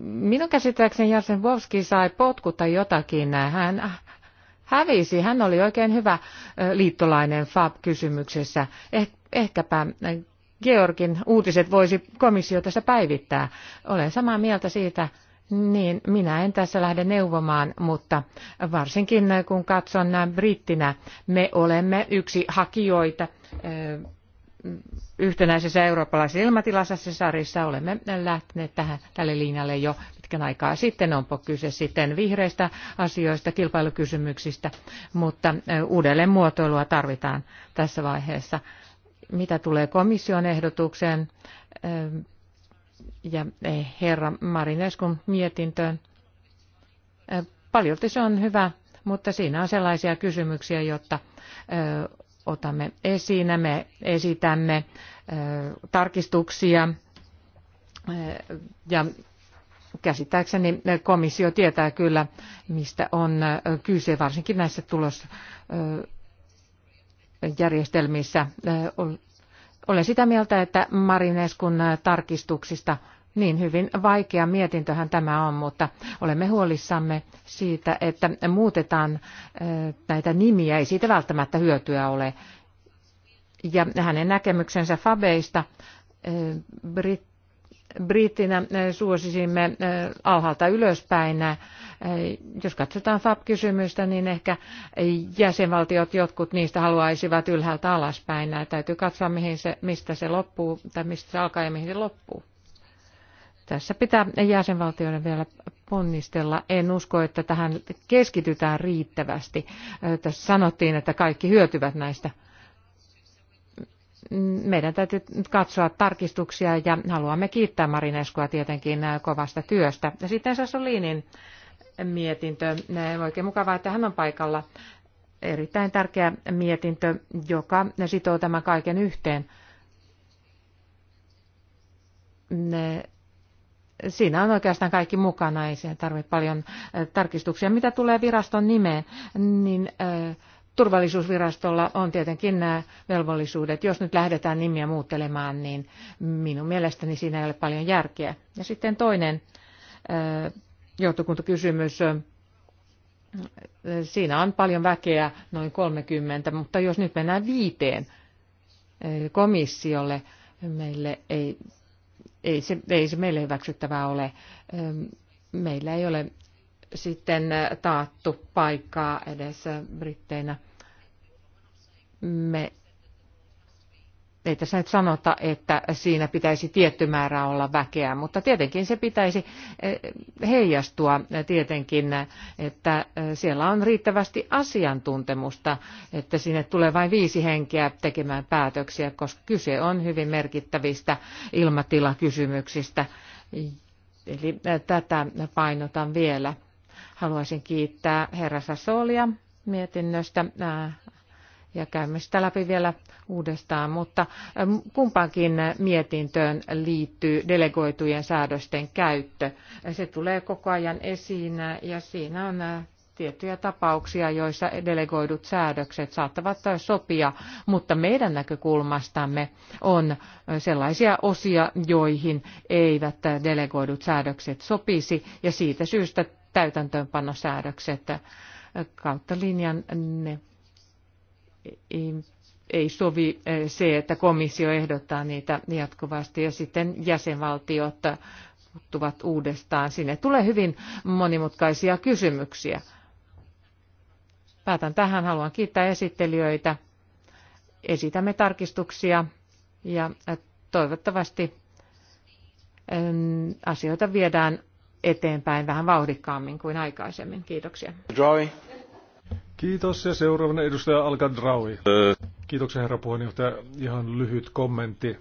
Minun käsittääkseni Jarsen Vovski sai tai jotakin. Hän äh, hävisi. Hän oli oikein hyvä liittolainen FAB-kysymyksessä. Eh, ehkäpä Georgin uutiset voisi komissio tässä päivittää. Olen samaa mieltä siitä, niin minä en tässä lähde neuvomaan, mutta varsinkin äh, kun katson näin äh, brittinä, me olemme yksi hakijoita äh, yhtenäisessä eurooppalaisessa ilmatilassa sarissa olemme lähteneet tähän, tälle linjalle jo pitkän aikaa sitten. Onko kyse sitten vihreistä asioista, kilpailukysymyksistä, mutta uudelleen muotoilua tarvitaan tässä vaiheessa mitä tulee komission ehdotukseen ähm, ja eh, herra Marineskun mietintöön. Äh, paljolti se on hyvä, mutta siinä on sellaisia kysymyksiä, jotta äh, otamme esiin. Me esitämme äh, tarkistuksia ja käsittääkseni komissio tietää kyllä, mistä on kyse, varsinkin näissä tulos järjestelmissä. Olen sitä mieltä, että Marineskun tarkistuksista niin hyvin vaikea mietintöhän tämä on, mutta olemme huolissamme siitä, että muutetaan näitä nimiä. Ei siitä välttämättä hyötyä ole. Ja hänen näkemyksensä Fabeista, Brit Brittinä eh, suosisimme eh, alhaalta ylöspäin. Eh, jos katsotaan FAB-kysymystä, niin ehkä jäsenvaltiot, jotkut niistä haluaisivat ylhäältä alaspäin. Täytyy katsoa, mihin se, mistä se loppuu tai mistä se alkaa ja mihin se loppuu. Tässä pitää jäsenvaltioiden vielä ponnistella. En usko, että tähän keskitytään riittävästi. Tässä sanottiin, että kaikki hyötyvät näistä meidän täytyy katsoa tarkistuksia ja haluamme kiittää Marineskoa tietenkin äh, kovasta työstä. Ja sitten Sassolinin mietintö. Äh, oikein mukavaa, että hän on paikalla. Erittäin tärkeä mietintö, joka sitoo tämän kaiken yhteen. Siinä on oikeastaan kaikki mukana, ei siihen tarvitse paljon äh, tarkistuksia. Mitä tulee viraston nimeen, niin äh, turvallisuusvirastolla on tietenkin nämä velvollisuudet. Jos nyt lähdetään nimiä muuttelemaan, niin minun mielestäni siinä ei ole paljon järkeä. Ja sitten toinen johtokuntakysymys. Siinä on paljon väkeä, noin 30, mutta jos nyt mennään viiteen komissiolle, meille ei, ei, se, ei se meille hyväksyttävää ole. Meillä ei ole sitten taattu paikkaa edes britteinä. Me ei tässä nyt sanota, että siinä pitäisi tietty määrä olla väkeä, mutta tietenkin se pitäisi heijastua tietenkin, että siellä on riittävästi asiantuntemusta, että sinne tulee vain viisi henkeä tekemään päätöksiä, koska kyse on hyvin merkittävistä ilmatilakysymyksistä. Eli tätä painotan vielä. Haluaisin kiittää herra Sasolia mietinnöstä äh, ja käymme sitä läpi vielä uudestaan, mutta ähm, kumpaankin mietintöön liittyy delegoitujen säädösten käyttö. Se tulee koko ajan esiin äh, ja siinä on äh, tiettyjä tapauksia, joissa delegoidut säädökset saattavat sopia, mutta meidän näkökulmastamme on sellaisia osia, joihin eivät delegoidut säädökset sopisi, ja siitä syystä täytäntöönpanosäädökset kautta linjan ne ei, ei sovi eh, se, että komissio ehdottaa niitä jatkuvasti ja sitten jäsenvaltiot puuttuvat uudestaan. Sinne tulee hyvin monimutkaisia kysymyksiä. Päätän tähän. Haluan kiittää esittelijöitä. Esitämme tarkistuksia ja toivottavasti asioita viedään eteenpäin vähän vauhdikkaammin kuin aikaisemmin. Kiitoksia. Drawi. Kiitos ja seuraavana edustaja Alka Draui. Kiitoksia herra puheenjohtaja. Ihan lyhyt kommentti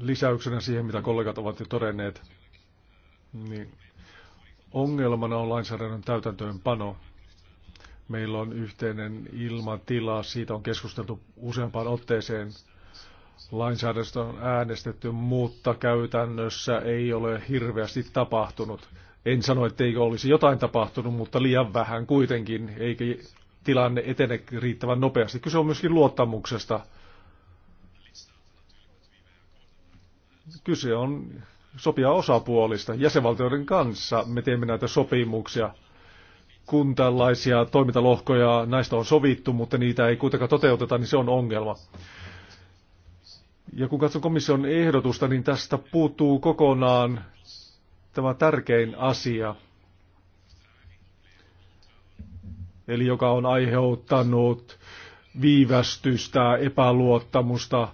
lisäyksenä siihen, mitä kollegat ovat jo todenneet. Niin ongelmana on lainsäädännön täytäntöönpano. Meillä on yhteinen ilmatila, siitä on keskusteltu useampaan otteeseen lainsäädäntö on äänestetty, mutta käytännössä ei ole hirveästi tapahtunut. En sano, että olisi jotain tapahtunut, mutta liian vähän kuitenkin, eikä tilanne etene riittävän nopeasti. Kyse on myöskin luottamuksesta. Kyse on sopia osapuolista. Jäsenvaltioiden kanssa me teemme näitä sopimuksia kun tällaisia toimintalohkoja näistä on sovittu, mutta niitä ei kuitenkaan toteuteta, niin se on ongelma. Ja kun katson komission ehdotusta, niin tästä puuttuu kokonaan tämä tärkein asia, eli joka on aiheuttanut viivästystä, epäluottamusta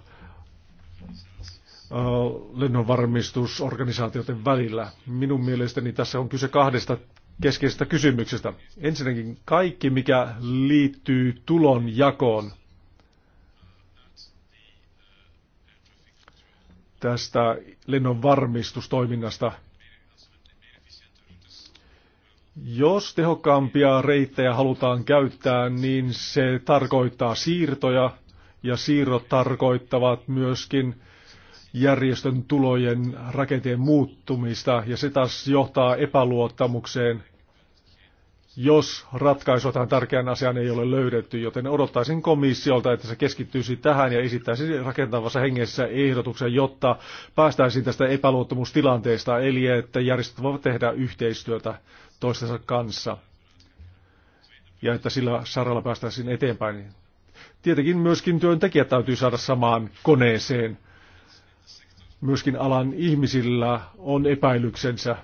lennonvarmistusorganisaatioiden välillä. Minun mielestäni tässä on kyse kahdesta keskeisestä kysymyksestä. Ensinnäkin kaikki, mikä liittyy tulonjakoon – tästä lennon varmistustoiminnasta. Jos tehokkaampia reittejä halutaan käyttää, niin se tarkoittaa siirtoja, ja siirrot tarkoittavat myöskin järjestön tulojen rakenteen muuttumista, ja se taas johtaa epäluottamukseen – jos ratkaisua tähän tärkeään asiaan niin ei ole löydetty, joten odottaisin komissiolta, että se keskittyisi tähän ja esittäisi rakentavassa hengessä ehdotuksen, jotta päästäisiin tästä epäluottamustilanteesta, eli että järjestöt voivat tehdä yhteistyötä toistensa kanssa ja että sillä saralla päästäisiin eteenpäin. Tietenkin myöskin työntekijät täytyy saada samaan koneeseen. Myöskin alan ihmisillä on epäilyksensä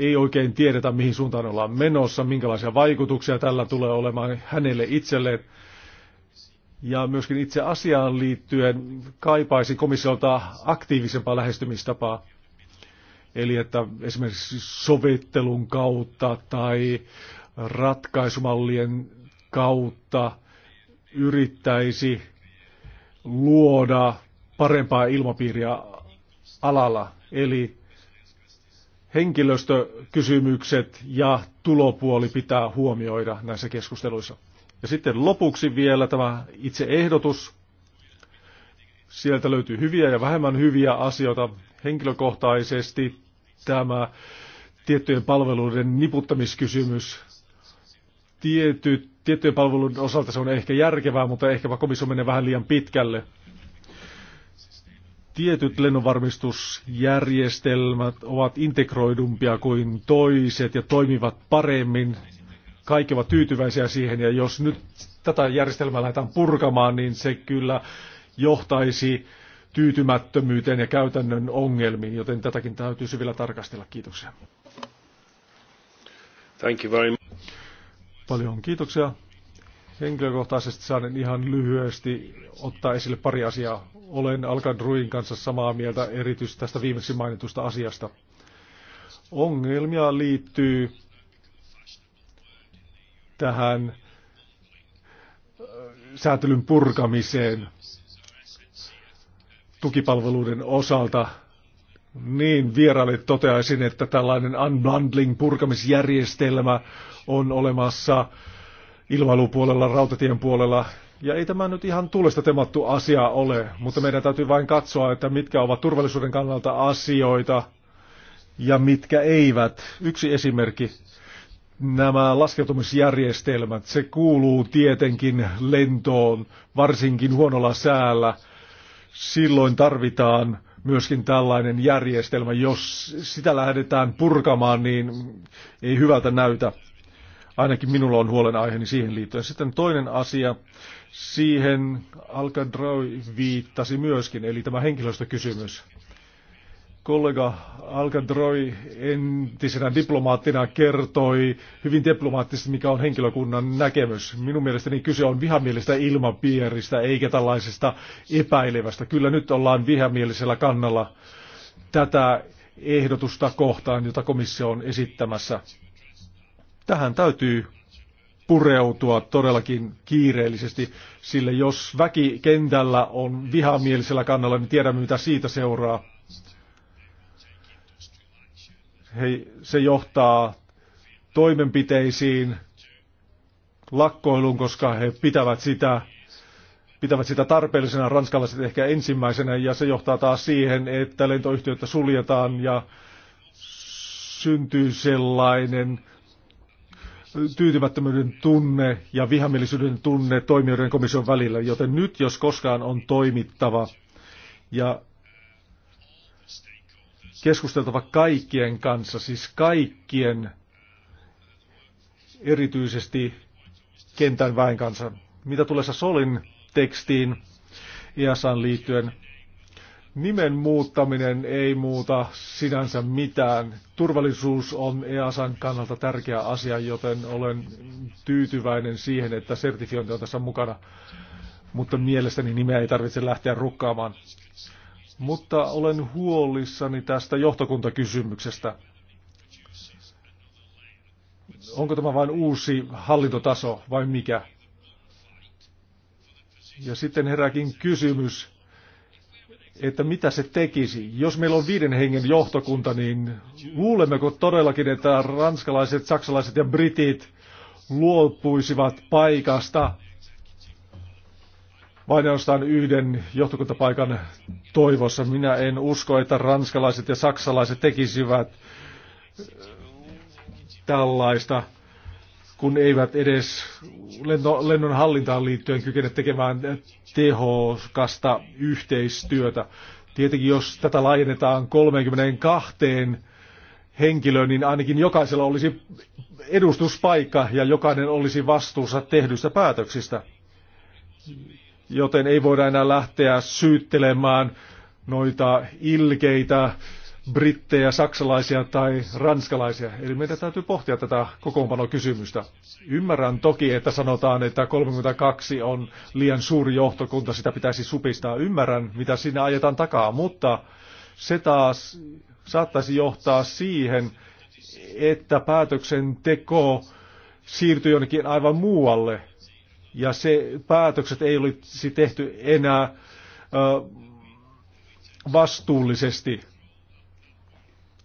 ei oikein tiedetä, mihin suuntaan ollaan menossa, minkälaisia vaikutuksia tällä tulee olemaan hänelle itselleen. Ja myöskin itse asiaan liittyen kaipaisi komissiolta aktiivisempaa lähestymistapaa. Eli että esimerkiksi sovittelun kautta tai ratkaisumallien kautta yrittäisi luoda parempaa ilmapiiriä alalla. Eli henkilöstökysymykset ja tulopuoli pitää huomioida näissä keskusteluissa. Ja sitten lopuksi vielä tämä itse ehdotus. Sieltä löytyy hyviä ja vähemmän hyviä asioita. Henkilökohtaisesti tämä tiettyjen palveluiden niputtamiskysymys. Tietyt, tiettyjen palveluiden osalta se on ehkä järkevää, mutta ehkäpä komissio menee vähän liian pitkälle tietyt lennonvarmistusjärjestelmät ovat integroidumpia kuin toiset ja toimivat paremmin. Kaikki ovat tyytyväisiä siihen ja jos nyt tätä järjestelmää lähdetään purkamaan, niin se kyllä johtaisi tyytymättömyyteen ja käytännön ongelmiin, joten tätäkin täytyisi vielä tarkastella. Kiitoksia. Thank you very much. Paljon kiitoksia. Henkilökohtaisesti saan ihan lyhyesti ottaa esille pari asiaa. Olen Alkan Ruin kanssa samaa mieltä erityisesti tästä viimeksi mainitusta asiasta. Ongelmia liittyy tähän äh, säätelyn purkamiseen tukipalveluiden osalta. Niin vieraille toteaisin, että tällainen unbundling purkamisjärjestelmä on olemassa ilmailupuolella, rautatien puolella. Ja ei tämä nyt ihan tulesta temattu asia ole, mutta meidän täytyy vain katsoa, että mitkä ovat turvallisuuden kannalta asioita ja mitkä eivät. Yksi esimerkki, nämä laskeutumisjärjestelmät, se kuuluu tietenkin lentoon, varsinkin huonolla säällä. Silloin tarvitaan myöskin tällainen järjestelmä. Jos sitä lähdetään purkamaan, niin ei hyvältä näytä. Ainakin minulla on huolenaiheeni niin siihen liittyen. Sitten toinen asia, siihen Alcadroi viittasi myöskin, eli tämä henkilöstökysymys. Kollega Alcadroi entisenä diplomaattina kertoi hyvin diplomaattisesti, mikä on henkilökunnan näkemys. Minun mielestäni kyse on vihamielistä ilmapiiristä, eikä tällaisesta epäilevästä. Kyllä nyt ollaan vihamielisellä kannalla tätä ehdotusta kohtaan, jota komissio on esittämässä. Tähän täytyy pureutua todellakin kiireellisesti, sillä jos väki kentällä on vihamielisellä kannalla, niin tiedämme mitä siitä seuraa. He, se johtaa toimenpiteisiin, lakkoiluun, koska he pitävät sitä, pitävät sitä tarpeellisena, ranskalaiset ehkä ensimmäisenä, ja se johtaa taas siihen, että lentoyhtiötä suljetaan ja syntyy sellainen tyytymättömyyden tunne ja vihamielisyyden tunne toimijoiden komission välillä, joten nyt jos koskaan on toimittava ja keskusteltava kaikkien kanssa, siis kaikkien, erityisesti kentän väen kanssa. Mitä tulee Solin tekstiin ESAan liittyen, Nimen muuttaminen ei muuta sinänsä mitään. Turvallisuus on EASan kannalta tärkeä asia, joten olen tyytyväinen siihen, että sertifiointi on tässä mukana. Mutta mielestäni nimeä ei tarvitse lähteä rukkaamaan. Mutta olen huolissani tästä johtokuntakysymyksestä. Onko tämä vain uusi hallintotaso vai mikä? Ja sitten herääkin kysymys, että mitä se tekisi. Jos meillä on viiden hengen johtokunta, niin luulemmeko todellakin, että ranskalaiset, saksalaiset ja britit luopuisivat paikasta vain ainoastaan yhden johtokuntapaikan toivossa. Minä en usko, että ranskalaiset ja saksalaiset tekisivät tällaista kun eivät edes lento, lennon hallintaan liittyen kykene tekemään tehokasta yhteistyötä. Tietenkin jos tätä laajennetaan 32 henkilöön, niin ainakin jokaisella olisi edustuspaikka ja jokainen olisi vastuussa tehdyistä päätöksistä. Joten ei voida enää lähteä syyttelemään noita ilkeitä brittejä, saksalaisia tai ranskalaisia. Eli meidän täytyy pohtia tätä kokoonpanokysymystä. Ymmärrän toki, että sanotaan, että 32 on liian suuri johtokunta, sitä pitäisi supistaa. Ymmärrän, mitä siinä ajetaan takaa, mutta se taas saattaisi johtaa siihen, että päätöksenteko siirtyy jonnekin aivan muualle. Ja se päätökset ei olisi tehty enää ö, vastuullisesti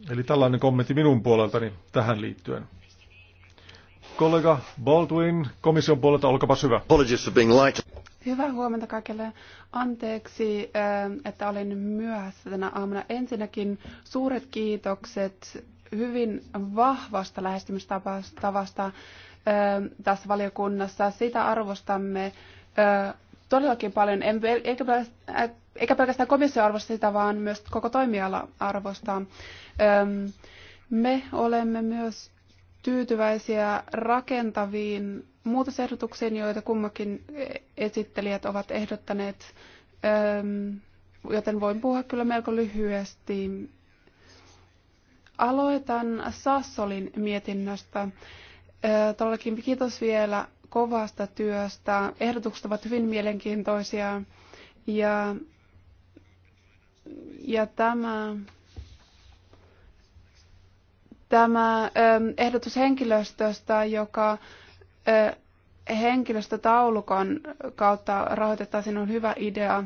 Eli tällainen kommentti minun puoleltani tähän liittyen. Kollega Baldwin, komission puolelta, olkapas hyvä. Hyvää huomenta kaikille. Anteeksi, äh, että olin myöhässä tänä aamuna. Ensinnäkin suuret kiitokset hyvin vahvasta lähestymistavasta äh, tässä valiokunnassa. Sitä arvostamme äh, todellakin paljon, eikä pelkästään komissio arvosta sitä, vaan myös koko toimiala arvostaa. Me olemme myös tyytyväisiä rakentaviin muutosehdotuksiin, joita kummakin esittelijät ovat ehdottaneet, joten voin puhua kyllä melko lyhyesti. Aloitan Sassolin mietinnöstä. Todellakin kiitos vielä kovasta työstä. Ehdotukset ovat hyvin mielenkiintoisia ja, ja tämä tämä ehdotus henkilöstöstä, joka henkilöstötaulukon kautta rahoitettaisiin, on hyvä idea.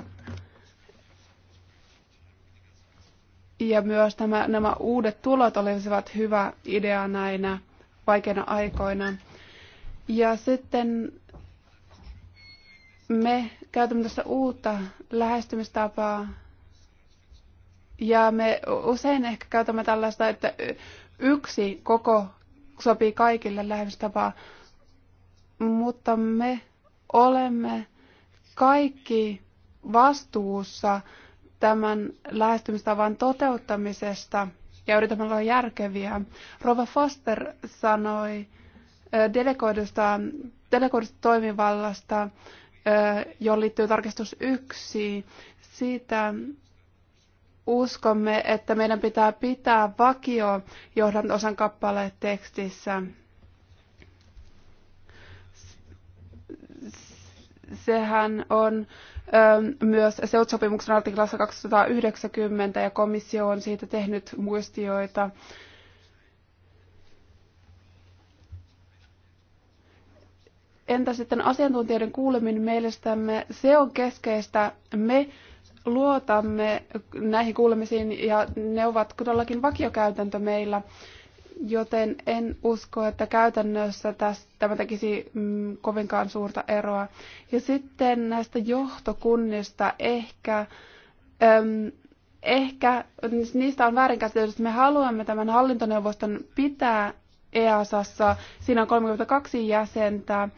Ja myös tämä, nämä uudet tulot olisivat hyvä idea näinä vaikeina aikoina. Ja sitten me käytämme tässä uutta lähestymistapaa. Ja me usein ehkä käytämme tällaista, että yksi koko sopii kaikille lähestymistapaa, mutta me olemme kaikki vastuussa tämän lähestymistavan toteuttamisesta ja yritämme olla järkeviä. Rova Foster sanoi delegoidusta, delegoidusta toimivallasta, johon liittyy tarkistus yksi, siitä uskomme, että meidän pitää pitää vakio johdantosan kappaleet tekstissä. Sehän on ö, ähm, myös seutsopimuksen artiklassa 290 ja komissio on siitä tehnyt muistioita. Entä sitten asiantuntijoiden kuuleminen mielestämme? Se on keskeistä. Me luotamme näihin kuulemisiin ja ne ovat todellakin vakiokäytäntö meillä, joten en usko, että käytännössä tästä, tämä tekisi mm, kovinkaan suurta eroa. Ja sitten näistä johtokunnista ehkä, äm, ehkä niistä on väärinkäsitys, että me haluamme tämän hallintoneuvoston pitää EASassa. Siinä on 32 jäsentä.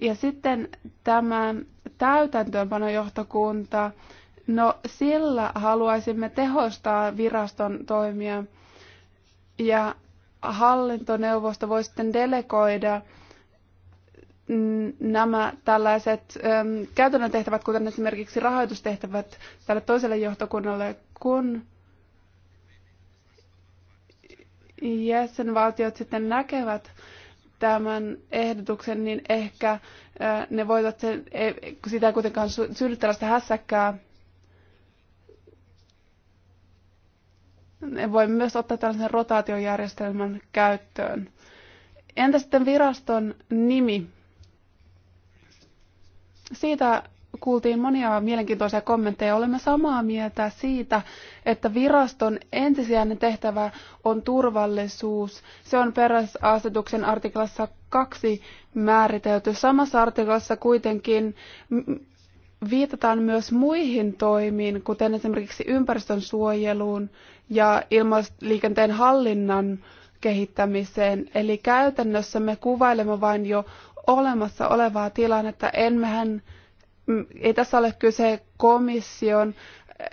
Ja sitten tämä täytäntöönpanojohtokunta, johtokunta No sillä haluaisimme tehostaa viraston toimia ja hallintoneuvosto voi sitten delegoida mm, nämä tällaiset äm, käytännön tehtävät, kuten esimerkiksi rahoitustehtävät tälle toiselle johtokunnalle, kun jäsenvaltiot sitten näkevät tämän ehdotuksen, niin ehkä äh, ne voivat sen, e, sitä kuitenkaan synnyttää sitä hässäkkää ne voimme myös ottaa tällaisen rotaatiojärjestelmän käyttöön. Entä sitten viraston nimi? Siitä kuultiin monia mielenkiintoisia kommentteja. Olemme samaa mieltä siitä, että viraston ensisijainen tehtävä on turvallisuus. Se on perusasetuksen artiklassa kaksi määritelty. Samassa artiklassa kuitenkin viitataan myös muihin toimiin, kuten esimerkiksi ympäristön suojeluun ja ilmaliikenteen hallinnan kehittämiseen. Eli käytännössä me kuvailemme vain jo olemassa olevaa tilannetta. Emmehän, mm, ei tässä ole kyse komission,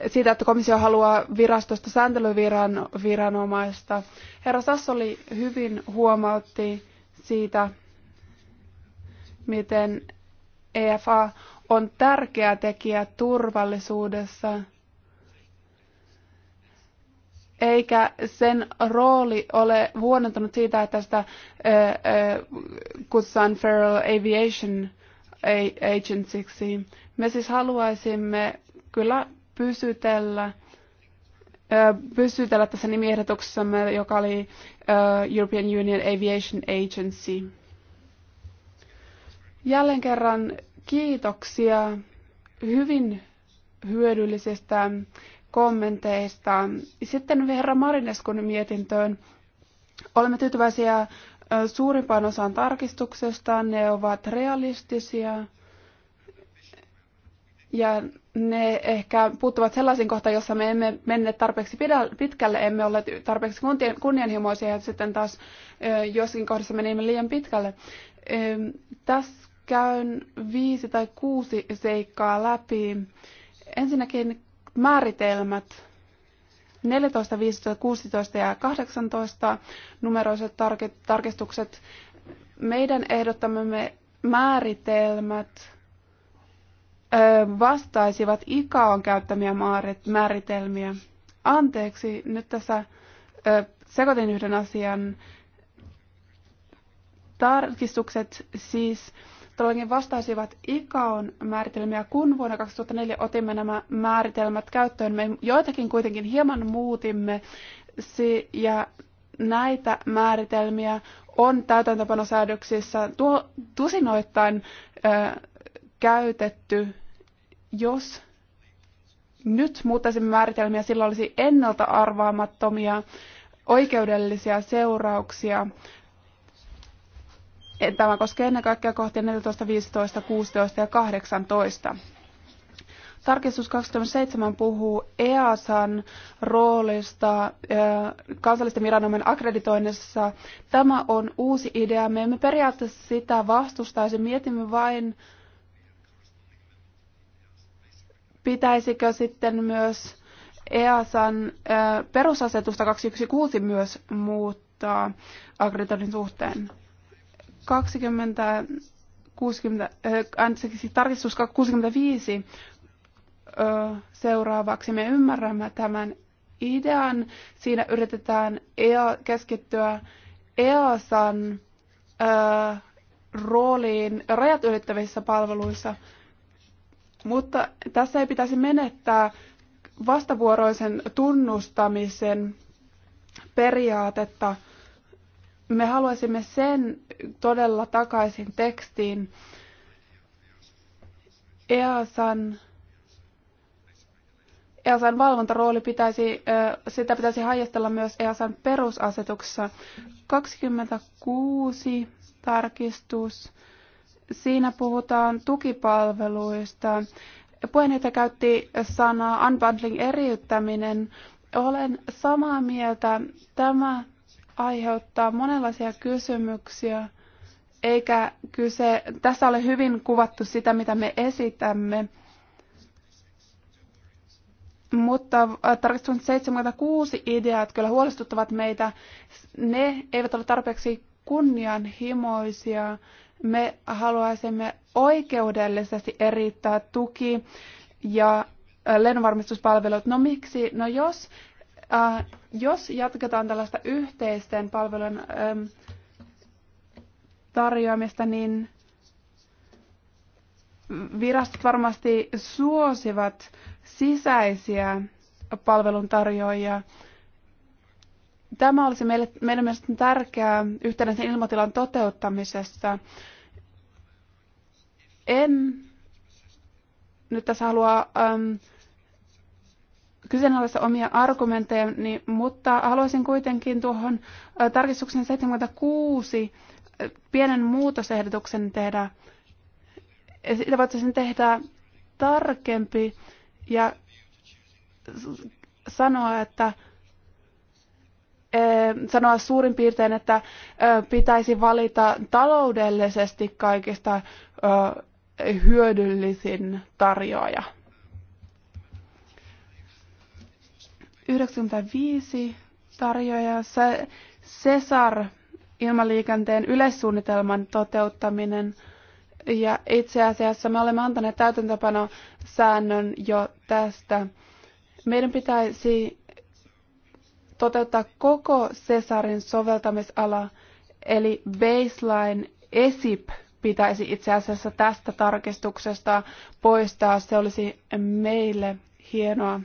siitä, että komissio haluaa virastosta sääntelyviranomaista. Herra Sassoli hyvin huomautti siitä, miten EFA on tärkeä tekijä turvallisuudessa eikä sen rooli ole huonontunut siitä, että sitä kutsutaan Federal Aviation Agencyksi. Me siis haluaisimme kyllä pysytellä, pysytellä tässä nimiehdotuksessamme, joka oli European Union Aviation Agency. Jälleen kerran kiitoksia hyvin hyödyllisestä kommenteista. Sitten herra Marineskun mietintöön. Olemme tyytyväisiä suurimpaan osaan tarkistuksesta. Ne ovat realistisia ja ne ehkä puuttuvat sellaisiin kohtaan, jossa me emme menneet tarpeeksi pitkälle, emme ole tarpeeksi kunnianhimoisia ja sitten taas joskin kohdassa menimme liian pitkälle. Tässä käyn viisi tai kuusi seikkaa läpi. Ensinnäkin määritelmät 14, 15, 16 ja 18 numeroiset tarkistukset. Meidän ehdottamamme määritelmät vastaisivat ikaon käyttämiä määritelmiä. Anteeksi, nyt tässä sekoitin yhden asian. Tarkistukset siis todellakin vastaisivat ICAON määritelmiä, kun vuonna 2004 otimme nämä määritelmät käyttöön. Me joitakin kuitenkin hieman muutimme ja näitä määritelmiä on täytäntöpanosäädöksissä tuo, tusinoittain ö, käytetty. Jos nyt muuttaisimme määritelmiä, sillä olisi ennalta arvaamattomia oikeudellisia seurauksia Tämä koskee ennen kaikkea kohtia 14, 15, 16 ja 18. Tarkistus 27 puhuu EASan roolista kansallisten viranomainen akkreditoinnissa. Tämä on uusi idea. Me emme periaatteessa sitä vastustaisi. Mietimme vain, pitäisikö sitten myös EASan perusasetusta 216 myös muuttaa akkreditoinnin suhteen. 20, 60, äh, tarkistus 65 seuraavaksi. Me ymmärrämme tämän idean. Siinä yritetään EA, keskittyä EASan äh, rooliin rajat ylittävissä palveluissa, mutta tässä ei pitäisi menettää vastavuoroisen tunnustamisen periaatetta – me haluaisimme sen todella takaisin tekstiin. EASan, EASan valvontarooli pitäisi, sitä pitäisi hajastella myös EASan perusasetuksessa. 26 tarkistus. Siinä puhutaan tukipalveluista. Puheenjohtaja käytti sanaa unbundling eriyttäminen. Olen samaa mieltä. Tämä aiheuttaa monenlaisia kysymyksiä, eikä kyse, tässä ole hyvin kuvattu sitä, mitä me esitämme. Mutta äh, tarkastuksen 76 ideat kyllä huolestuttavat meitä. Ne eivät ole tarpeeksi kunnianhimoisia. Me haluaisimme oikeudellisesti erittää tuki ja äh, lennonvarmistuspalvelut. No miksi? No jos Äh, jos jatketaan tällaista yhteisten palvelujen ähm, tarjoamista, niin virastot varmasti suosivat sisäisiä palveluntarjoajia. Tämä olisi meille, meidän mielestäni tärkeää yhtenäisen ilmatilan toteuttamisessa. En nyt tässä halua ähm, kyseenalaista omia argumentteja, niin, mutta haluaisin kuitenkin tuohon tarkistuksen 76 pienen muutosehdotuksen tehdä. Sitä voitaisiin tehdä tarkempi ja sanoa, että sanoa suurin piirtein, että pitäisi valita taloudellisesti kaikista hyödyllisin tarjoaja. 95 tarjoaja Cesar ilmaliikenteen yleissuunnitelman toteuttaminen. Ja itse asiassa me olemme antaneet säännön jo tästä. Meidän pitäisi toteuttaa koko Cesarin soveltamisala, eli baseline ESIP pitäisi itse asiassa tästä tarkistuksesta poistaa. Se olisi meille hienoa.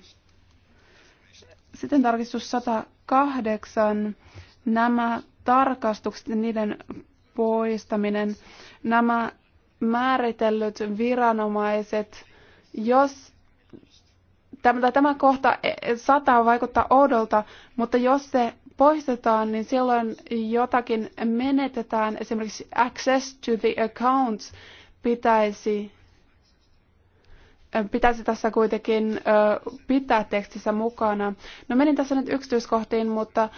Sitten tarkistus 108. Nämä tarkastukset ja niiden poistaminen. Nämä määritellyt viranomaiset, jos tämä, tämä kohta e, e, saattaa vaikuttaa oudolta, mutta jos se poistetaan, niin silloin jotakin menetetään. Esimerkiksi access to the accounts pitäisi pitäisi tässä kuitenkin pitää tekstissä mukana. No menin tässä nyt yksityiskohtiin, mutta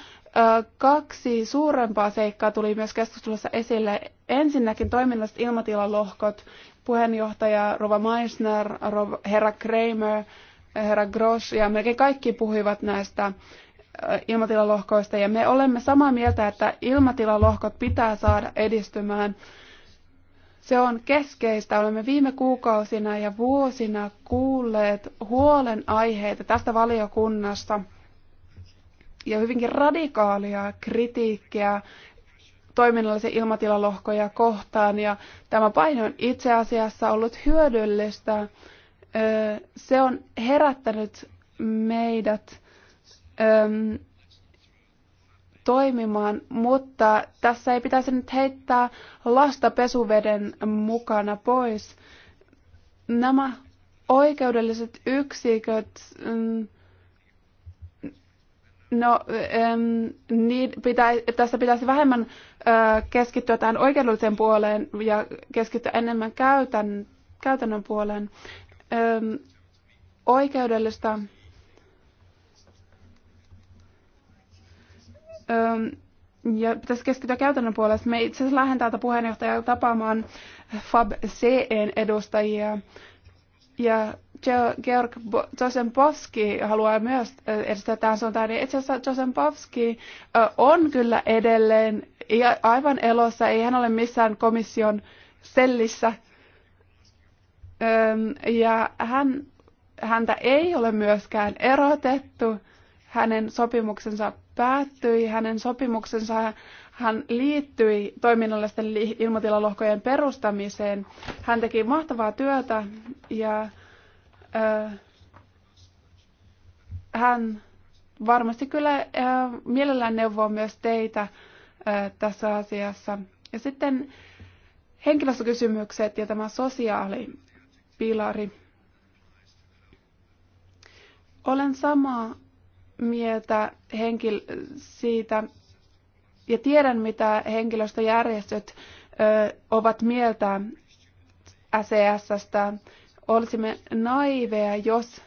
kaksi suurempaa seikkaa tuli myös keskustelussa esille. Ensinnäkin toiminnalliset ilmatilalohkot, puheenjohtaja Rova Meissner, herra Kramer, herra Grosch ja melkein kaikki puhuivat näistä ilmatilalohkoista ja me olemme samaa mieltä, että ilmatilalohkot pitää saada edistymään se on keskeistä. Olemme viime kuukausina ja vuosina kuulleet huolenaiheita tästä valiokunnasta ja hyvinkin radikaalia kritiikkiä toiminnallisia ilmatilalohkoja kohtaan. Ja tämä paine on itse asiassa ollut hyödyllistä. Se on herättänyt meidät toimimaan, mutta tässä ei pitäisi nyt heittää lasta pesuveden mukana pois. Nämä oikeudelliset yksiköt, mm, no niin pitäisi, tässä pitäisi vähemmän keskittyä tähän oikeudelliseen puoleen ja keskittyä enemmän käytännön puoleen. Oikeudellista ja pitäisi keskittyä käytännön puolesta. Me itse asiassa lähden täältä puheenjohtajalta tapaamaan FAB CEn edustajia. Ja Georg Josenpovski haluaa myös edistää tähän suuntaan. Niin itse asiassa Josenpovski on kyllä edelleen aivan elossa. Ei hän ole missään komission sellissä. Ja hän, häntä ei ole myöskään erotettu. Hänen sopimuksensa päättyi hänen sopimuksensa, hän liittyi toiminnallisten ilmatilalohkojen perustamiseen. Hän teki mahtavaa työtä ja äh, hän varmasti kyllä äh, mielellään neuvoo myös teitä äh, tässä asiassa. Ja sitten henkilöstökysymykset ja tämä sosiaalipilari. Olen samaa mieltä henkil- siitä ja tiedän, mitä henkilöstöjärjestöt ö, ovat mieltä SESstä. Olisimme naiveja, jos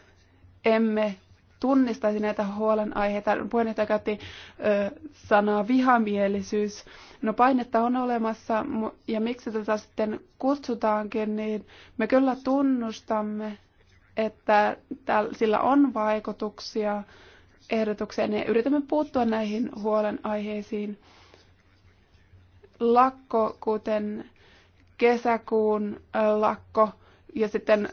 emme tunnistaisi näitä huolenaiheita. Puheenjohtaja käytti ö, sanaa vihamielisyys. No painetta on olemassa, ja miksi tätä sitten kutsutaankin, niin me kyllä tunnustamme, että sillä on vaikutuksia ehdotukseen ja yritämme puuttua näihin huolenaiheisiin. Lakko, kuten kesäkuun lakko ja sitten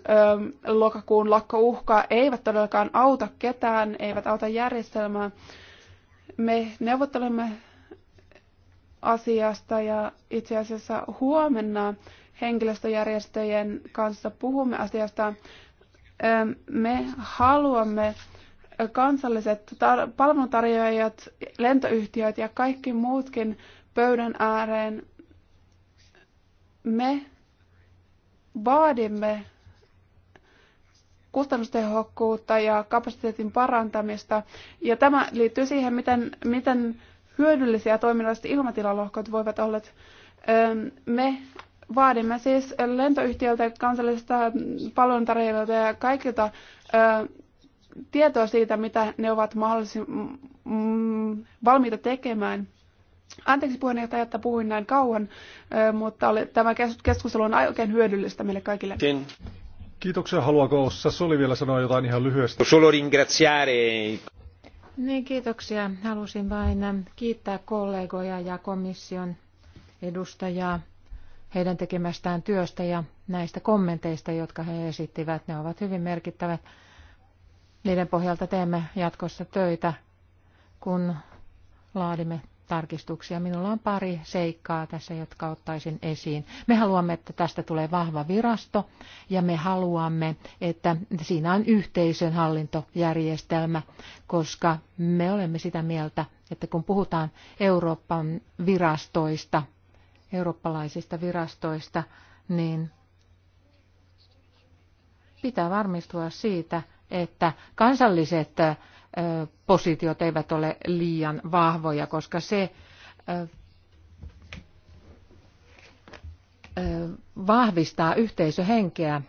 lokakuun lakkouhka, eivät todellakaan auta ketään, eivät auta järjestelmää. Me neuvottelemme asiasta ja itse asiassa huomenna henkilöstöjärjestöjen kanssa puhumme asiasta. Me haluamme kansalliset tar- palveluntarjoajat, lentoyhtiöt ja kaikki muutkin pöydän ääreen. Me vaadimme kustannustehokkuutta ja kapasiteetin parantamista. Ja tämä liittyy siihen, miten, miten hyödyllisiä toiminnalliset ilmatilalohkot voivat olla. Me vaadimme siis lentoyhtiöltä, kansallisista palveluntarjoajilta ja kaikilta tietoa siitä, mitä ne ovat mahdollisim- mm, valmiita tekemään. Anteeksi puheenjohtaja, että puhuin näin kauan, mutta tämä keskustelu on oikein hyödyllistä meille kaikille. Kiitoksia. Haluaako Sassoli vielä sanoa jotain ihan lyhyesti? Solo ringraziare. Niin, kiitoksia. Halusin vain kiittää kollegoja ja komission edustajaa heidän tekemästään työstä ja näistä kommenteista, jotka he esittivät. Ne ovat hyvin merkittävät niiden pohjalta teemme jatkossa töitä, kun laadimme tarkistuksia. Minulla on pari seikkaa tässä, jotka ottaisin esiin. Me haluamme, että tästä tulee vahva virasto ja me haluamme, että siinä on yhteisön hallintojärjestelmä, koska me olemme sitä mieltä, että kun puhutaan Euroopan virastoista, eurooppalaisista virastoista, niin pitää varmistua siitä, että kansalliset positiot eivät ole liian vahvoja, koska se vahvistaa yhteisöhenkeä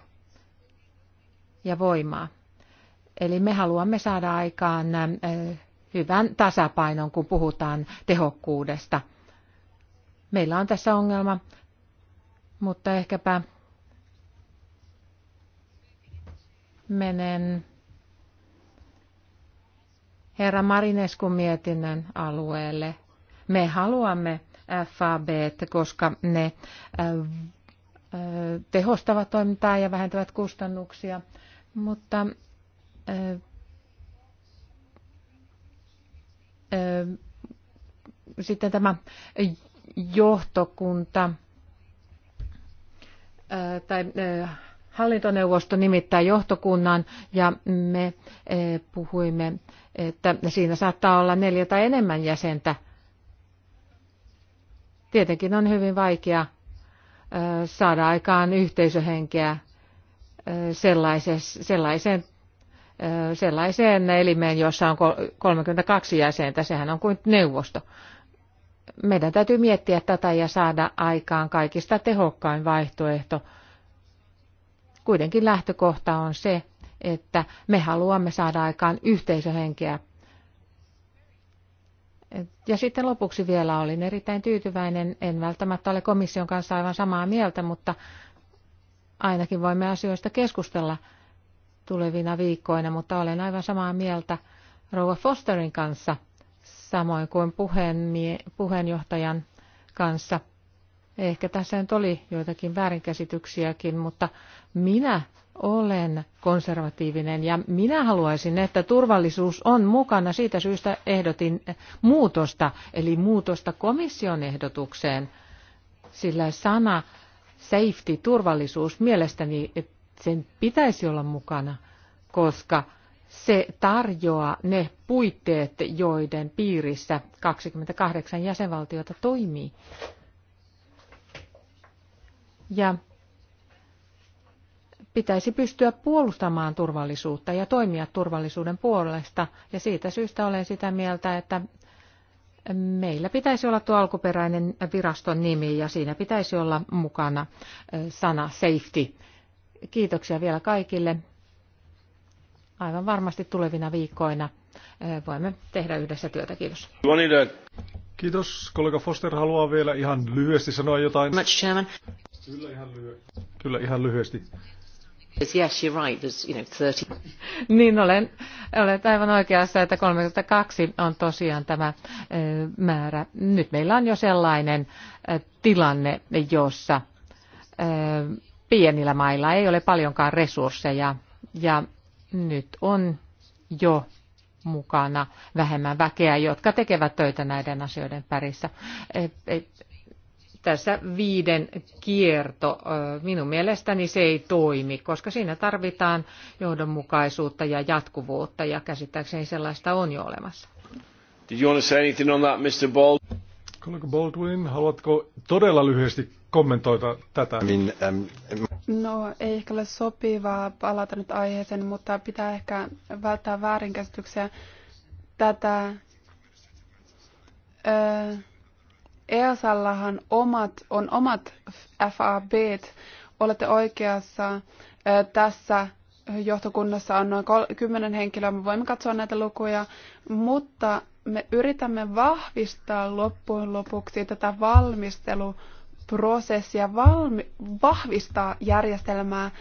ja voimaa. Eli me haluamme saada aikaan hyvän tasapainon, kun puhutaan tehokkuudesta. Meillä on tässä ongelma, mutta ehkäpä menen herra Marineskun mietinnän alueelle. Me haluamme FAB, koska ne äh, äh, tehostavat toimintaa ja vähentävät kustannuksia, mutta äh, sitten tämä johtokunta tai hallintoneuvosto nimittää johtokunnan ja me eh, puhuimme, että siinä saattaa olla neljä tai enemmän jäsentä. Tietenkin on hyvin vaikea eh, saada aikaan yhteisöhenkeä eh, sellaiseen, sellaiseen elimeen, jossa on 32 jäsentä. Sehän on kuin neuvosto meidän täytyy miettiä tätä ja saada aikaan kaikista tehokkain vaihtoehto Kuitenkin lähtökohta on se, että me haluamme saada aikaan yhteisöhenkeä. Ja sitten lopuksi vielä olin erittäin tyytyväinen. En välttämättä ole komission kanssa aivan samaa mieltä, mutta ainakin voimme asioista keskustella tulevina viikkoina, mutta olen aivan samaa mieltä Rouva Fosterin kanssa, samoin kuin puheenjohtajan kanssa – Ehkä tässä nyt oli joitakin väärinkäsityksiäkin, mutta minä olen konservatiivinen ja minä haluaisin, että turvallisuus on mukana. Siitä syystä ehdotin muutosta, eli muutosta komission ehdotukseen, sillä sana safety, turvallisuus, mielestäni sen pitäisi olla mukana, koska se tarjoaa ne puitteet, joiden piirissä 28 jäsenvaltiota toimii ja pitäisi pystyä puolustamaan turvallisuutta ja toimia turvallisuuden puolesta. Ja siitä syystä olen sitä mieltä, että meillä pitäisi olla tuo alkuperäinen viraston nimi ja siinä pitäisi olla mukana sana safety. Kiitoksia vielä kaikille. Aivan varmasti tulevina viikkoina voimme tehdä yhdessä työtä. Kiitos. Kiitos. Kollega Foster haluaa vielä ihan lyhyesti sanoa jotain. Kyllä ihan lyhyesti. Kyllä ihan lyhyesti. Yes, you're right. There's, you know, 30. [LAUGHS] niin olen, olet aivan oikeassa, että 32 on tosiaan tämä määrä. Nyt meillä on jo sellainen tilanne, jossa pienillä mailla ei ole paljonkaan resursseja ja nyt on jo mukana vähemmän väkeä, jotka tekevät töitä näiden asioiden parissa tässä viiden kierto. Minun mielestäni se ei toimi, koska siinä tarvitaan johdonmukaisuutta ja jatkuvuutta, ja käsittääkseni sellaista on jo olemassa. Did you want to say anything on that, Mr. Baldwin? Kollega Baldwin, haluatko todella lyhyesti kommentoida tätä? Min, äm, um, No ei ehkä ole sopivaa palata nyt aiheeseen, mutta pitää ehkä välttää väärinkäsityksiä. Tätä... Öö, EASallahan omat, on omat FAB. -t. Olette oikeassa. Tässä johtokunnassa on noin 10 henkilöä. Me voimme katsoa näitä lukuja, mutta me yritämme vahvistaa loppujen lopuksi tätä valmisteluprosessia, valmi- vahvistaa järjestelmää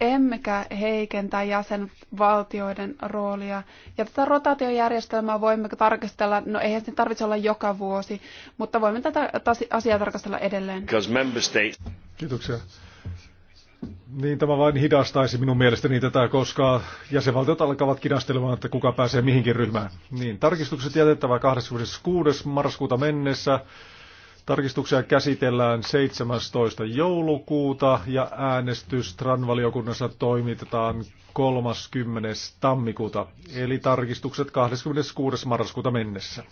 emmekä heikentää jäsenvaltioiden roolia. Ja tätä rotaatiojärjestelmää voimme tarkastella, no eihän se tarvitse olla joka vuosi, mutta voimme tätä asiaa tarkastella edelleen. Kiitoksia. Niin tämä vain hidastaisi minun mielestäni tätä, koska jäsenvaltiot alkavat kidastelemaan, että kuka pääsee mihinkin ryhmään. Niin, tarkistukset jätettävä 26. marraskuuta mennessä. Tarkistuksia käsitellään 17. joulukuuta ja äänestys Tranvaliokunnassa toimitetaan 30. tammikuuta, eli tarkistukset 26. marraskuuta mennessä.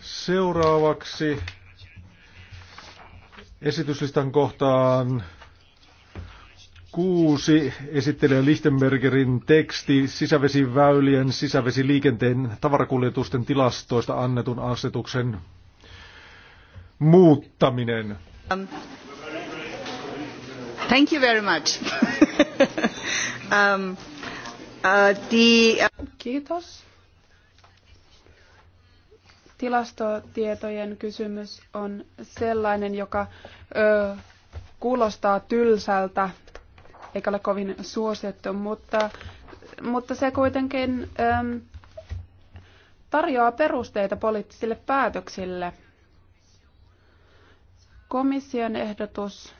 Seuraavaksi esityslistan kohtaan kuusi esittelee Lichtenbergerin teksti sisävesiväylien, sisävesiliikenteen, tavarakuljetusten tilastoista annetun asetuksen muuttaminen. Um, thank you very much. [LAUGHS] um, uh, the, uh... Kiitos. Tilastotietojen kysymys on sellainen, joka ö, kuulostaa tylsältä eikä ole kovin suosittu, mutta, mutta se kuitenkin ö, tarjoaa perusteita poliittisille päätöksille – Komission ehdotus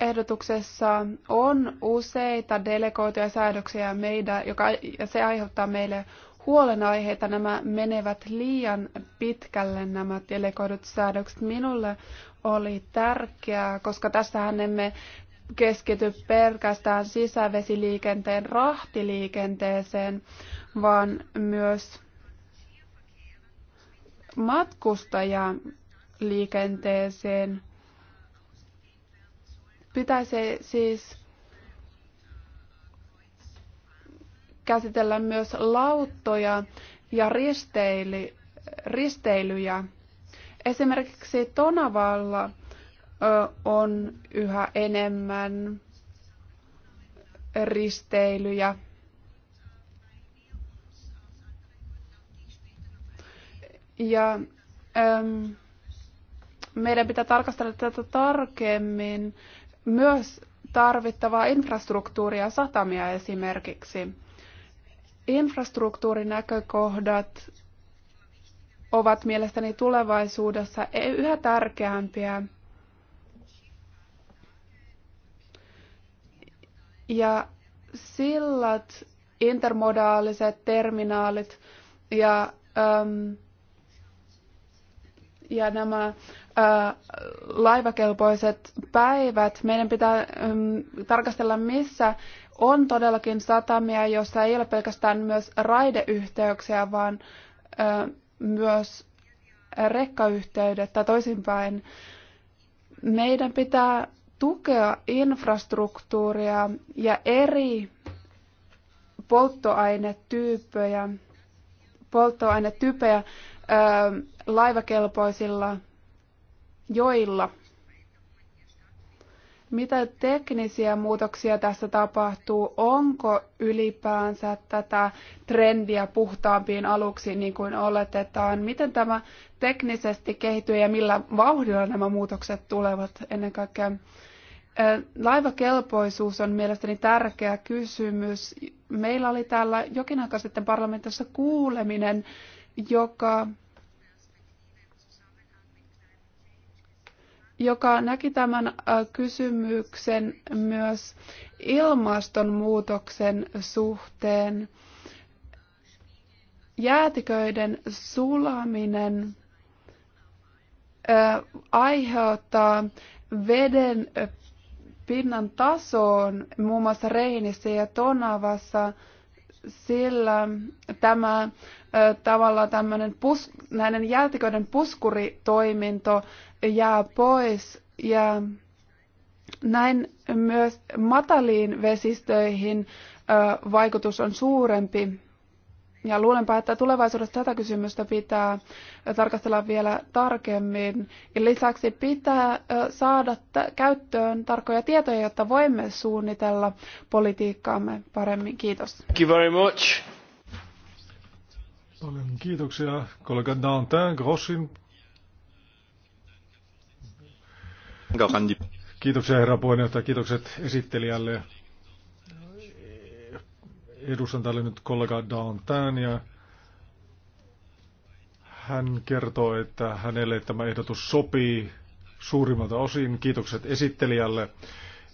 ehdotuksessa on useita delegoituja säädöksiä, meidän, joka, ja se aiheuttaa meille huolenaiheita. Nämä menevät liian pitkälle nämä delegoidut säädökset. Minulle oli tärkeää, koska tässähän emme keskity pelkästään sisävesiliikenteen rahtiliikenteeseen, vaan myös matkustajaliikenteeseen. Pitäisi siis käsitellä myös lauttoja ja risteily, risteilyjä. Esimerkiksi Tonavalla on yhä enemmän risteilyjä Ja äm, meidän pitää tarkastella tätä tarkemmin, myös tarvittavaa infrastruktuuria, satamia esimerkiksi. Infrastruktuurinäkökohdat ovat mielestäni tulevaisuudessa e- yhä tärkeämpiä. Ja sillat, intermodaaliset terminaalit ja ähm, ja nämä ää, laivakelpoiset päivät. Meidän pitää äm, tarkastella, missä on todellakin satamia, joissa ei ole pelkästään myös raideyhteyksiä, vaan ää, myös rekkayhteydet tai toisinpäin. Meidän pitää tukea infrastruktuuria ja eri polttoainetyyppejä, polttoainetyyppejä ää, laivakelpoisilla joilla. Mitä teknisiä muutoksia tässä tapahtuu? Onko ylipäänsä tätä trendiä puhtaampiin aluksiin niin kuin oletetaan? Miten tämä teknisesti kehittyy ja millä vauhdilla nämä muutokset tulevat ennen kaikkea? Laivakelpoisuus on mielestäni tärkeä kysymys. Meillä oli täällä jokin aika sitten parlamentissa kuuleminen, joka joka näki tämän äh, kysymyksen myös ilmastonmuutoksen suhteen. Jäätiköiden sulaminen äh, aiheuttaa veden äh, pinnan tasoon muun muassa Reinissä ja Tonavassa, sillä tämä tavallaan tämmöinen pus, näiden jäätiköiden puskuritoiminto jää pois ja näin myös mataliin vesistöihin vaikutus on suurempi. Ja luulenpa, että tulevaisuudessa tätä kysymystä pitää tarkastella vielä tarkemmin. Ja lisäksi pitää saada käyttöön tarkkoja tietoja, jotta voimme suunnitella politiikkaamme paremmin. Kiitos. Thank you very much. Paljon kiitoksia kollega Dantin Grossin Kiitoksia herra puheenjohtaja, kiitokset esittelijälle. Edustan täällä nyt kollega Downtown ja hän kertoo, että hänelle tämä ehdotus sopii suurimmalta osin. Kiitokset esittelijälle.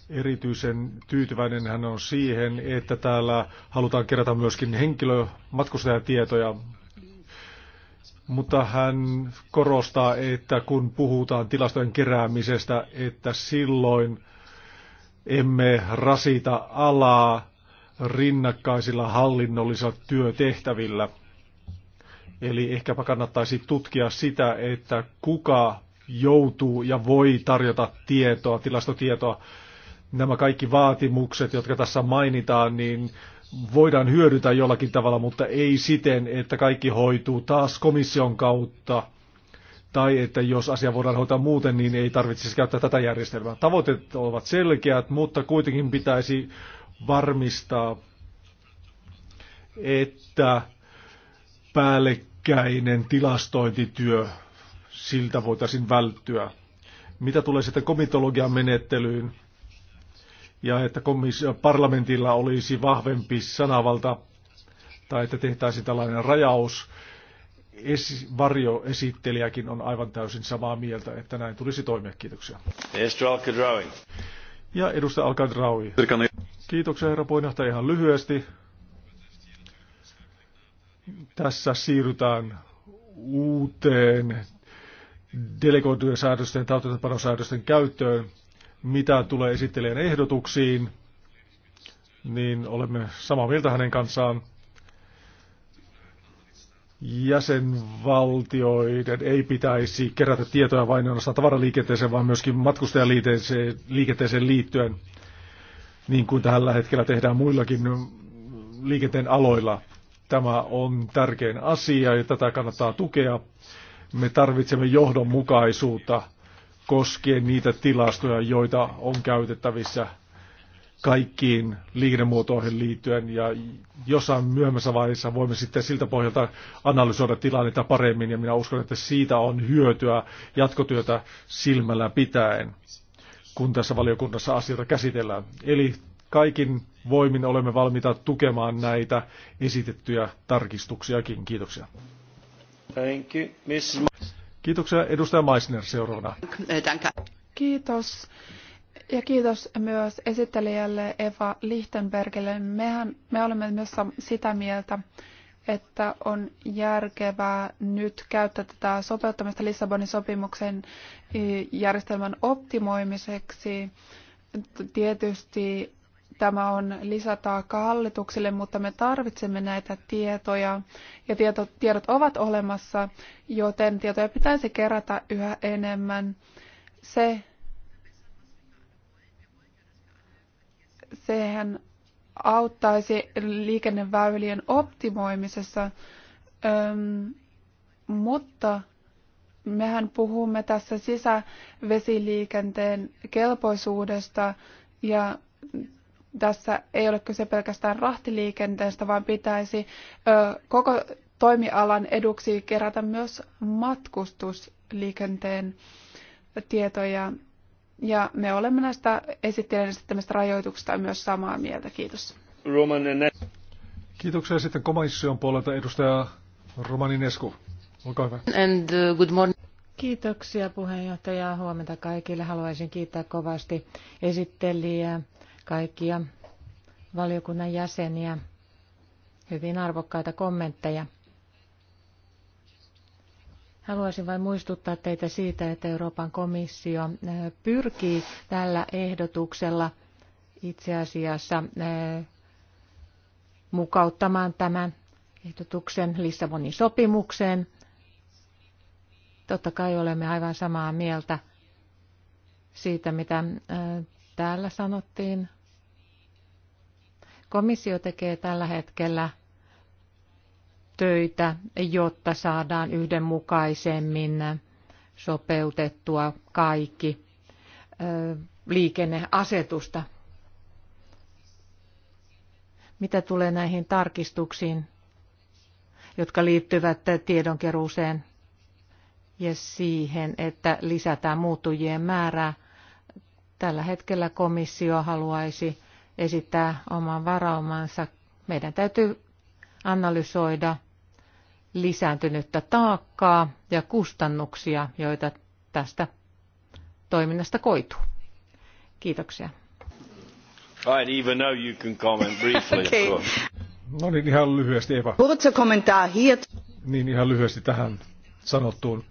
Erityisen tyytyväinen hän on siihen, että täällä halutaan kerätä myöskin henkilö matkustajatietoja, mutta hän korostaa, että kun puhutaan tilastojen keräämisestä, että silloin emme rasita alaa rinnakkaisilla hallinnollisilla työtehtävillä. Eli ehkäpä kannattaisi tutkia sitä, että kuka joutuu ja voi tarjota tietoa, tilastotietoa. Nämä kaikki vaatimukset, jotka tässä mainitaan, niin voidaan hyödyntää jollakin tavalla, mutta ei siten, että kaikki hoituu taas komission kautta. Tai että jos asia voidaan hoitaa muuten, niin ei tarvitsisi käyttää tätä järjestelmää. Tavoitteet ovat selkeät, mutta kuitenkin pitäisi varmistaa, että päällekkäinen tilastointityö siltä voitaisiin välttyä. Mitä tulee sitten komitologian menettelyyn, ja että komissio, parlamentilla olisi vahvempi sanavalta tai että tehtäisiin tällainen rajaus. Esi, esittelijäkin on aivan täysin samaa mieltä, että näin tulisi toimia. Kiitoksia. Ja edustaja Alkadraui. Kiitoksia herra puheenjohtaja ihan lyhyesti. Tässä siirrytään uuteen delegoitujen säädösten ja täytäntöpanosäädösten käyttöön. Mitä tulee esittelijän ehdotuksiin, niin olemme samaa mieltä hänen kanssaan. Jäsenvaltioiden ei pitäisi kerätä tietoja vain ainoastaan tavaraliikenteeseen, vaan myöskin matkustajaliikenteeseen liittyen, niin kuin tällä hetkellä tehdään muillakin liikenteen aloilla. Tämä on tärkein asia ja tätä kannattaa tukea. Me tarvitsemme johdonmukaisuutta koskien niitä tilastoja, joita on käytettävissä kaikkiin liikennemuotoihin liittyen ja jossain myöhemmässä vaiheessa voimme sitten siltä pohjalta analysoida tilannetta paremmin ja minä uskon, että siitä on hyötyä jatkotyötä silmällä pitäen, kun tässä valiokunnassa asioita käsitellään. Eli kaikin voimin olemme valmiita tukemaan näitä esitettyjä tarkistuksiakin. Kiitoksia. Thank you. Miss... Kiitoksia edustaja Meissner seuraavana. Kiitos. Ja kiitos myös esittelijälle Eva Lichtenbergille. Mehän, me olemme myös sitä mieltä, että on järkevää nyt käyttää tätä sopeuttamista Lissabonin sopimuksen järjestelmän optimoimiseksi. Tietysti Tämä on lisätaakka hallituksille, mutta me tarvitsemme näitä tietoja ja tieto, tiedot ovat olemassa, joten tietoja pitäisi kerätä yhä enemmän. Se, sehän auttaisi liikenneväylien optimoimisessa, Öm, mutta mehän puhumme tässä sisävesiliikenteen kelpoisuudesta ja tässä ei ole kyse pelkästään rahtiliikenteestä, vaan pitäisi ö, koko toimialan eduksi kerätä myös matkustusliikenteen tietoja. Ja me olemme näistä esittelijän esittämistä rajoituksista myös samaa mieltä. Kiitos. Kiitoksia sitten komission puolelta edustaja Romaninescu. Olkaa hyvä. And uh, good morning. Kiitoksia puheenjohtaja. Huomenta kaikille. Haluaisin kiittää kovasti esittelijää kaikkia valiokunnan jäseniä. Hyvin arvokkaita kommentteja. Haluaisin vain muistuttaa teitä siitä, että Euroopan komissio eh, pyrkii tällä ehdotuksella itse asiassa eh, mukauttamaan tämän ehdotuksen Lissabonin sopimukseen. Totta kai olemme aivan samaa mieltä siitä, mitä eh, täällä sanottiin Komissio tekee tällä hetkellä töitä, jotta saadaan yhdenmukaisemmin sopeutettua kaikki liikenneasetusta. Mitä tulee näihin tarkistuksiin, jotka liittyvät tiedonkeruuseen ja siihen, että lisätään muuttujien määrää, tällä hetkellä komissio haluaisi esittää oman varaumansa. Meidän täytyy analysoida lisääntynyttä taakkaa ja kustannuksia, joita tästä toiminnasta koituu. Kiitoksia. Right, even though you can comment [LAUGHS] briefly. okay. No niin, ihan lyhyesti Eva. Niin, ihan lyhyesti tähän sanottuun.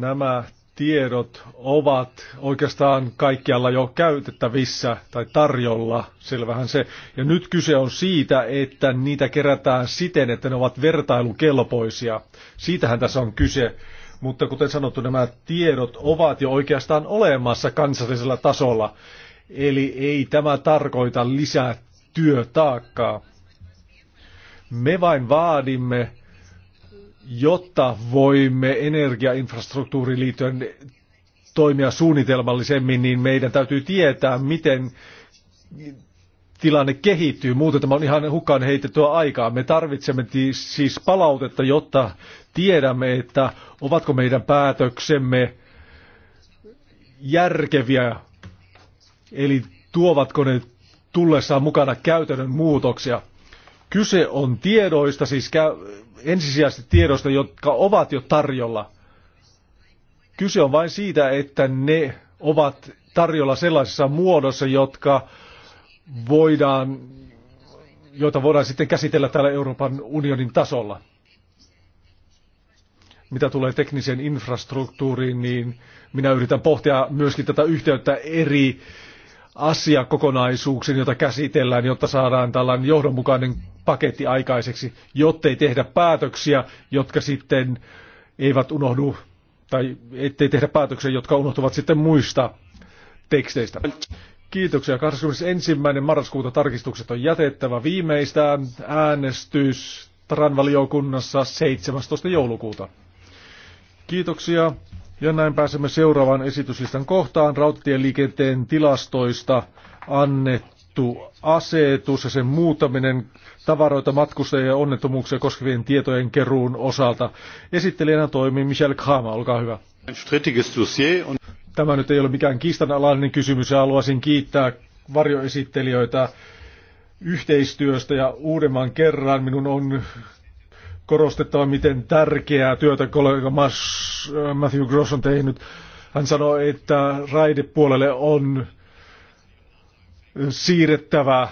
Nämä tiedot ovat oikeastaan kaikkialla jo käytettävissä tai tarjolla, selvähän se. Ja nyt kyse on siitä, että niitä kerätään siten, että ne ovat vertailukelpoisia. Siitähän tässä on kyse. Mutta kuten sanottu, nämä tiedot ovat jo oikeastaan olemassa kansallisella tasolla. Eli ei tämä tarkoita lisää työtaakkaa. Me vain vaadimme, jotta voimme energiainfrastruktuuriin liittyen toimia suunnitelmallisemmin, niin meidän täytyy tietää, miten tilanne kehittyy. Muuten tämä on ihan hukkaan heitettyä aikaa. Me tarvitsemme siis palautetta, jotta tiedämme, että ovatko meidän päätöksemme järkeviä, eli tuovatko ne tullessaan mukana käytännön muutoksia. Kyse on tiedoista, siis ensisijaisesti tiedoista, jotka ovat jo tarjolla. Kyse on vain siitä, että ne ovat tarjolla sellaisessa muodossa, jotka voidaan, joita voidaan sitten käsitellä täällä Euroopan unionin tasolla. Mitä tulee tekniseen infrastruktuuriin, niin minä yritän pohtia myöskin tätä yhteyttä eri asiakokonaisuuksiin, joita käsitellään, jotta saadaan tällainen johdonmukainen paketti aikaiseksi, ei tehdä päätöksiä, jotka sitten eivät unohdu, tai ettei tehdä päätöksiä, jotka unohtuvat sitten muista teksteistä. Kiitoksia. 21. marraskuuta tarkistukset on jätettävä viimeistään äänestys Tranvaliokunnassa 17. joulukuuta. Kiitoksia. Ja näin pääsemme seuraavaan esityslistan kohtaan rautatieliikenteen tilastoista annettu asetus ja sen muuttaminen tavaroita, matkustajia ja onnettomuuksia koskevien tietojen keruun osalta. Esittelijänä toimii Michel Kama, olkaa hyvä. Tämä nyt ei ole mikään kiistanalainen kysymys ja haluaisin kiittää varjoesittelijöitä yhteistyöstä ja uudemman kerran minun on korostettava, miten tärkeää työtä kollega Mas, äh, Matthew Gross on tehnyt. Hän sanoi, että raidepuolelle on siirrettävä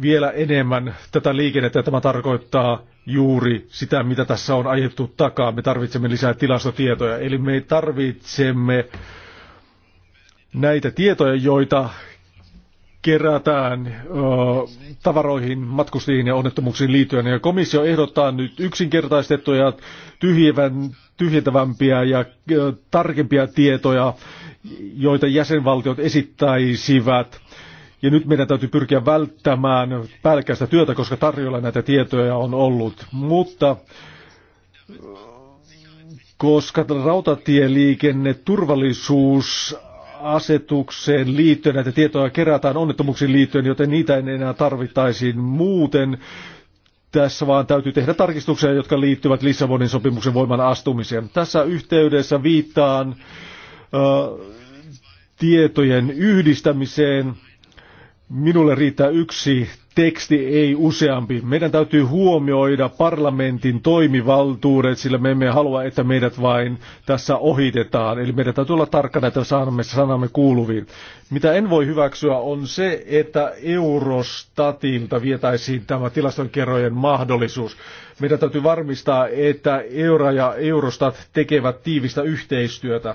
vielä enemmän tätä liikennettä. Tämä tarkoittaa juuri sitä, mitä tässä on ajettu takaa. Me tarvitsemme lisää tilastotietoja. Eli me tarvitsemme näitä tietoja, joita kerätään ö, tavaroihin, matkustajiin ja onnettomuuksiin liittyen. Ja komissio ehdottaa nyt yksinkertaistettuja, tyhjentävämpiä ja ö, tarkempia tietoja, joita jäsenvaltiot esittäisivät. Ja nyt meidän täytyy pyrkiä välttämään päällekkäistä työtä, koska tarjolla näitä tietoja on ollut. Mutta koska rautatieliikenne turvallisuus asetukseen liittyen näitä tietoja kerätään onnettomuuksiin liittyen, joten niitä ei enää tarvittaisi muuten. Tässä vaan täytyy tehdä tarkistuksia, jotka liittyvät Lissabonin sopimuksen voiman astumiseen. Tässä yhteydessä viittaan ö, tietojen yhdistämiseen. Minulle riittää yksi teksti, ei useampi. Meidän täytyy huomioida parlamentin toimivaltuudet, sillä me emme halua, että meidät vain tässä ohitetaan. Eli meidän täytyy olla tarkkana, että saamme sanamme kuuluviin. Mitä en voi hyväksyä on se, että Eurostatilta vietäisiin tämä tilastonkerrojen mahdollisuus. Meidän täytyy varmistaa, että Euro ja Eurostat tekevät tiivistä yhteistyötä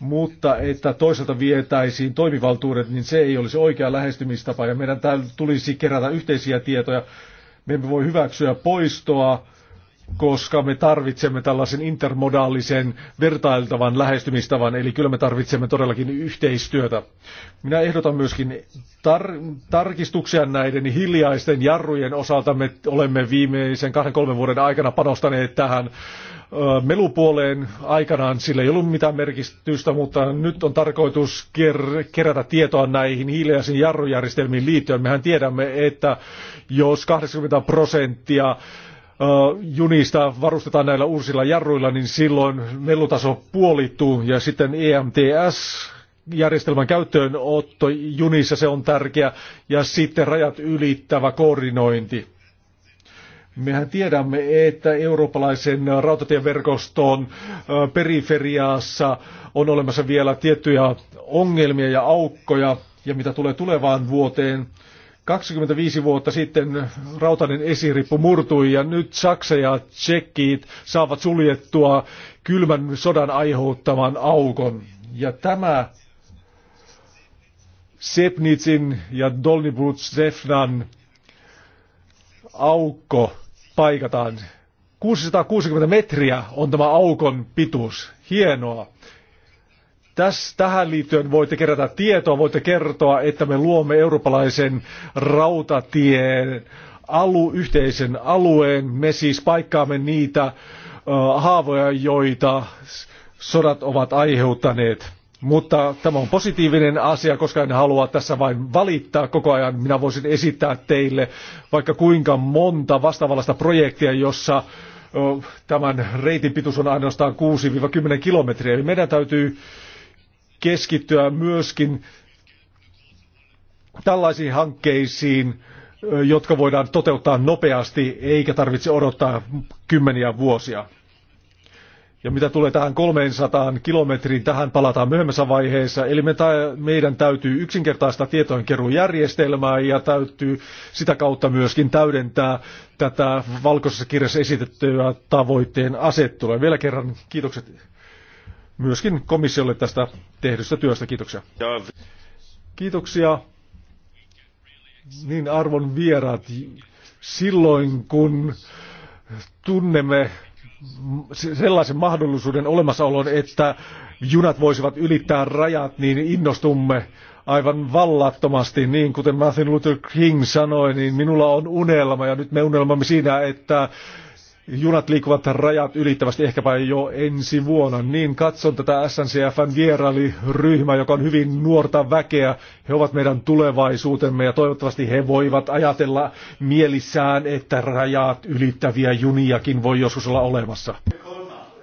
mutta että toisaalta vietäisiin toimivaltuudet, niin se ei olisi oikea lähestymistapa ja meidän täällä tulisi kerätä yhteisiä tietoja. Me emme voi hyväksyä poistoa, koska me tarvitsemme tällaisen intermodaalisen vertailtavan lähestymistavan, eli kyllä me tarvitsemme todellakin yhteistyötä. Minä ehdotan myöskin tar- tarkistuksia näiden hiljaisten jarrujen osalta. Me olemme viimeisen kahden kolmen vuoden aikana panostaneet tähän melupuoleen aikanaan. Sillä ei ollut mitään merkitystä, mutta nyt on tarkoitus kerätä tietoa näihin hiilijaisiin jarrujärjestelmiin liittyen. Mehän tiedämme, että jos 80 prosenttia junista varustetaan näillä uusilla jarruilla, niin silloin melutaso puolittuu ja sitten EMTS järjestelmän käyttöönotto junissa se on tärkeä ja sitten rajat ylittävä koordinointi. Mehän tiedämme, että eurooppalaisen rautatieverkoston periferiassa on olemassa vielä tiettyjä ongelmia ja aukkoja, ja mitä tulee tulevaan vuoteen, 25 vuotta sitten rautainen esirippu murtui ja nyt Saksa ja Tsekkiit saavat suljettua kylmän sodan aiheuttaman aukon. Ja tämä Sepnitsin ja Dolnibut Sefnan aukko paikataan. 660 metriä on tämä aukon pituus. Hienoa. Täs, tähän liittyen voitte kerätä tietoa, voitte kertoa, että me luomme eurooppalaisen rautatien alu, yhteisen alueen. Me siis paikkaamme niitä haavoja, joita sodat ovat aiheuttaneet. Mutta tämä on positiivinen asia, koska en halua tässä vain valittaa koko ajan. Minä voisin esittää teille vaikka kuinka monta vastaavallaista projektia, jossa tämän reitin pituus on ainoastaan 6-10 kilometriä. Eli meidän täytyy keskittyä myöskin tällaisiin hankkeisiin, jotka voidaan toteuttaa nopeasti, eikä tarvitse odottaa kymmeniä vuosia. Ja mitä tulee tähän 300 kilometriin, tähän palataan myöhemmässä vaiheessa. Eli me ta- meidän täytyy yksinkertaista tietojenkeruujärjestelmää ja täytyy sitä kautta myöskin täydentää tätä valkoisessa kirjassa esitettyä tavoitteen asettelua. Vielä kerran kiitokset myöskin komissiolle tästä tehdystä työstä. Kiitoksia. Kiitoksia. Niin arvon vieraat, silloin kun tunnemme sellaisen mahdollisuuden olemassaolon, että junat voisivat ylittää rajat, niin innostumme aivan vallattomasti. Niin kuten Martin Luther King sanoi, niin minulla on unelma ja nyt me unelmamme siinä, että junat liikkuvat rajat ylittävästi ehkäpä jo ensi vuonna, niin katson tätä SNCFn vierailiryhmää, joka on hyvin nuorta väkeä. He ovat meidän tulevaisuutemme ja toivottavasti he voivat ajatella mielissään, että rajat ylittäviä juniakin voi joskus olla olemassa.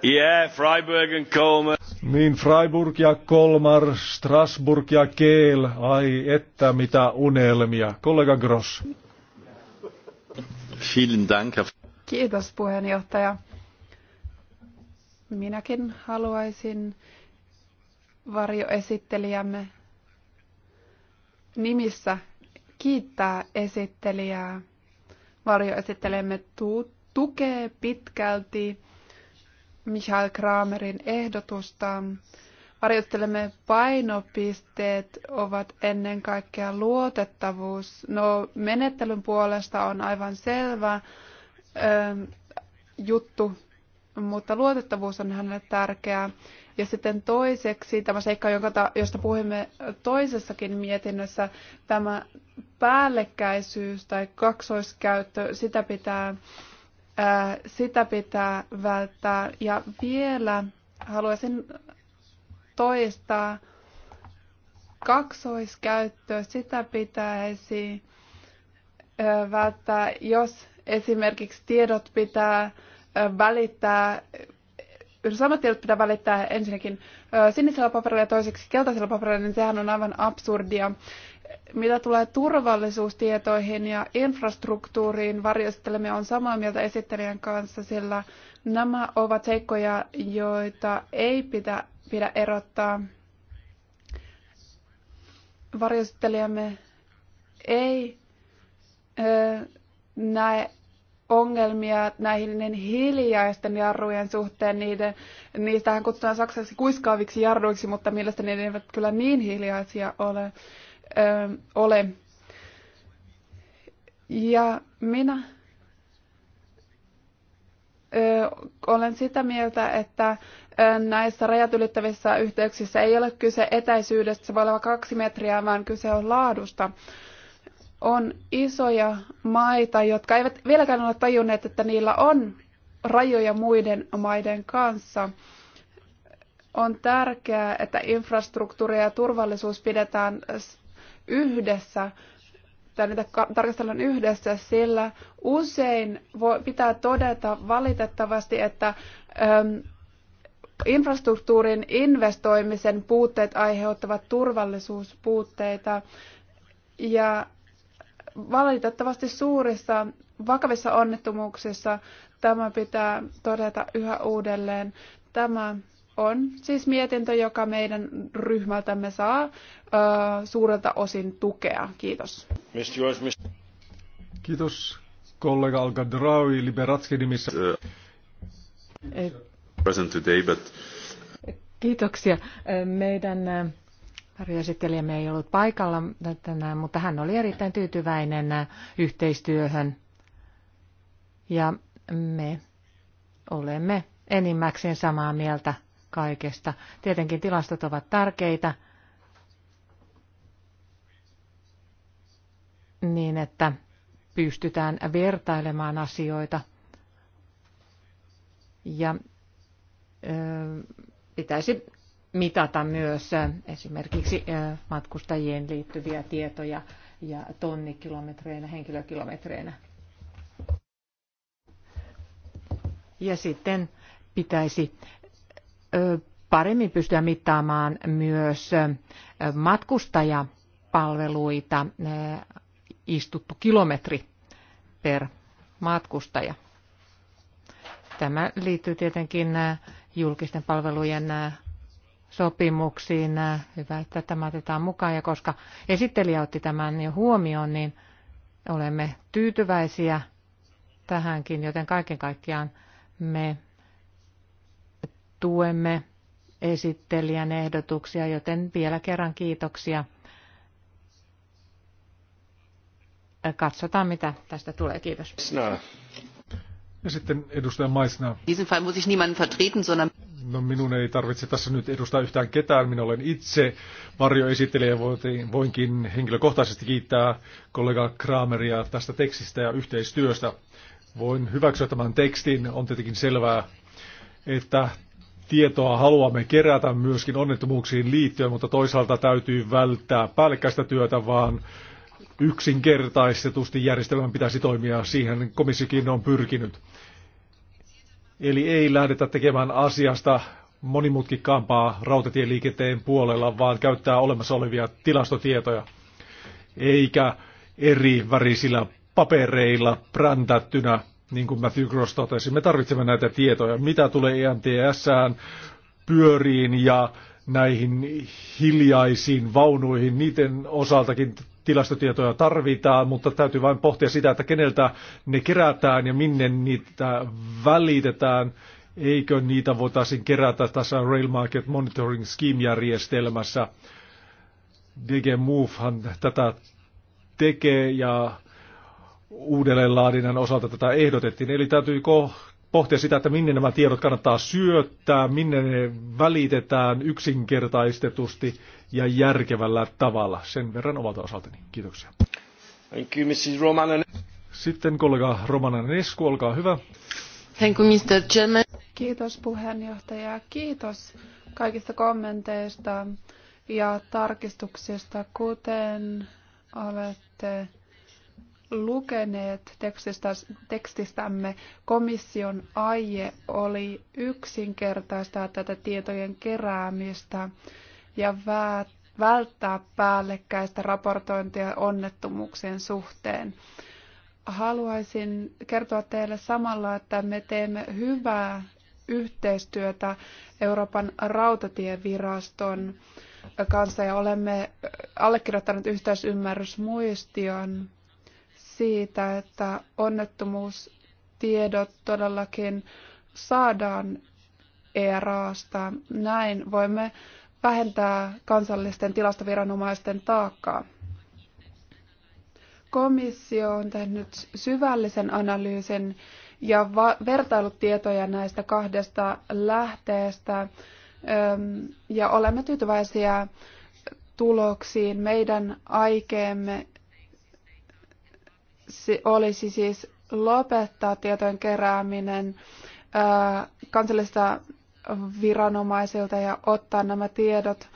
Yeah, Freiburg and Colmar. Niin, Freiburg ja Kolmar, Strasbourg ja Keel. Ai että mitä unelmia. Kollega Gross. Vielen Dank. Kiitos puheenjohtaja. Minäkin haluaisin varjoesittelijämme nimissä kiittää esittelijää. Varjoesittelijämme tu- tukee pitkälti Michael Kramerin ehdotusta. Varjoittelemme painopisteet ovat ennen kaikkea luotettavuus. No, menettelyn puolesta on aivan selvä, juttu, mutta luotettavuus on hänelle tärkeää. Ja sitten toiseksi tämä seikka, jonka josta puhuimme toisessakin mietinnössä, tämä päällekkäisyys tai kaksoiskäyttö, sitä pitää, sitä pitää välttää. Ja vielä haluaisin toistaa, kaksoiskäyttö, sitä pitäisi välttää, jos Esimerkiksi tiedot pitää välittää samat tiedot pitää välittää ensinnäkin sinisellä paperilla ja toiseksi keltaisella paperilla, niin sehän on aivan absurdia. Mitä tulee turvallisuustietoihin ja infrastruktuuriin, varjostelemme on samaa mieltä esittelijän kanssa, sillä nämä ovat seikkoja, joita ei pidä, pidä erottaa. Varjostelijamme ei ö, näe ongelmia näihin hiljaisten jarrujen suhteen. Niiden, niistähän kutsutaan saksaksi kuiskaaviksi jarruiksi, mutta mielestäni ne eivät kyllä niin hiljaisia ole. Ö, ole. Ja minä ö, olen sitä mieltä, että näissä rajat ylittävissä yhteyksissä ei ole kyse etäisyydestä, se voi olla kaksi metriä, vaan kyse on laadusta. Ö, on isoja maita, jotka eivät vieläkään ole tajunneet, että niillä on rajoja muiden maiden kanssa. On tärkeää, että infrastruktuuri ja turvallisuus pidetään yhdessä tai niitä tarkastellaan yhdessä, sillä usein voi, pitää todeta valitettavasti, että äm, infrastruktuurin investoimisen puutteet aiheuttavat turvallisuuspuutteita. Ja valitettavasti suurissa vakavissa onnettomuuksissa tämä pitää todeta yhä uudelleen. Tämä on siis mietintö, joka meidän ryhmältämme saa ö, suurelta osin tukea. Kiitos. Kiitos kollega Alka Draui Liberatski nimissä. Kiitoksia. Meidän Varjoesittelijämme ei ollut paikalla tänään, mutta hän oli erittäin tyytyväinen yhteistyöhön. Ja me olemme enimmäkseen samaa mieltä kaikesta. Tietenkin tilastot ovat tärkeitä, niin että pystytään vertailemaan asioita. Ja ö, pitäisi mitata myös äh, esimerkiksi äh, matkustajien liittyviä tietoja ja tonnikilometreinä, henkilökilometreinä. Ja sitten pitäisi paremmin pystyä mittaamaan myös matkustajapalveluita istuttu kilometri per matkustaja. Tämä liittyy tietenkin julkisten palvelujen sopimuksiin. Hyvä, että tämä otetaan mukaan. Ja koska esittelijä otti tämän jo huomioon, niin olemme tyytyväisiä tähänkin, joten kaiken kaikkiaan me tuemme esittelijän ehdotuksia, joten vielä kerran kiitoksia. Katsotaan, mitä tästä tulee. Kiitos. Ja sitten edustaja Maisna. Diesen Fall muss ich niemanden vertreten, sondern No minun ei tarvitse tässä nyt edustaa yhtään ketään. Minä olen itse varjoesittelijä ja voinkin henkilökohtaisesti kiittää kollega Krameria tästä tekstistä ja yhteistyöstä. Voin hyväksyä tämän tekstin. On tietenkin selvää, että tietoa haluamme kerätä myöskin onnettomuuksiin liittyen, mutta toisaalta täytyy välttää päällekkäistä työtä, vaan yksinkertaistetusti järjestelmän pitäisi toimia. Siihen komissikin on pyrkinyt. Eli ei lähdetä tekemään asiasta monimutkikkaampaa rautatieliikenteen puolella, vaan käyttää olemassa olevia tilastotietoja, eikä eri värisillä papereilla brändättynä, niin kuin Matthew Gross totesi. Me tarvitsemme näitä tietoja, mitä tulee EMTSään, pyöriin ja näihin hiljaisiin vaunuihin, niiden osaltakin tilastotietoja tarvitaan, mutta täytyy vain pohtia sitä, että keneltä ne kerätään ja minne niitä välitetään. Eikö niitä voitaisiin kerätä tässä Rail Market Monitoring Scheme-järjestelmässä? DG Movehan tätä tekee ja uudelleenlaadinnan osalta tätä ehdotettiin. Eli täytyy pohtia sitä, että minne nämä tiedot kannattaa syöttää, minne ne välitetään yksinkertaistetusti ja järkevällä tavalla. Sen verran omalta osaltani. Kiitoksia. Thank you, Mrs. Romanen. Sitten kollega Romanen Esku, olkaa hyvä. Thank you, Mr. Chairman. Kiitos puheenjohtaja. Kiitos kaikista kommenteista ja tarkistuksista, kuten olette lukeneet tekstistä, tekstistämme, komission aie oli yksinkertaistaa tätä tietojen keräämistä ja välttää päällekkäistä raportointia onnettomuuksien suhteen. Haluaisin kertoa teille samalla, että me teemme hyvää yhteistyötä Euroopan rautatieviraston kanssa ja olemme äh, allekirjoittaneet yhteisymmärrysmuistion siitä, että onnettomuustiedot todellakin saadaan ERAsta. Näin voimme vähentää kansallisten tilastoviranomaisten taakkaa. Komissio on tehnyt syvällisen analyysin ja tietoja näistä kahdesta lähteestä ja olemme tyytyväisiä tuloksiin. Meidän aikeemme olisi siis lopettaa tietojen kerääminen kansallisista viranomaisilta ja ottaa nämä tiedot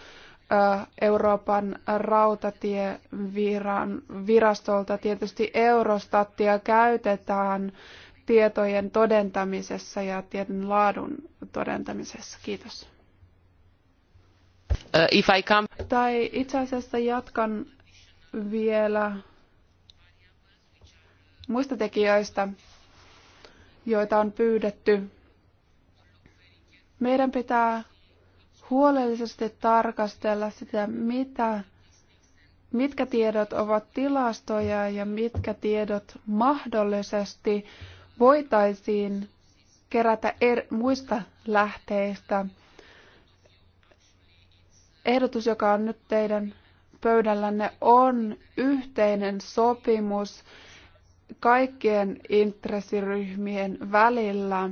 Euroopan rautatievirastolta. Tietysti Eurostatia käytetään tietojen todentamisessa ja tiedon laadun todentamisessa. Kiitos. Uh, if I come... Tai itse asiassa jatkan vielä muista tekijöistä, joita on pyydetty. Meidän pitää huolellisesti tarkastella sitä, mitä, mitkä tiedot ovat tilastoja ja mitkä tiedot mahdollisesti voitaisiin kerätä er, muista lähteistä. Ehdotus, joka on nyt teidän pöydällänne, on yhteinen sopimus kaikkien intressiryhmien välillä.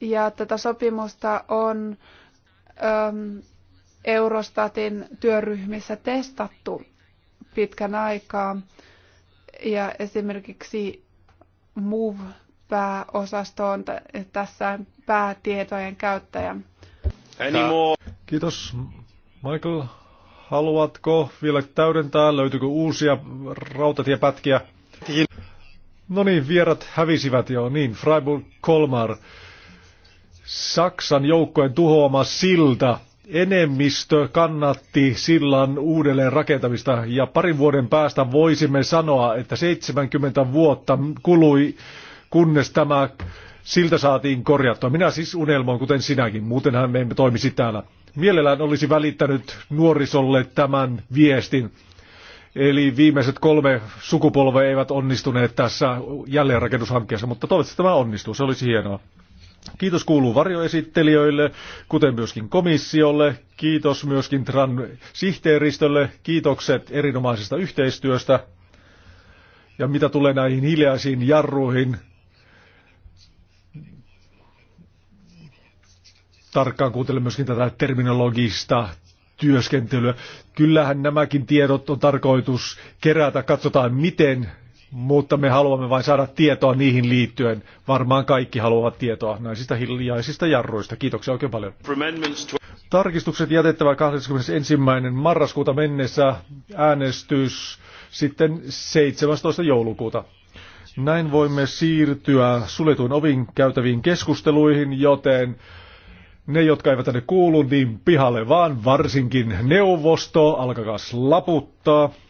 Ja tätä sopimusta on äm, Eurostatin työryhmissä testattu pitkän aikaa. Ja esimerkiksi MOVE-pääosasto on tässä päätietojen käyttäjä. Kiitos. Michael, haluatko vielä täydentää? Löytyykö uusia rautatiepätkiä? No niin, vierat hävisivät jo. Niin, Freiburg Kolmar. Saksan joukkojen tuhoama silta. Enemmistö kannatti sillan uudelleen rakentamista ja parin vuoden päästä voisimme sanoa, että 70 vuotta kului, kunnes tämä siltä saatiin korjattua. Minä siis unelmoin, kuten sinäkin, muutenhan me emme toimisi täällä. Mielellään olisi välittänyt nuorisolle tämän viestin. Eli viimeiset kolme sukupolvea eivät onnistuneet tässä jälleenrakennushankkeessa, mutta toivottavasti tämä onnistuu, se olisi hienoa. Kiitos kuuluu varjoesittelijöille, kuten myöskin komissiolle, kiitos myöskin TRAN sihteeristölle, kiitokset erinomaisesta yhteistyöstä. Ja mitä tulee näihin hiljaisiin jarruihin, tarkkaan kuuntelen myöskin tätä terminologista työskentelyä. Kyllähän nämäkin tiedot on tarkoitus kerätä, katsotaan miten, mutta me haluamme vain saada tietoa niihin liittyen. Varmaan kaikki haluavat tietoa naisista hiljaisista jarruista. Kiitoksia oikein paljon. Tarkistukset jätettävä 21. marraskuuta mennessä äänestys sitten 17. joulukuuta. Näin voimme siirtyä suljetuin ovin käytäviin keskusteluihin, joten ne, jotka eivät tänne kuulu, niin pihalle vaan varsinkin neuvosto, alkakas laputtaa.